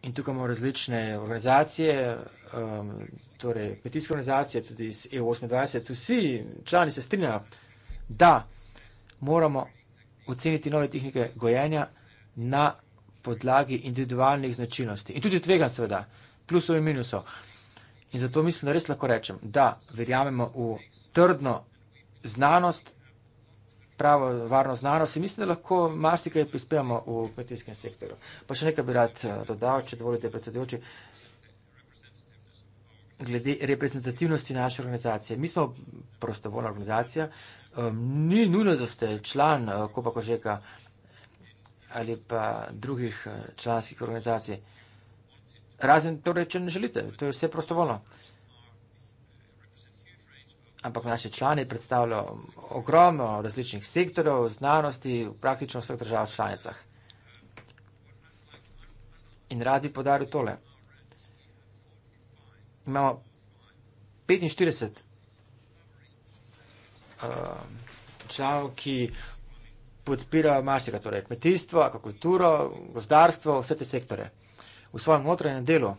In tukaj imamo različne organizacije, um, torej petijske organizacije, tudi iz EU28, vsi člani se strinjajo, da moramo oceniti nove tehnike gojenja na podlagi individualnih značilnosti in tudi tvega, seveda, plusov in minusov. In zato mislim, da res lahko rečem, da verjamemo v trdno znanost, pravo varno znanost in mislim, da lahko marsikaj prispevamo v kmetijskem sektorju. Pa še nekaj bi rad eh, dodal, če dovolite, predsedujoči, glede reprezentativnosti naše organizacije. Mi smo prostovoljna organizacija, eh, ni nujno, da ste član eh, Kopa Kožeka ali pa drugih eh, članskih organizacij. Razen torej, če ne želite, to je vse prostovoljno. Ampak naše člani predstavljajo ogromno različnih sektorov, znanosti, praktično vseh držav članicah. In rad bi podaril tole. Imamo 45 eh, članov, ki podpira marsika, torej kmetijstvo, akvakulturo, gozdarstvo, vse te sektore v svojem notranjem delu.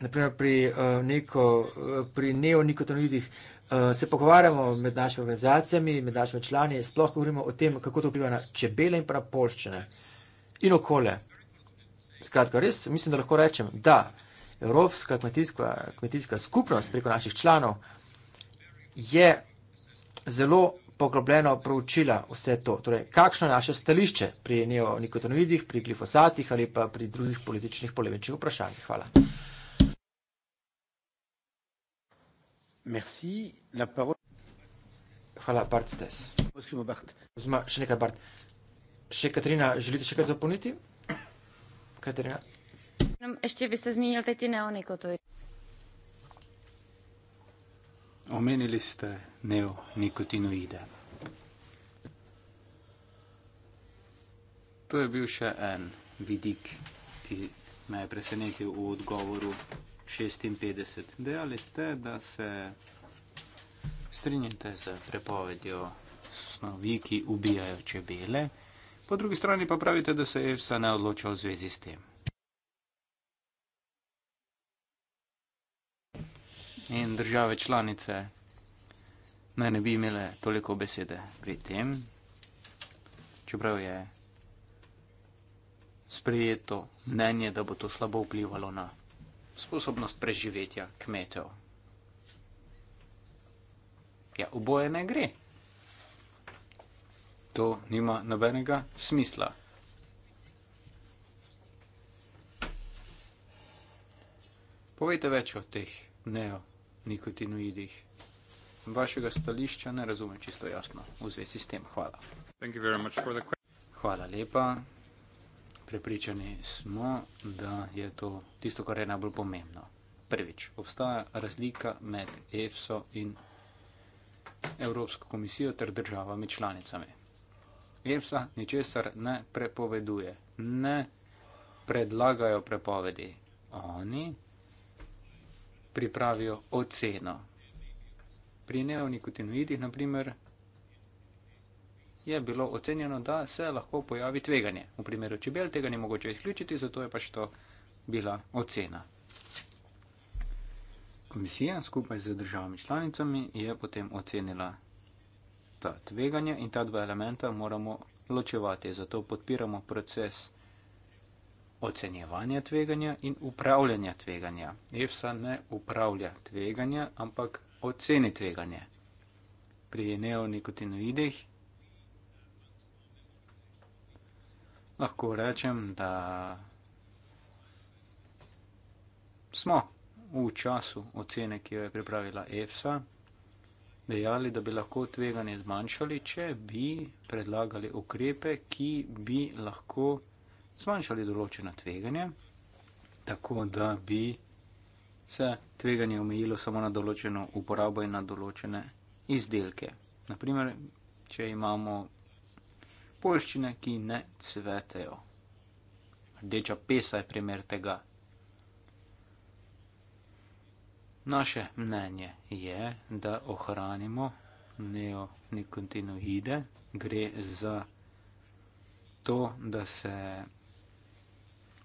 Naprimer pri, uh, pri neonikotinoidih uh, se pogovarjamo med našimi organizacijami, med našimi člani, sploh govorimo o tem, kako to vpliva na čebele in pa na polščine in okole. Skratka, res mislim, da lahko rečem, da Evropska kmetijska, kmetijska skupnost preko naših članov je zelo poglobljeno proučila vse to, torej kakšno je naše stališče pri neonikotinoidih, pri glifosatih ali pa pri drugih političnih polemičnih vprašanjih. Hvala. Merci, la parole... Hvala, Bart Stes. Zma, še nekaj, Bart. Še Katrina, želite še kaj dopolniti? Katrina? Ešte bi se zmenil te ti neonikotoidi. Omenili ste neonikotinoide. To je bil še en vidik, ki me je presenetil v odgovoru 56. Dejali ste, da se strinjate z prepovedjo snovi, ki ubijajo čebele, po drugi strani pa pravite, da se je vse ne odločal v zvezi s tem. in države članice naj ne bi imele toliko besede pri tem, čeprav je sprejeto mnenje, da bo to slabo vplivalo na sposobnost preživetja kmetov. Ja, oboje ne gre. To nima nobenega smisla. Povejte več o teh neo nikotinoidih. Vašega stališča ne razumem čisto jasno v zvezi s tem. Hvala. Hvala lepa. Prepričani smo, da je to tisto, kar je najbolj pomembno. Prvič, obstaja razlika med EFSO in Evropsko komisijo ter državami članicami. EFSA ničesar ne prepoveduje, ne predlagajo prepovedi. Oni pripravijo oceno. Pri neonikotinoidih, naprimer, je bilo ocenjeno, da se lahko pojavi tveganje. V primeru čebel tega ni mogoče izključiti, zato je pač to bila ocena. Komisija skupaj z državami članicami je potem ocenila ta tveganja in ta dva elementa moramo ločevati, zato podpiramo proces ocenjevanja tveganja in upravljanja tveganja. EFSA ne upravlja tveganja, ampak oceni tveganje. Pri neonikotinoidih lahko rečem, da smo v času ocene, ki jo je pripravila EFSA, dejali, da bi lahko tveganje zmanjšali, če bi predlagali ukrepe, ki bi lahko zmanjšali določena tveganja, tako da bi se tveganje omejilo samo na določeno uporabo in na določene izdelke. Naprimer, če imamo polščine, ki ne cvetejo. Rdeča pesa je primer tega. Naše mnenje je, da ohranimo neonikotinoide. Gre za to, da se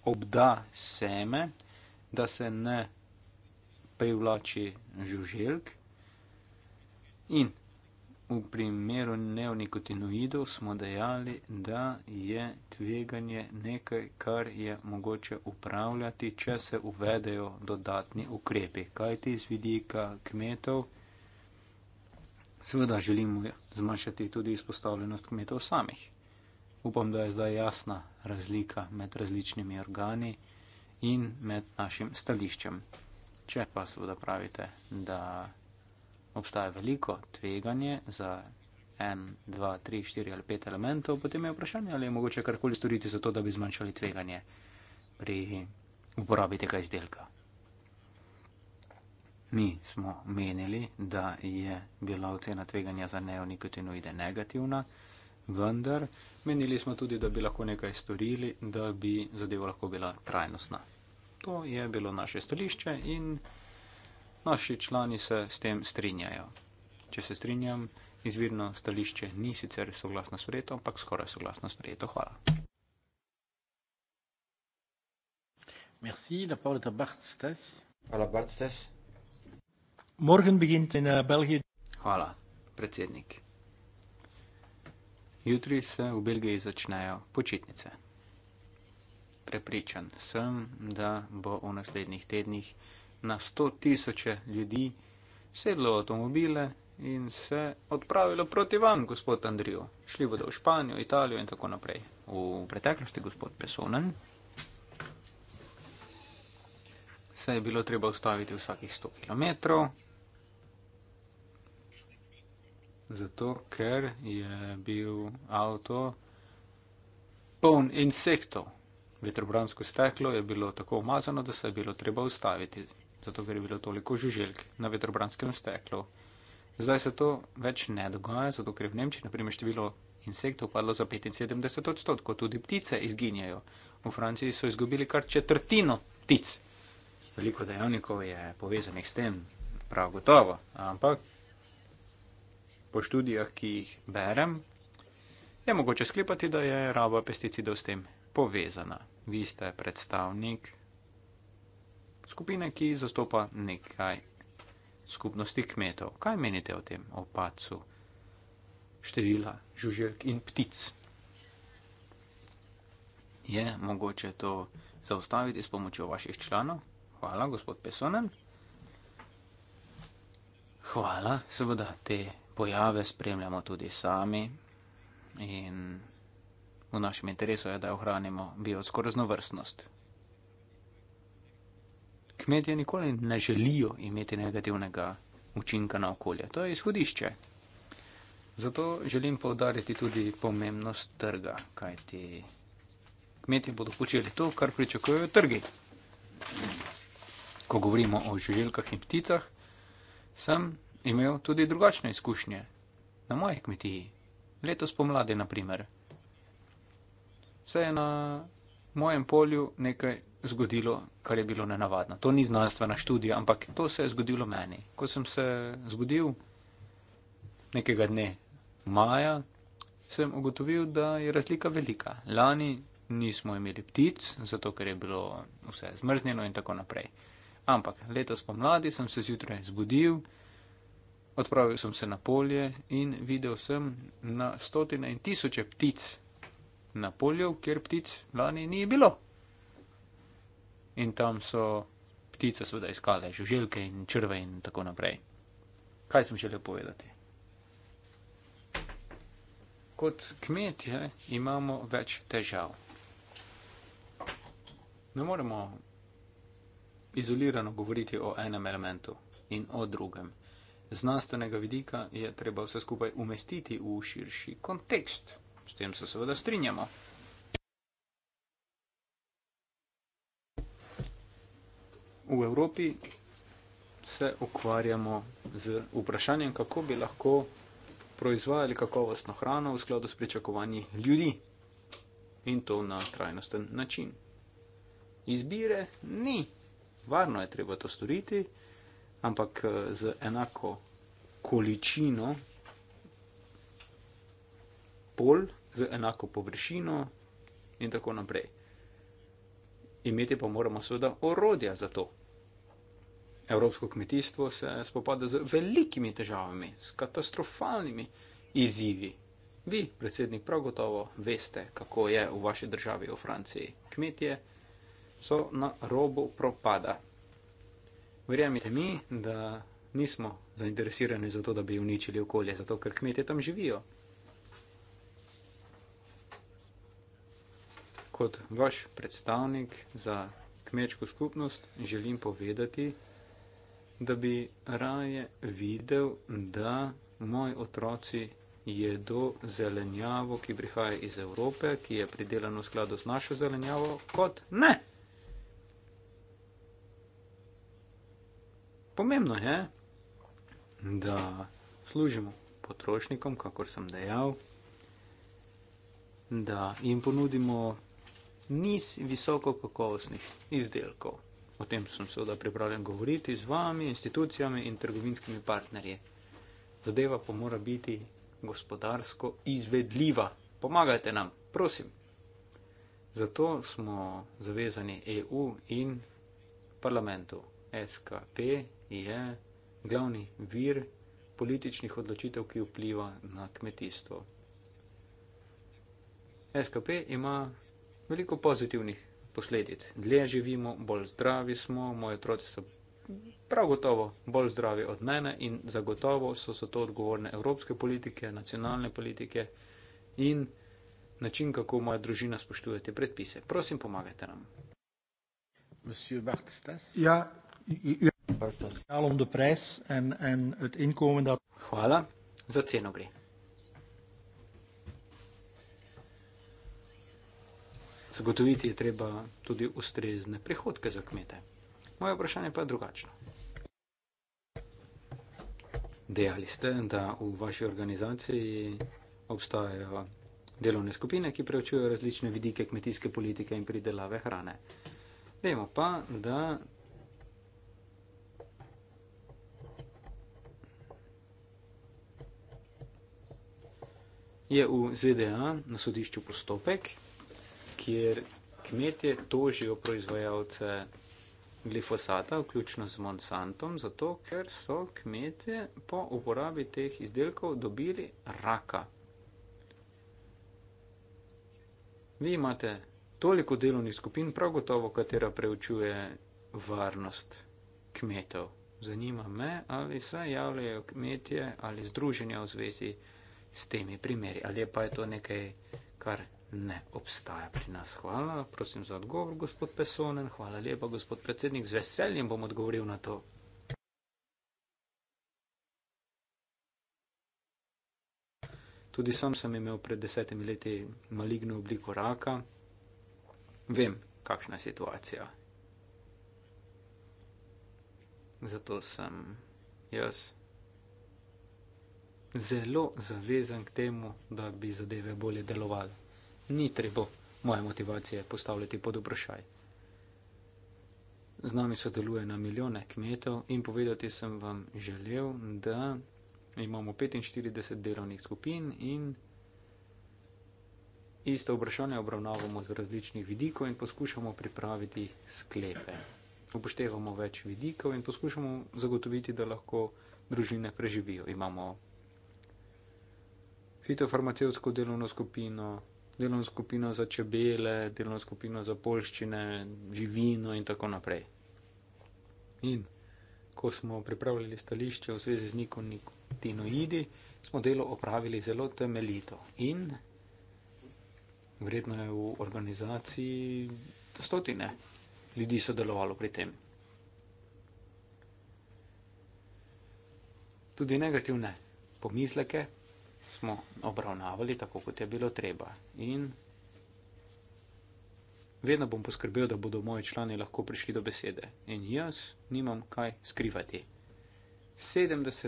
obda seme, da se ne privlači žuželjk. In v primeru neonikotinoidov smo dejali, da je tveganje nekaj, kar je mogoče upravljati, če se uvedejo dodatni ukrepi. Kaj ti z vidika kmetov? Seveda želimo zmanjšati tudi izpostavljenost kmetov samih. Upam, da je zdaj jasna razlika med različnimi organi in med našim stališčem. Če pa seveda pravite, da obstaja veliko tveganje za en, dva, tri, štiri ali pet elementov, potem je vprašanje, ali je mogoče karkoli storiti za to, da bi zmanjšali tveganje pri uporabi tega izdelka. Mi smo menili, da je bila ocena tveganja za neonikotinoide negativna vendar menili smo tudi, da bi lahko nekaj storili, da bi zadeva lahko bila trajnostna. To je bilo naše stališče in naši člani se s tem strinjajo. Če se strinjam, izvirno stališče ni sicer soglasno sprejeto, ampak skoraj soglasno sprejeto. Hvala. Merci, la parole est à Bart Stess. Hvala, Bart Stess. Morgen begint in uh, België. Hvala, predsednik. Jutri se v Belgiji začnejo počitnice. Prepričan sem, da bo v naslednjih tednih na sto tisoče ljudi sedlo v avtomobile in se odpravilo proti vam, gospod Andrijo. Šli bodo v Španijo, Italijo in tako naprej. V preteklosti, gospod Pesonen, se je bilo treba ustaviti vsakih sto kilometrov, Zato, ker je bil avto poln insektov. Vetrobransko steklo je bilo tako umazano, da se je bilo treba ustaviti, zato ker je bilo toliko žuželjk na vetrobranskem steklu. Zdaj se to več ne dogaja, zato ker je v Nemčiji, naprimer, število insektov padlo za 75 odstotkov, tudi ptice izginjajo. V Franciji so izgubili kar četrtino ptic. Veliko dejavnikov je povezanih s tem, prav gotovo, ampak po študijah, ki jih berem, je mogoče sklepati, da je raba pesticidov s tem povezana. Vi ste predstavnik skupine, ki zastopa nekaj skupnosti kmetov. Kaj menite o tem opacu števila žuželjk in ptic? Je mogoče to zaustaviti s pomočjo vaših članov? Hvala, gospod Pesonen. Hvala, seveda, te pojave spremljamo tudi sami in v našem interesu je, da ohranimo biotsko raznovrstnost. Kmetje nikoli ne želijo imeti negativnega učinka na okolje. To je izhodišče. Zato želim povdariti tudi pomembnost trga, kajti kmetje bodo počeli to, kar pričakujejo trgi. Ko govorimo o žuželjkah in pticah, sem imel tudi drugačne izkušnje. Na moji kmetiji, letos pomladi, naprimer, se je na mojem polju nekaj zgodilo, kar je bilo nenavadno. To ni znanstvena študija, ampak to se je zgodilo meni. Ko sem se zgodil nekega dne maja, sem ugotovil, da je razlika velika. Lani nismo imeli ptic, zato ker je bilo vse zmrznjeno in tako naprej. Ampak letos pomladi sem se zjutraj zbudil. Odpravil sem se na polje in videl sem na stotine in tisoče ptic na polju, kjer ptic lani ni bilo. In tam so ptice seveda iskale žuželke in črve in tako naprej. Kaj sem želel povedati? Kot kmetje imamo več težav. Ne moremo izolirano govoriti o enem elementu in o drugem znanstvenega vidika je treba vse skupaj umestiti v širši kontekst. S tem se seveda strinjamo. V Evropi se ukvarjamo z vprašanjem, kako bi lahko proizvajali kakovostno hrano v skladu s pričakovanji ljudi in to na trajnosten način. Izbire ni. Varno je treba to storiti ampak eh, z enako količino pol, z enako površino in tako naprej. Imeti pa moramo seveda orodja za to. Evropsko kmetijstvo se spopada z velikimi težavami, s katastrofalnimi izzivi. Vi, predsednik, prav gotovo veste, kako je v vaši državi, v Franciji. Kmetije so na robu propada. Verjemite mi, da nismo zainteresirani za to, da bi uničili okolje, zato ker kmetje tam živijo. Kot vaš predstavnik za kmečko skupnost želim povedati, da bi raje videl, da moji otroci jedo zelenjavo, ki prihaja iz Evrope, ki je pridelano v skladu z našo zelenjavo, kot ne. pomembno je, da služimo potrošnikom, kako sem dejal, da jim ponudimo niz visokokakovostnih izdelkov. O tem sem seveda pripravljen govoriti z vami, institucijami in trgovinskimi partnerji. Zadeva pa mora biti gospodarsko izvedljiva. Pomagajte nam, prosim. Zato smo zavezani EU in parlamentu SKP je glavni vir političnih odločitev, ki vpliva na kmetijstvo. SKP ima veliko pozitivnih posledic. Dlje živimo, bolj zdravi smo, moje otroci so prav gotovo bolj zdravi od mene in zagotovo so za to odgovorne evropske politike, nacionalne politike in način, kako moja družina spoštuje te predpise. Prosim, pomagajte nam. Ja, ja. Hvala, za ceno gre. Zagotoviti je treba tudi ustrezne prihodke za kmete. Moje vprašanje pa je drugačno. Dejali ste, da v vaši organizaciji obstajajo delovne skupine, ki preučujejo različne vidike kmetijske politike in pridelave hrane. Vemo pa, da je v ZDA na sodišču postopek, kjer kmetje tožijo proizvajalce glifosata, vključno z Monsantom, zato ker so kmetje po uporabi teh izdelkov dobili raka. Vi imate toliko delovnih skupin, prav gotovo, katera preučuje varnost kmetov. Zanima me, ali se javljajo kmetje ali združenja v zvezi s s temi primeri. Ali je pa je to nekaj, kar ne obstaja pri nas? Hvala, prosim za odgovor, gospod Pesonen. Hvala lepa, gospod predsednik. Z veseljem bom odgovoril na to. Tudi sam sem imel pred desetimi leti maligno obliko raka. Vem, kakšna je situacija. Zato sem jaz zelo zavezan k temu, da bi zadeve bolje delovali. Ni treba moje motivacije postavljati pod vprašaj. Z nami sodeluje na milijone kmetov in povedati sem vam želel, da imamo 45 delovnih skupin in isto vprašanje obravnavamo z različnih vidikov in poskušamo pripraviti sklepe. Upoštevamo več vidikov in poskušamo zagotoviti, da lahko družine preživijo. Imamo fitofarmacevsko delovno skupino, delovno skupino za čebele, delovno skupino za polščine, živino in tako naprej. In ko smo pripravljali stališče v zvezi z nikotinoidi, smo delo opravili zelo temeljito. In vredno je v organizaciji stotine ljudi sodelovalo pri tem. Tudi negativne pomisleke smo obravnavali tako, kot je bilo treba. In vedno bom poskrbel, da bodo moji člani lahko prišli do besede. In jaz nimam kaj skrivati. 70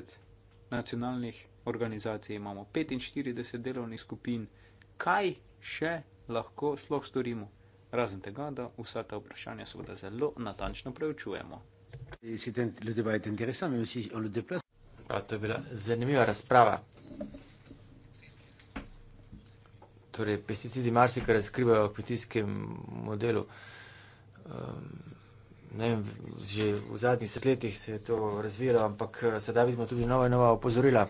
nacionalnih organizacij imamo, 45 delovnih skupin. Kaj še lahko sploh storimo? Razen tega, da vsa ta vprašanja seveda zelo natančno preučujemo. Pa to je bila zanimiva razprava torej pesticidi marsikaj razkrivajo v kmetijskem modelu. Um, vem, že v zadnjih desetletjih se je to razvijalo, ampak eh, sedaj vidimo tudi nove in nove opozorila.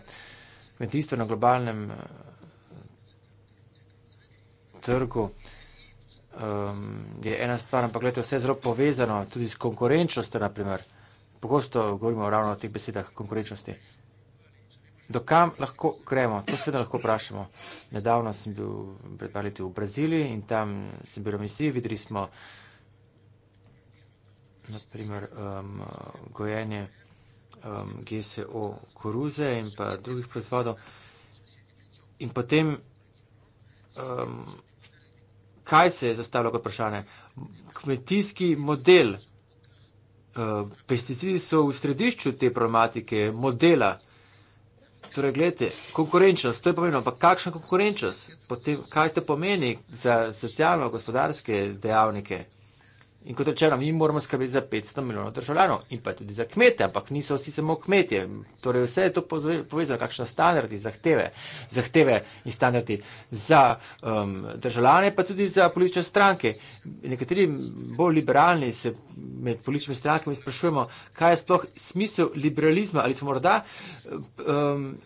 Kmetijstvo na globalnem eh, trgu um, je ena stvar, ampak gledajte, vse je zelo povezano, tudi s konkurenčnostjo, naprimer. Pogosto govorimo ravno o teh besedah konkurenčnosti. Dokam lahko gremo? To seveda lahko vprašamo. Nedavno sem bil pred par leti v Braziliji in tam sem bil na misiji, videli smo naprimer um, gojenje um, GSO koruze in pa drugih proizvodov. In potem, um, kaj se je zastavilo kot vprašanje? Kmetijski model, uh, pesticidi so v središču te problematike, modela. Torej, gledajte, konkurenčnost, to je pomembno, ampak kakšna konkurenčnost, potem kaj to pomeni za socialno-gospodarske dejavnike? In kot rečeno, mi moramo skrbeti za 500 milijonov državljanov in pa tudi za kmete, ampak niso vsi samo kmetje. Torej, vse je to povezano, kakšne standardi, zahteve, zahteve in standardi za um, državljane, pa tudi za politične stranke. Nekateri bolj liberalni se med političnimi strankami sprašujemo, kaj je sploh smisel liberalizma ali smo morda um,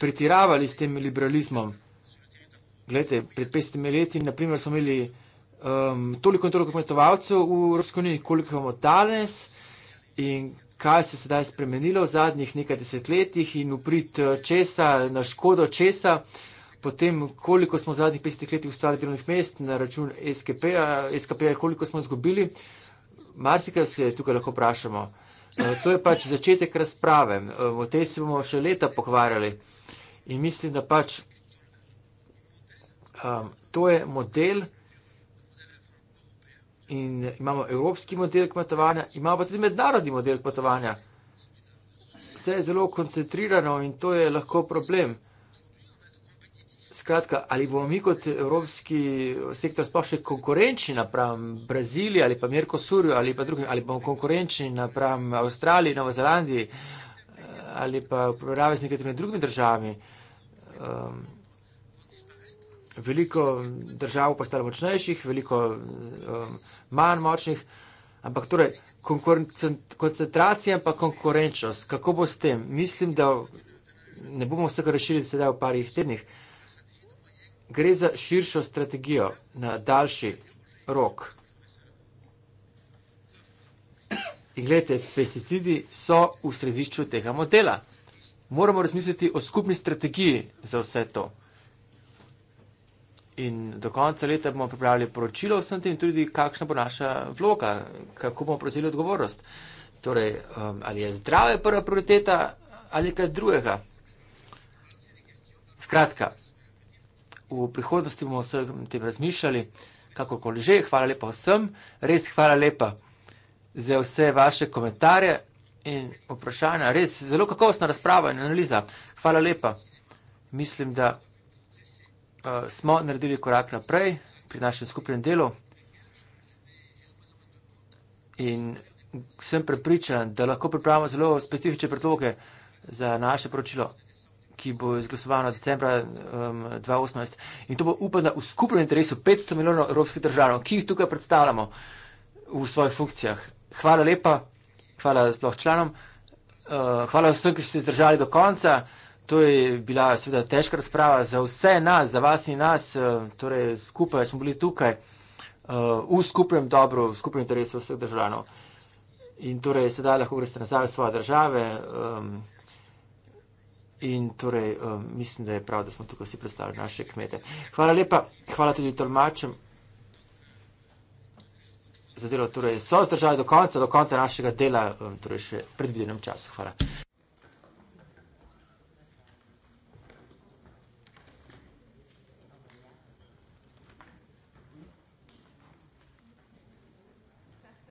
pretiravali s tem liberalizmom. Glede, pred 500 leti, naprimer, smo imeli um, toliko in toliko kmetovalcev v Evropski uniji, koliko imamo danes in kaj se je sedaj spremenilo v zadnjih nekaj desetletjih in uprit eh, česa, na škodo česa, potem koliko smo v zadnjih 50 letih ustvarili delovnih mest na račun SKP-ja, SKP koliko smo izgubili, marsikaj se tukaj lahko vprašamo. Eh, to je pač začetek razprave, o tej se bomo še leta pokvarjali in mislim, da pač um, to je model, in imamo evropski model kmetovanja, imamo pa tudi mednarodni model kmetovanja. Vse je zelo koncentrirano in to je lahko problem. Skratka, ali bomo mi kot evropski sektor sploh še konkurenčni napram Braziliji ali pa Mercosurju ali pa drugim, ali bomo konkurenčni napram Avstraliji, Novo Zelandiji eh, ali pa v primerjavi z nekaterimi drugimi državami. Um, veliko držav postalo močnejših, veliko um, manj močnih, ampak torej koncentracija pa konkurenčnost. Kako bo s tem? Mislim, da ne bomo vsega rešili sedaj v parih tednih. Gre za širšo strategijo na daljši rok. In gledajte, pesticidi so v središču tega modela. Moramo razmisliti o skupni strategiji za vse to. In do konca leta bomo pripravili poročilo vsem tem, tudi kakšna bo naša vloga, kako bomo prevzeli odgovornost. Torej, um, ali je zdravje prva prioriteta ali kaj drugega. Skratka, v prihodnosti bomo vse tem razmišljali, kakorkoli že. Hvala lepa vsem, res hvala lepa za vse vaše komentarje in vprašanja. Res zelo kakovostna razprava in analiza. Hvala lepa. Mislim, da uh, smo naredili korak naprej pri našem skupnem delu. In sem prepričan, da lahko pripravimo zelo specifične predloge za naše poročilo, ki bo izglasovano decembra um, 2018. In to bo upam, da v skupnem interesu 500 milijonov evropskih držav, ki jih tukaj predstavljamo v svojih funkcijah. Hvala lepa, hvala sploh članom, uh, hvala vsem, ki ste zdržali do konca. To je bila seveda težka razprava za vse nas, za vas in nas, eh, torej skupaj smo bili tukaj eh, v skupnem dobro, v skupnem interesu vseh državljanov. In torej sedaj lahko greste nazaj v svoje države. Ehm, in torej ehm, mislim, da je prav, da smo tukaj vsi predstavili naše kmete. Hvala lepa, hvala tudi tolmačem za delo, torej so zdržali do konca, do konca našega dela, ehm, torej še predvidenem času. Hvala.